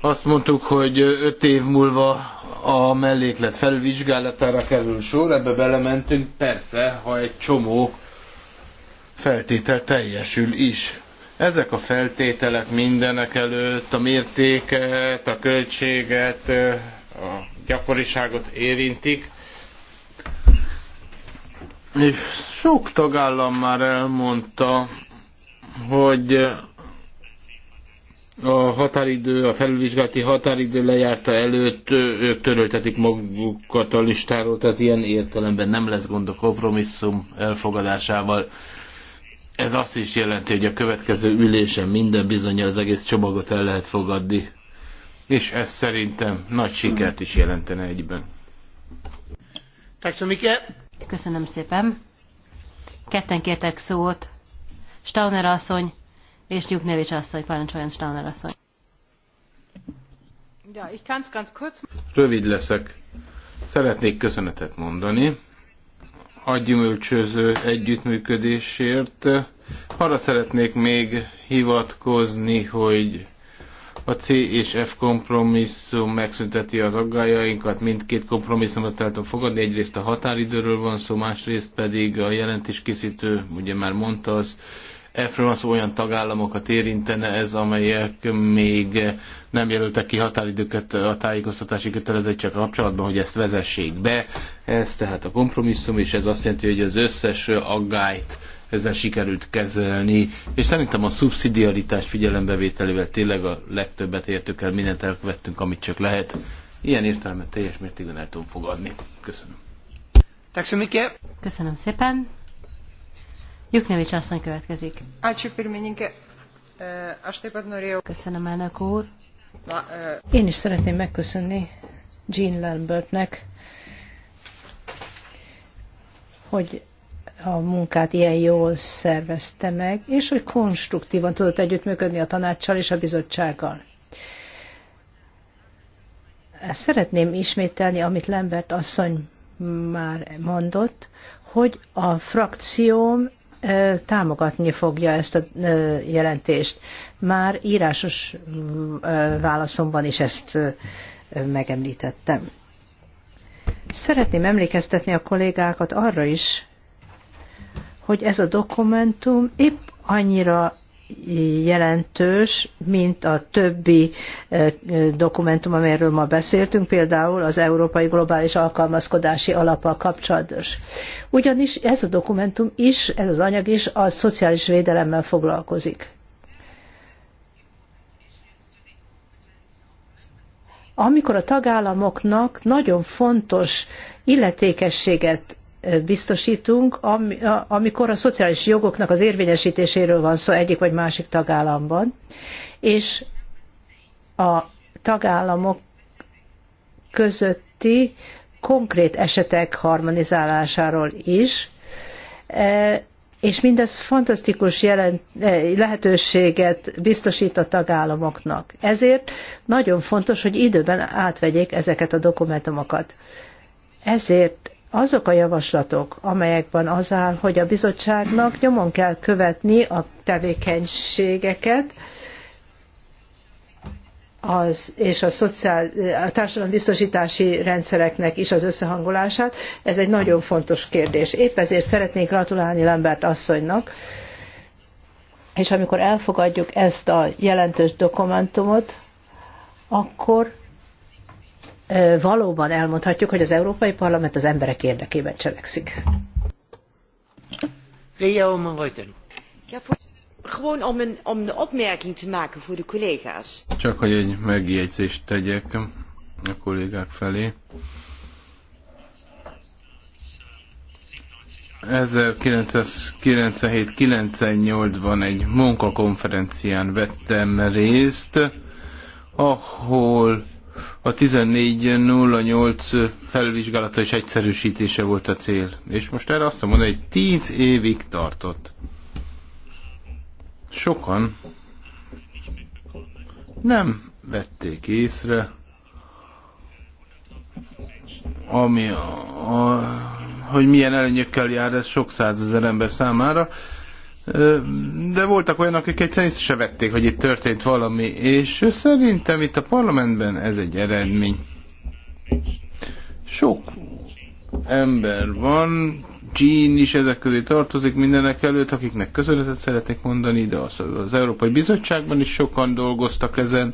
azt mondtuk, hogy öt év múlva a melléklet felvizsgálatára kerül sor, ebbe belementünk, persze, ha egy csomó feltétel teljesül is. Ezek a feltételek mindenek előtt a mértéket, a költséget, a gyakoriságot érintik. És sok tagállam már elmondta, hogy a határidő, a felülvizsgálati határidő lejárta előtt ők töröltetik magukat a listáról, tehát ilyen értelemben nem lesz gond a kompromisszum elfogadásával. Ez azt is jelenti, hogy a következő ülésen minden bizonyal az egész csomagot el lehet fogadni. És ez szerintem nagy sikert is jelentene egyben. Köszönöm szépen. Ketten kértek szót. Stauner asszony és Gyuknevics asszony. Parancsoljon Stauner asszony. Rövid leszek. Szeretnék köszönetet mondani a gyümölcsöző együttműködésért. Arra szeretnék még hivatkozni, hogy a C és F kompromisszum megszünteti az aggájainkat, mindkét kompromisszumot el tudom fogadni, egyrészt a határidőről van szó, másrészt pedig a jelentés készítő, ugye már mondta az, Efről van szó, olyan tagállamokat érintene ez, amelyek még nem jelöltek ki határidőket a tájékoztatási kötelezettség kapcsolatban, hogy ezt vezessék be. Ez tehát a kompromisszum, és ez azt jelenti, hogy az összes aggályt ezzel sikerült kezelni, és szerintem a szubszidiaritás figyelembevételével tényleg a legtöbbet értük el, mindent elkövettünk, amit csak lehet. Ilyen értelemben teljes mértékben el tudom fogadni. Köszönöm. Köszönöm szépen. Juknevics asszony következik. E, Köszönöm, elnök úr. E, Én is szeretném megköszönni Jean Lambertnek, hogy a munkát ilyen jól szervezte meg, és hogy konstruktívan tudott együttműködni a tanácssal és a bizottsággal. Szeretném ismételni, amit Lambert asszony már mondott, hogy a frakcióm támogatni fogja ezt a jelentést. Már írásos válaszomban is ezt megemlítettem. Szeretném emlékeztetni a kollégákat arra is, hogy ez a dokumentum épp annyira jelentős, mint a többi e, e, dokumentum, amelyről ma beszéltünk, például az Európai Globális Alkalmazkodási Alappal kapcsolatos. Ugyanis ez a dokumentum is, ez az anyag is a szociális védelemmel foglalkozik. Amikor a tagállamoknak nagyon fontos illetékességet biztosítunk, amikor a szociális jogoknak az érvényesítéséről van szó egyik vagy másik tagállamban, és a tagállamok közötti konkrét esetek harmonizálásáról is, és mindez fantasztikus jelent, lehetőséget biztosít a tagállamoknak. Ezért nagyon fontos, hogy időben átvegyék ezeket a dokumentumokat. Ezért azok a javaslatok, amelyekben az áll, hogy a bizottságnak nyomon kell követni a tevékenységeket, az, és a, szociál, a társadalombiztosítási rendszereknek is az összehangolását, ez egy nagyon fontos kérdés. Épp ezért szeretnék gratulálni Lambert asszonynak, és amikor elfogadjuk ezt a jelentős dokumentumot, akkor valóban elmondhatjuk, hogy az Európai Parlament az emberek érdekében cselekszik. Csak hogy egy megjegyzést tegyek a kollégák felé. 1997-98-ban egy munkakonferencián vettem részt, ahol a 1408 felvizsgálata és egyszerűsítése volt a cél. És most erre azt mondom, hogy 10 évig tartott. Sokan nem vették észre, ami a, a, hogy milyen előnyökkel jár ez sok százezer ember számára, de voltak olyanok, akik egyszerűen se vették, hogy itt történt valami, és szerintem itt a parlamentben ez egy eredmény. Sok ember van, Jean is ezek közé tartozik mindenek előtt, akiknek köszönetet szeretnék mondani, de az, az Európai Bizottságban is sokan dolgoztak ezen.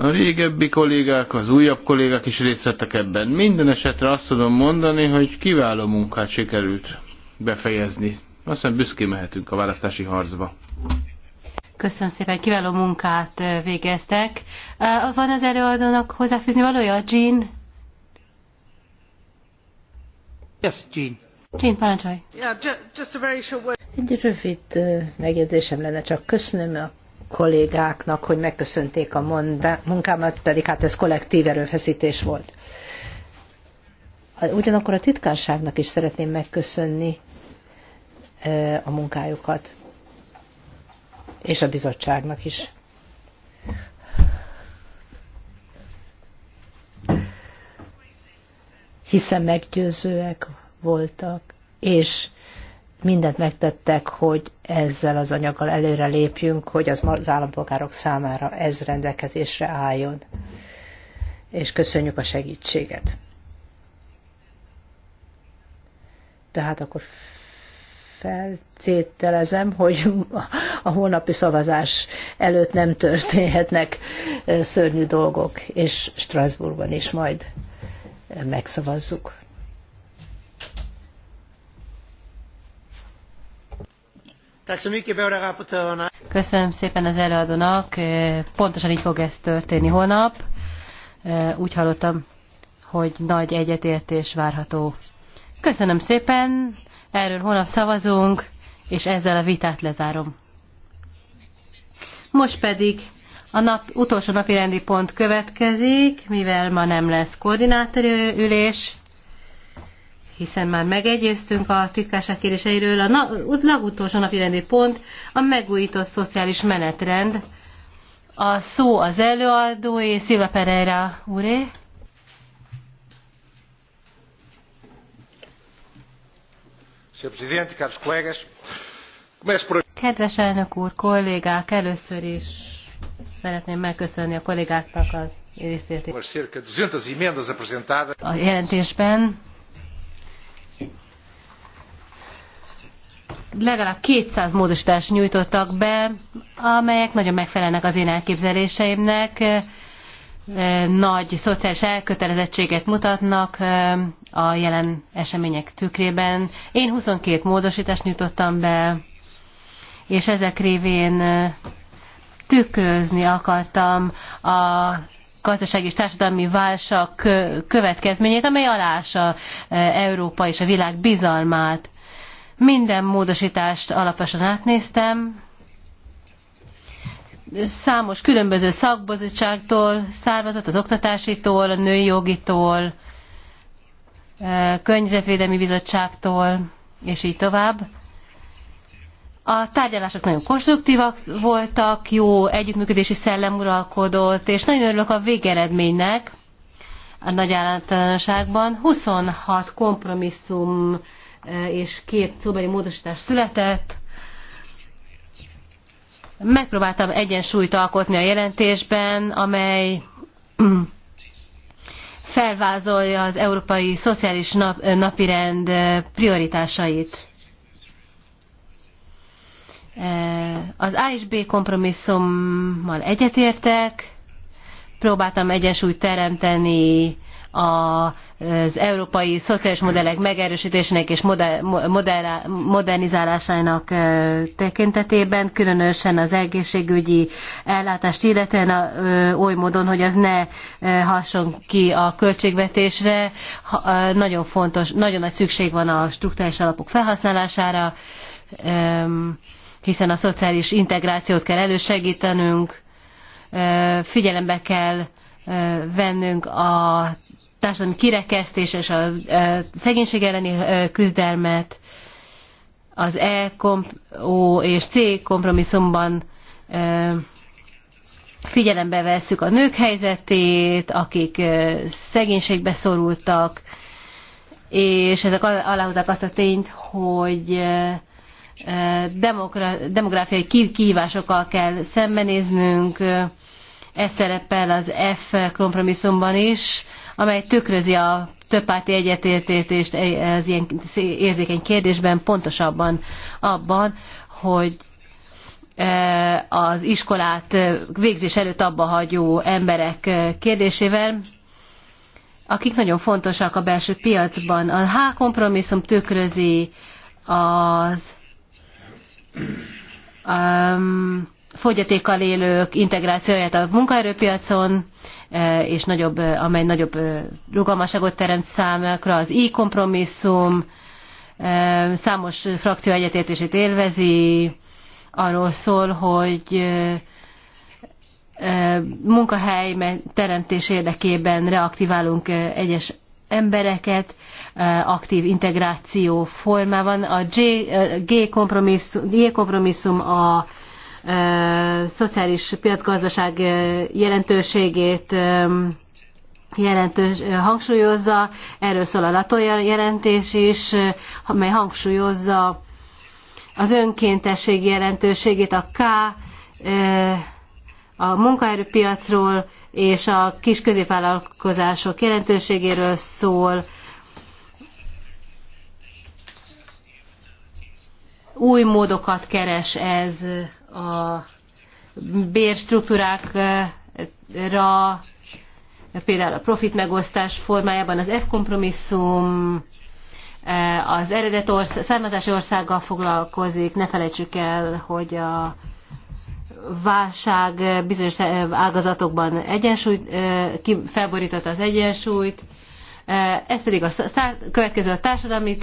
A régebbi kollégák, az újabb kollégák is részt vettek ebben. Minden esetre azt tudom mondani, hogy kiváló munkát sikerült befejezni. hiszem, büszkén mehetünk a választási harcba. Köszönöm szépen, kiváló munkát végeztek. Van az előadónak hozzáfűzni valója, Jean? Yes, Jean. Jean, parancsolj. Yeah, just a very short word. Egy rövid megjegyzésem lenne, csak köszönöm a kollégáknak, hogy megköszönték a munkámat, pedig hát ez kollektív erőfeszítés volt. Ugyanakkor a titkárságnak is szeretném megköszönni a munkájukat, és a bizottságnak is. Hiszen meggyőzőek voltak, és mindent megtettek, hogy ezzel az anyaggal előre lépjünk, hogy az, az állampolgárok számára ez rendelkezésre álljon. És köszönjük a segítséget. Tehát akkor feltételezem, hogy a holnapi szavazás előtt nem történhetnek szörnyű dolgok, és Strasbourgban is majd megszavazzuk. Köszönöm szépen az előadónak. Pontosan így fog ez történni holnap. Úgy hallottam, hogy nagy egyetértés várható. Köszönöm szépen. Erről holnap szavazunk, és ezzel a vitát lezárom. Most pedig a nap, utolsó napi rendi pont következik, mivel ma nem lesz koordinátori ülés, hiszen már megegyeztünk a titkárság kéréseiről. A na, legutolsó napi rendi pont a megújított szociális menetrend. A szó az előadói Szilva Pereira úré. Kedves elnök úr, kollégák, először is szeretném megköszönni a kollégáknak az részletét. A jelentésben legalább 200 módosítást nyújtottak be, amelyek nagyon megfelelnek az én elképzeléseimnek, eh, nagy szociális elkötelezettséget mutatnak eh, a jelen események tükrében. Én 22 módosítást nyújtottam be, és ezek révén tükrözni akartam a gazdasági és társadalmi válság következményét, amely alása Európa és a világ bizalmát. Minden módosítást alaposan átnéztem, számos különböző szakbizottságtól, származott az oktatásitól, a női jogitól, Környezetvédelmi Bizottságtól, és így tovább. A tárgyalások nagyon konstruktívak voltak, jó együttműködési szellem uralkodott, és nagyon örülök a végeredménynek a nagy állatlanságban. 26 kompromisszum és két szóbeli módosítás született. Megpróbáltam egyensúlyt alkotni a jelentésben, amely felvázolja az európai szociális nap, napirend eh, prioritásait. Eh, az A és B kompromisszummal egyetértek, próbáltam egyensúlyt teremteni az európai szociális modellek megerősítésének és modernizálásának tekintetében, különösen az egészségügyi ellátást illetően oly módon, hogy az ne hason ki a költségvetésre. Nagyon fontos, nagyon nagy szükség van a struktúrális alapok felhasználására, hiszen a szociális integrációt kell elősegítenünk, figyelembe kell vennünk a társadalmi kirekesztés és a e, szegénység elleni e, küzdelmet, az E O és C kompromisszumban e, figyelembe vesszük a nők helyzetét, akik szegénységbe szorultak, és ezek aláhozzák azt a tényt, hogy demográfiai kihívásokkal kell szembenéznünk, ez szerepel az F kompromisszumban is, amely tükrözi a többpárti egyetértést az ilyen érzékeny kérdésben, pontosabban abban, hogy e, az iskolát végzés előtt abba hagyó emberek e, kérdésével, akik nagyon fontosak a belső piacban. A H kompromisszum tükrözi az um, fogyatékkal élők integrációját a munkaerőpiacon, E, és nagyobb, e, amely nagyobb e, rugalmasságot teremt számokra. Az e-kompromisszum számos frakció egyetértését élvezi, arról szól, hogy munkahely teremtés érdekében reaktiválunk egyes embereket aktív integráció formában. A G, G kompromisszum, G kompromisszum a szociális piacgazdaság jelentőségét jelentős, hangsúlyozza, erről szól a Latoya jelentés is, mely hangsúlyozza az önkéntesség jelentőségét, a K a munkaerőpiacról és a kis középvállalkozások jelentőségéről szól, új módokat keres ez a bérstruktúrákra, például a profit megosztás formájában az F-kompromisszum, az eredet ország, származási országgal foglalkozik, ne felejtsük el, hogy a válság bizonyos ágazatokban egyensúlyt, felborította az egyensúlyt, ez pedig a következő a társadalmi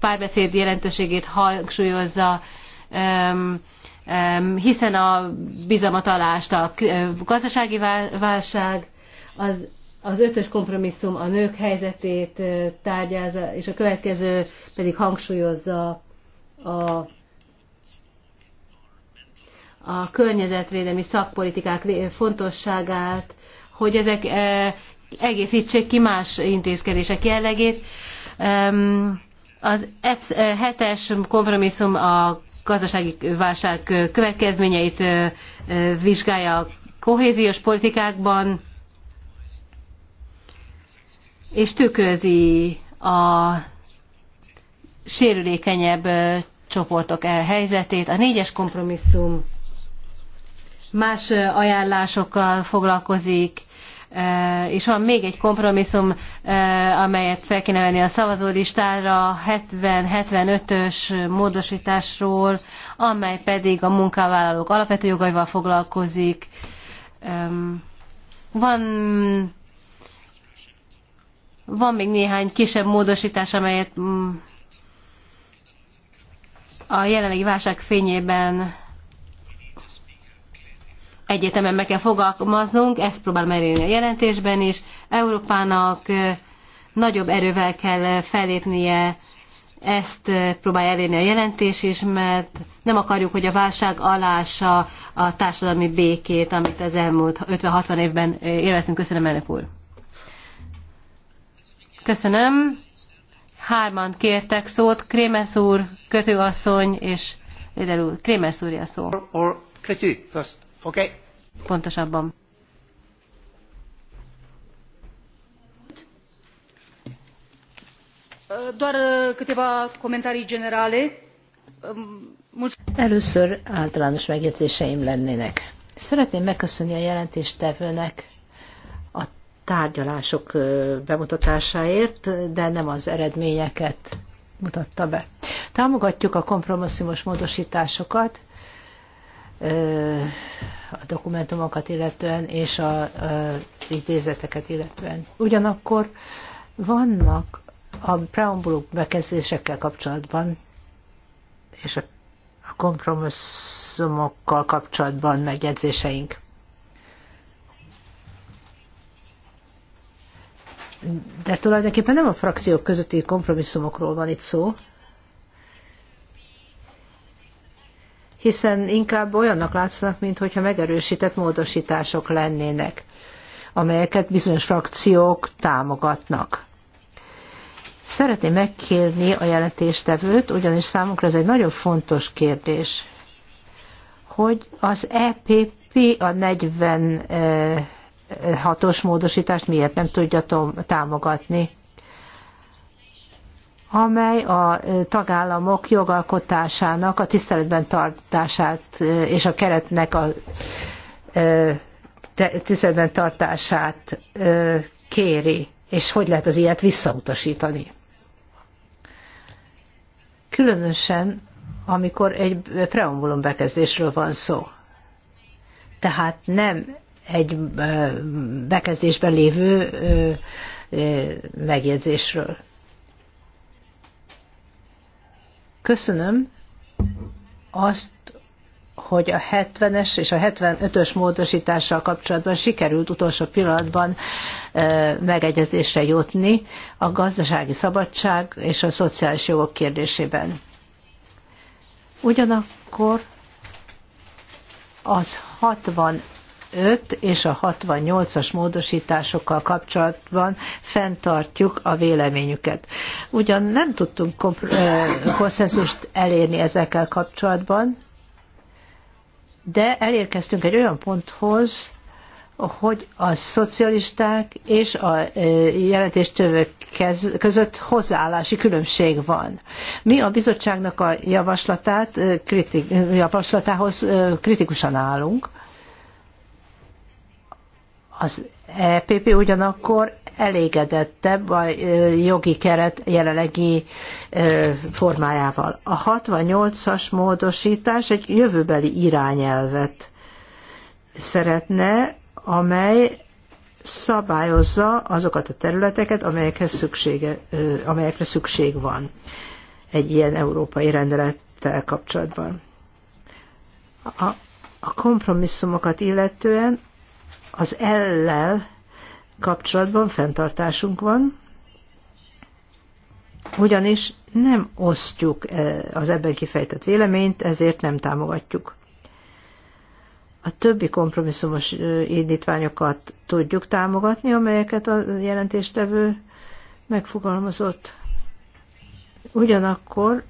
párbeszéd jelentőségét hangsúlyozza, hiszen a bizamatalást a gazdasági válság, az, az ötös kompromisszum a nők helyzetét tárgyázza, és a következő pedig hangsúlyozza a a környezetvédelmi szakpolitikák fontosságát, hogy ezek egészítsék ki más intézkedések jellegét. Az F7-es kompromisszum a gazdasági válság következményeit vizsgálja a kohéziós politikákban, és tükrözi a sérülékenyebb csoportok helyzetét. A négyes kompromisszum más ajánlásokkal foglalkozik, Eh, és van még egy kompromisszum, eh, amelyet fel kéne venni a szavazólistára 70-75-ös módosításról, amely pedig a munkavállalók alapvető jogaival foglalkozik. Van van még néhány kisebb módosítás, amelyet mm, a jelenlegi válság fényében egyetemen meg kell fogalmaznunk, ezt próbálom elérni a jelentésben is. Európának nagyobb erővel kell felépnie, ezt próbálja elérni a jelentés is, mert nem akarjuk, hogy a válság alása a társadalmi békét, amit az elmúlt 50-60 évben éreztünk. Köszönöm, elnök úr. Köszönöm. Hárman kértek szót, Krémesz úr, Kötőasszony és Léder úr. Krémesz úr a szó. Or, or, Kötő, first. Oké. Okay. Pontosabban. Doar uh, câteva comentarii generale. Um, Először általános megjegyzéseim lennének. Szeretném megköszönni a jelentéstevőnek a tárgyalások uh, bemutatásáért, de nem az eredményeket mutatta be. Támogatjuk a kompromisszumos módosításokat, a dokumentumokat illetően és a, az idézeteket illetően. Ugyanakkor vannak a preambulok bekezdésekkel kapcsolatban és a kompromisszumokkal kapcsolatban megjegyzéseink. De tulajdonképpen nem a frakciók közötti kompromisszumokról van itt szó, hiszen inkább olyannak látszanak, mintha megerősített módosítások lennének, amelyeket bizonyos frakciók támogatnak. Szeretném megkérni a jelentéstevőt, ugyanis számunkra ez egy nagyon fontos kérdés, hogy az EPP a 40 eh, eh, os módosítást miért nem tudja támogatni amely a tagállamok jogalkotásának a tiszteletben tartását és a keretnek a tiszteletben tartását kéri, és hogy lehet az ilyet visszautasítani. Különösen, amikor egy preambulum bekezdésről van szó. Tehát nem egy bekezdésben lévő megjegyzésről. Köszönöm azt, hogy a 70-es és a 75-ös módosítással kapcsolatban sikerült utolsó pillanatban e, megegyezésre jutni a gazdasági szabadság és a szociális jogok kérdésében. Ugyanakkor az 60 5 és a 68-as módosításokkal kapcsolatban fenntartjuk a véleményüket. Ugyan nem tudtunk konszenzust elérni ezekkel kapcsolatban, de elérkeztünk egy olyan ponthoz, hogy a szocialisták és a jelentéstövők között hozzáállási különbség van. Mi a bizottságnak a javaslatát, kritik, javaslatához kritikusan állunk, az EPP ugyanakkor elégedettebb a jogi keret jelenlegi formájával. A 68-as módosítás egy jövőbeli irányelvet szeretne, amely szabályozza azokat a területeket, amelyekhez szüksége, amelyekre szükség van egy ilyen európai rendelettel kapcsolatban. A, a kompromisszumokat illetően az ellel kapcsolatban fenntartásunk van, ugyanis nem osztjuk eh, az ebben kifejtett véleményt, ezért nem támogatjuk. A többi kompromisszumos eh, indítványokat tudjuk támogatni, amelyeket a jelentéstevő megfogalmazott. Ugyanakkor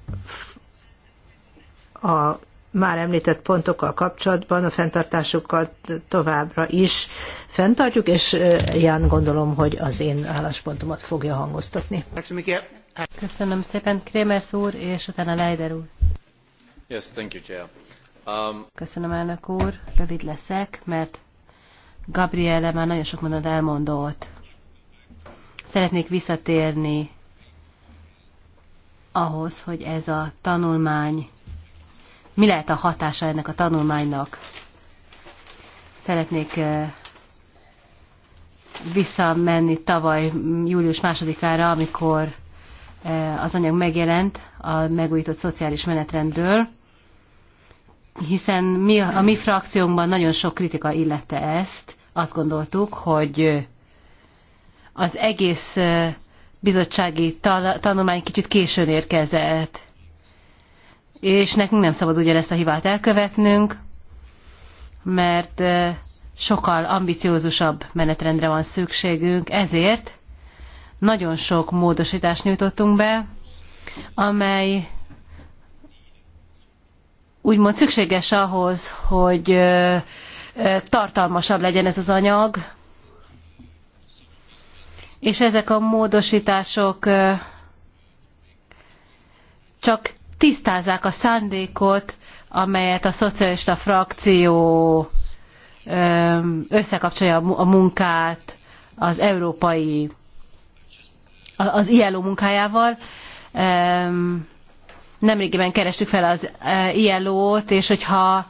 a már említett pontokkal kapcsolatban a fenntartásukat továbbra is fenntartjuk, és Ján gondolom, hogy az én álláspontomat fogja hangoztatni. Köszönöm szépen, Krémers úr, és utána Leider úr. Yes, thank you, Chair. Um... Köszönöm, elnök úr, rövid leszek, mert Gabriele már nagyon sok mondat elmondott. Szeretnék visszatérni ahhoz, hogy ez a tanulmány mi lehet a hatása ennek a tanulmánynak. Szeretnék eh, visszamenni tavaly július másodikára, amikor eh, az anyag megjelent a megújított szociális menetrendről, hiszen mi, a mi frakciónkban nagyon sok kritika illette ezt. Azt gondoltuk, hogy eh, az egész bizottsági tanulmány kicsit későn érkezett és nekünk nem szabad ugye ezt a hibát elkövetnünk, mert sokkal ambiciózusabb menetrendre van szükségünk, ezért nagyon sok módosítást nyújtottunk be, amely úgymond szükséges ahhoz, hogy tartalmasabb legyen ez az anyag, és ezek a módosítások csak tisztázzák a szándékot, amelyet a szocialista frakció összekapcsolja a munkát az európai, az ILO munkájával. Nemrégiben kerestük fel az e, ILO-t, és hogyha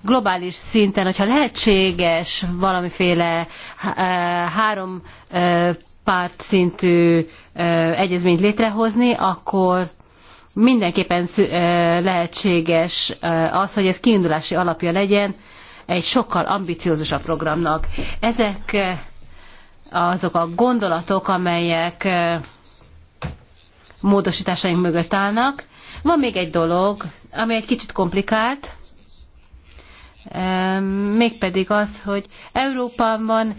globális szinten, hogyha lehetséges valamiféle e, három e, párt szintű egyezményt létrehozni, akkor mindenképpen lehetséges az, hogy ez kiindulási alapja legyen egy sokkal ambiciózusabb programnak. Ezek azok a gondolatok, amelyek módosításaink mögött állnak. Van még egy dolog, ami egy kicsit komplikált, mégpedig az, hogy Európában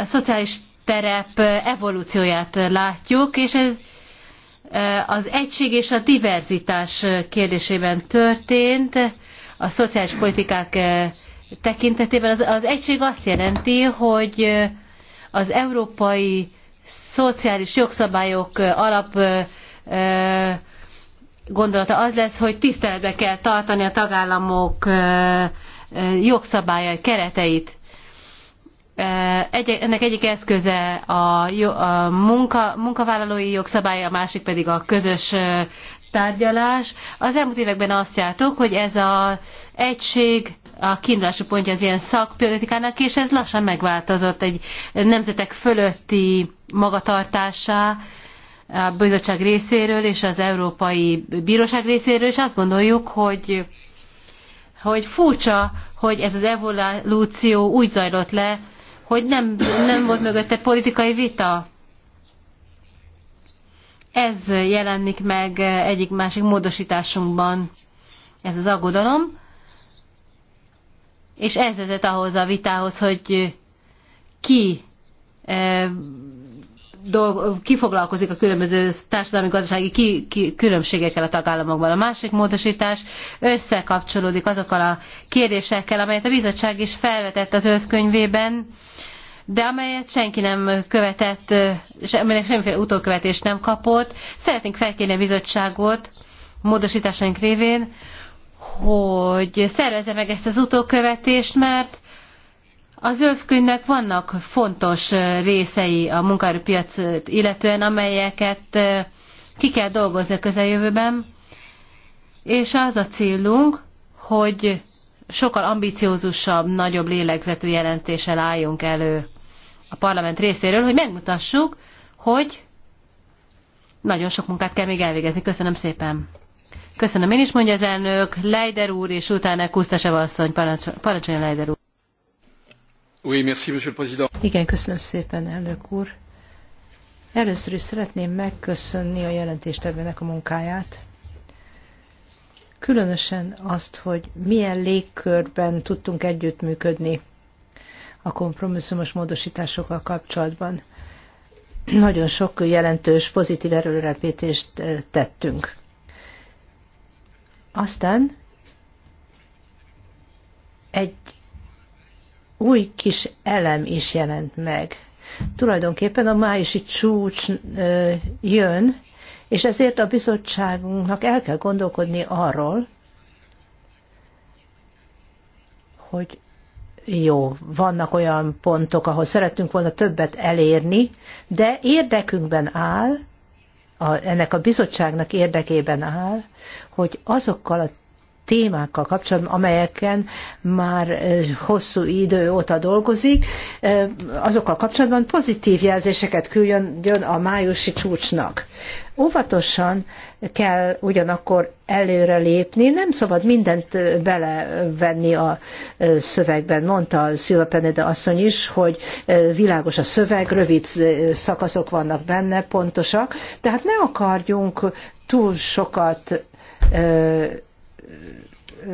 a szociális terep evolúcióját látjuk, és ez Eh, az egység és a diverzitás eh, kérdésében történt, a szociális politikák eh, tekintetében. Az, az egység azt jelenti, hogy az európai szociális jogszabályok alap gondolata az lesz, hogy tiszteletbe kell tartani a tagállamok jogszabályai kereteit. Eh, egy, ennek egyik eszköze a, a munka, munkavállalói jogszabály, a másik pedig a közös eh, tárgyalás. Az elmúlt években azt jártuk, hogy ez az egység a kiindulási pontja az ilyen szakpolitikának, és ez lassan megváltozott egy nemzetek fölötti magatartásá a bizottság részéről és az Európai Bíróság részéről, és azt gondoljuk, hogy, hogy furcsa, hogy ez az evolúció úgy zajlott le, hogy nem, nem volt mögötte politikai vita. Ez jelenik meg egyik-másik módosításunkban, ez az aggodalom. És ez vezet ahhoz a vitához, hogy ki eh, dolg, kifoglalkozik a különböző társadalmi-gazdasági ki, ki, különbségekkel a tagállamokban. A másik módosítás összekapcsolódik azokkal a kérdésekkel, amelyet a bizottság is felvetett az ötkönyvében, de amelyet senki nem követett, aminek semmiféle utókövetést nem kapott. Szeretnénk felkérni a bizottságot módosításaink révén, hogy szervezze meg ezt az utókövetést, mert az övkönyvnek vannak fontos részei a munkaerőpiac illetően, amelyeket ki kell dolgozni a közeljövőben, és az a célunk, hogy sokkal ambiciózusabb, nagyobb lélegzetű jelentéssel álljunk elő a parlament részéről, hogy megmutassuk, hogy nagyon sok munkát kell még elvégezni. Köszönöm szépen. Köszönöm én is, mondja az elnök, Leider úr, és utána Kusztasev asszony, parancsoljon Leider úr. Igen, köszönöm szépen, elnök úr. Először is szeretném megköszönni a jelentéstevőnek a munkáját. Különösen azt, hogy milyen légkörben tudtunk együttműködni a kompromisszumos módosításokkal kapcsolatban. Nagyon sok jelentős pozitív erőrepítést eh, tettünk. Aztán egy új kis elem is jelent meg. Tulajdonképpen a májusi csúcs jön, és ezért a bizottságunknak el kell gondolkodni arról, hogy jó, vannak olyan pontok, ahol szeretünk volna többet elérni, de érdekünkben áll, a, ennek a bizottságnak érdekében áll, hogy azokkal a témákkal kapcsolatban, amelyeken már hosszú idő óta dolgozik, azokkal kapcsolatban pozitív jelzéseket küldjön a májusi csúcsnak. Óvatosan kell ugyanakkor előre lépni, nem szabad mindent belevenni a szövegben. Mondta Szilva Penede asszony is, hogy világos a szöveg, rövid szakaszok vannak benne, pontosak, tehát ne akarjunk túl sokat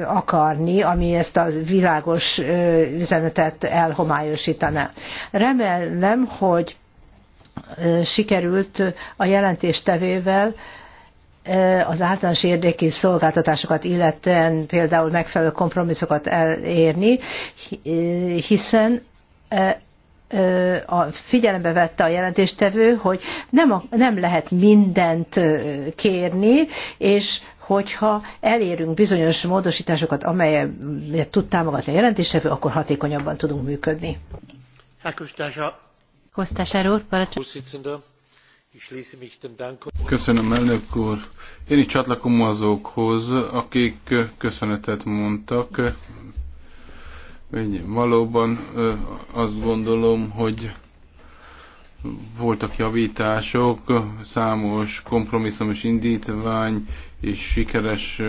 akarni, ami ezt a világos üzenetet elhomályosítaná. Remélem, hogy sikerült a jelentéstevével az általános érdeki szolgáltatásokat illetően például megfelelő kompromisszokat elérni, hiszen a figyelembe vette a jelentéstevő, hogy nem, a, nem lehet mindent kérni, és hogyha elérünk bizonyos módosításokat, amelyet tud támogatni a jelentéstevő, akkor hatékonyabban tudunk működni. Köszönöm, elnök úr. Én is csatlakom azokhoz, akik köszönetet mondtak. Én valóban azt gondolom, hogy voltak javítások, számos kompromisszumos indítvány, és sikeres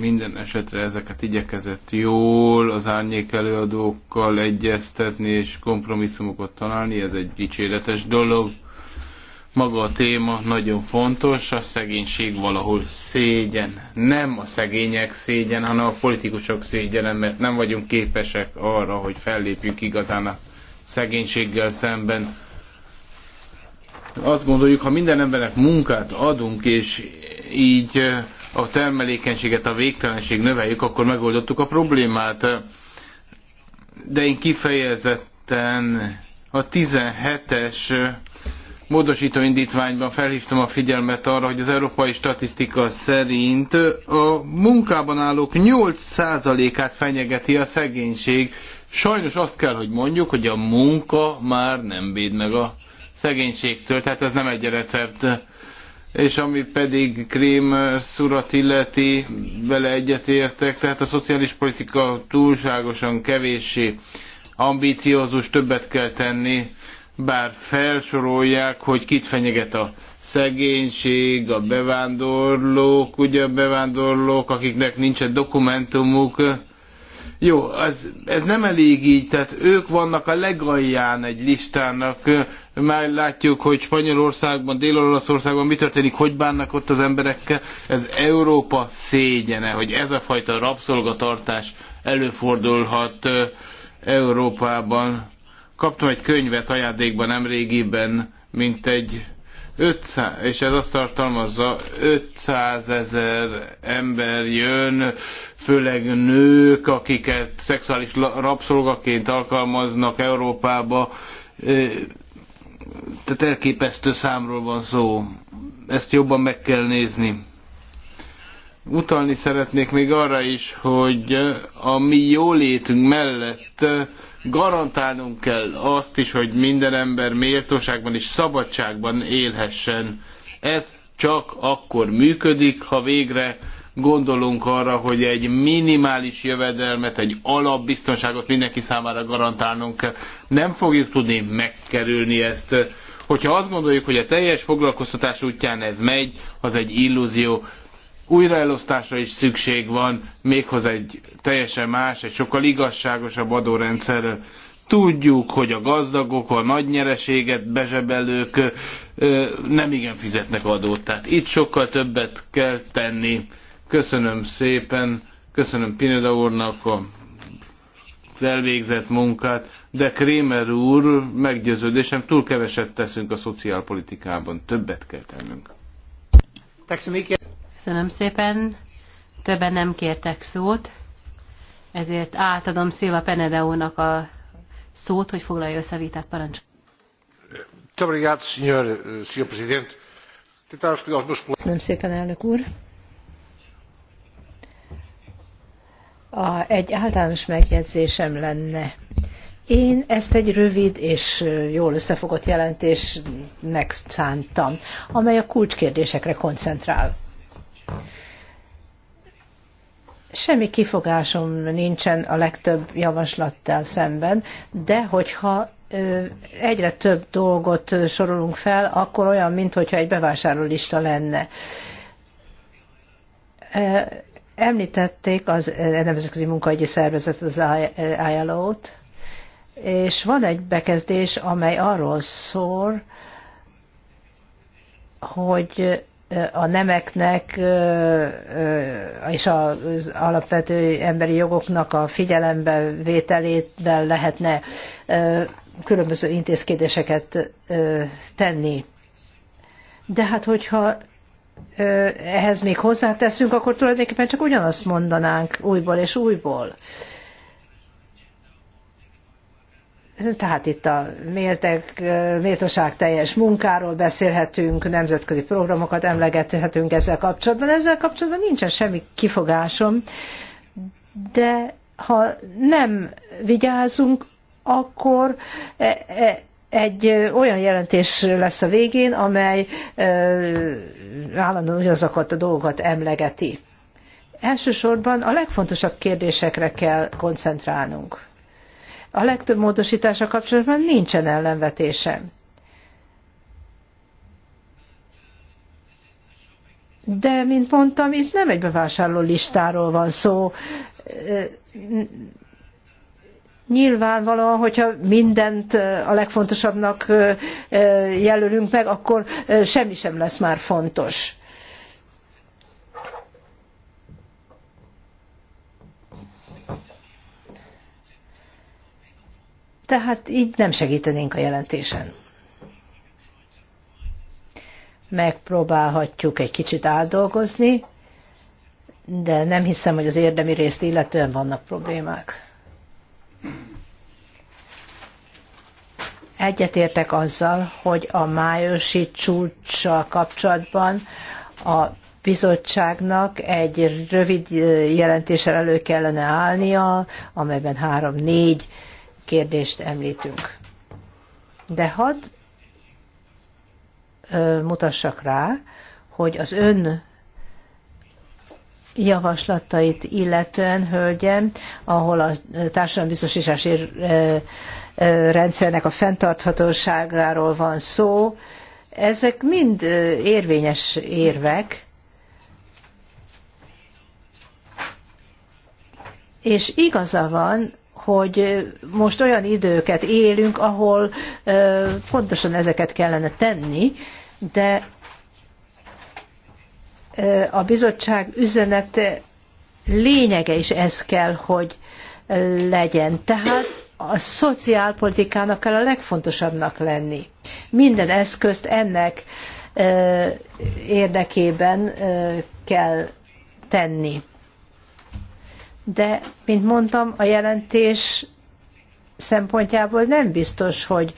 minden esetre ezeket igyekezett jól az árnyék előadókkal egyeztetni és kompromisszumokat találni, ez egy dicséretes dolog. Maga a téma nagyon fontos, a szegénység valahol szégyen. Nem a szegények szégyen, hanem a politikusok szégyenen, mert nem vagyunk képesek arra, hogy fellépjünk igazán a szegénységgel szemben azt gondoljuk, ha minden embernek munkát adunk, és így a termelékenységet, a végtelenség növeljük, akkor megoldottuk a problémát. De én kifejezetten a 17-es módosító indítványban felhívtam a figyelmet arra, hogy az európai statisztika szerint a munkában állók 8%-át fenyegeti a szegénység. Sajnos azt kell, hogy mondjuk, hogy a munka már nem véd meg a szegénységtől, tehát ez nem egy recept. És ami pedig krém szurat illeti, vele egyetértek, tehát a szociális politika túlságosan kevéssé ambíciózus, többet kell tenni, bár felsorolják, hogy kit fenyeget a szegénység, a bevándorlók, ugye a bevándorlók, akiknek nincsen dokumentumuk, jó, ez, ez nem elég így, tehát ők vannak a legalján egy listának. Már látjuk, hogy Spanyolországban, Dél-Olaszországban mi történik, hogy bánnak ott az emberekkel. Ez Európa szégyene, hogy ez a fajta rabszolgatartás előfordulhat Európában. Kaptam egy könyvet ajándékban nemrégiben, mint egy 500, és ez azt tartalmazza, 500 ezer ember jön, főleg nők, akiket szexuális rabszolgaként alkalmaznak Európába, tehát elképesztő számról van szó. Ezt jobban meg kell nézni. Utalni szeretnék még arra is, hogy a mi jólétünk mellett garantálnunk kell azt is, hogy minden ember méltóságban és szabadságban élhessen. Ez csak akkor működik, ha végre gondolunk arra, hogy egy minimális jövedelmet, egy alapbiztonságot mindenki számára garantálnunk kell. Nem fogjuk tudni megkerülni ezt. Hogyha azt gondoljuk, hogy a teljes foglalkoztatás útján ez megy, az egy illúzió újraelosztásra is szükség van, méghozzá egy teljesen más, egy sokkal igazságosabb adórendszerrel. Tudjuk, hogy a gazdagok, a nagy nyereséget bezsebelők nem igen fizetnek adót. Tehát itt sokkal többet kell tenni. Köszönöm szépen, köszönöm Pineda úrnak a az elvégzett munkát, de Krémer úr meggyőződésem túl keveset teszünk a szociálpolitikában, többet kell tennünk. Köszönöm szépen. Többen nem kértek szót, ezért átadom Szilva Penedeónak a szót, hogy foglalja össze a vitát. Parancs. Eh, Köszönöm szépen, elnök úr. A, egy általános megjegyzésem lenne. Én ezt egy rövid és jól összefogott jelentésnek szántam, amely a kulcskérdésekre koncentrál. Semmi kifogásom nincsen a legtöbb javaslattal szemben, de hogyha egyre több dolgot sorolunk fel, akkor olyan, mintha egy bevásárlólista lenne. Említették az Nemzetközi Munkaügyi Szervezet, az ILO-t, és van egy bekezdés, amely arról szól, hogy a nemeknek és az alapvető emberi jogoknak a figyelembe vételétben lehetne különböző intézkedéseket tenni. De hát hogyha ehhez még hozzáteszünk, akkor tulajdonképpen csak ugyanazt mondanánk újból és újból. Tehát itt a méltek, méltóság teljes munkáról beszélhetünk, nemzetközi programokat emlegethetünk ezzel kapcsolatban. Ezzel kapcsolatban nincsen semmi kifogásom, de ha nem vigyázunk, akkor e, e, egy olyan jelentés lesz a végén, amely állandóan ugyanazokat a dolgokat emlegeti. Elsősorban a legfontosabb kérdésekre kell koncentrálnunk a legtöbb módosítása kapcsolatban nincsen ellenvetésem. De, mint mondtam, itt nem egy bevásárló listáról van szó. Nyilvánvalóan, hogyha mindent a legfontosabbnak jelölünk meg, akkor semmi sem lesz már fontos. Tehát így nem segítenénk a jelentésen. Megpróbálhatjuk egy kicsit átdolgozni, de nem hiszem, hogy az érdemi részt illetően vannak problémák. Egyetértek azzal, hogy a májusi csúcssal kapcsolatban a bizottságnak egy rövid jelentéssel elő kellene állnia, amelyben három-négy kérdést említünk. De hadd mutassak rá, hogy az ön javaslatait illetően, hölgyem, ahol a társadalombiztosítási rendszernek a fenntarthatóságáról van szó, ezek mind érvényes érvek, és igaza van hogy most olyan időket élünk, ahol pontosan ezeket kellene tenni, de a bizottság üzenete lényege is ez kell, hogy legyen. Tehát a szociálpolitikának kell a legfontosabbnak lenni. Minden eszközt ennek érdekében kell tenni de, mint mondtam, a jelentés szempontjából nem biztos, hogy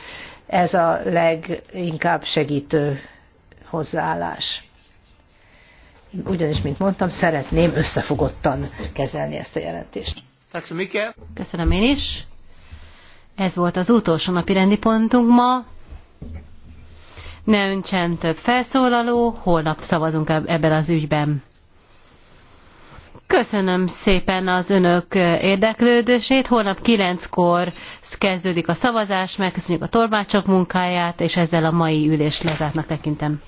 ez a leginkább segítő hozzáállás. Ugyanis, mint mondtam, szeretném összefogottan kezelni ezt a jelentést. Köszönöm én is. Ez volt az utolsó napi rendi pontunk ma. Ne öntsen több felszólaló, holnap szavazunk ebben az ügyben. Köszönöm szépen az önök érdeklődését. Holnap kilenckor kezdődik a szavazás, megköszönjük a tolmácsok munkáját, és ezzel a mai ülés lezártnak tekintem.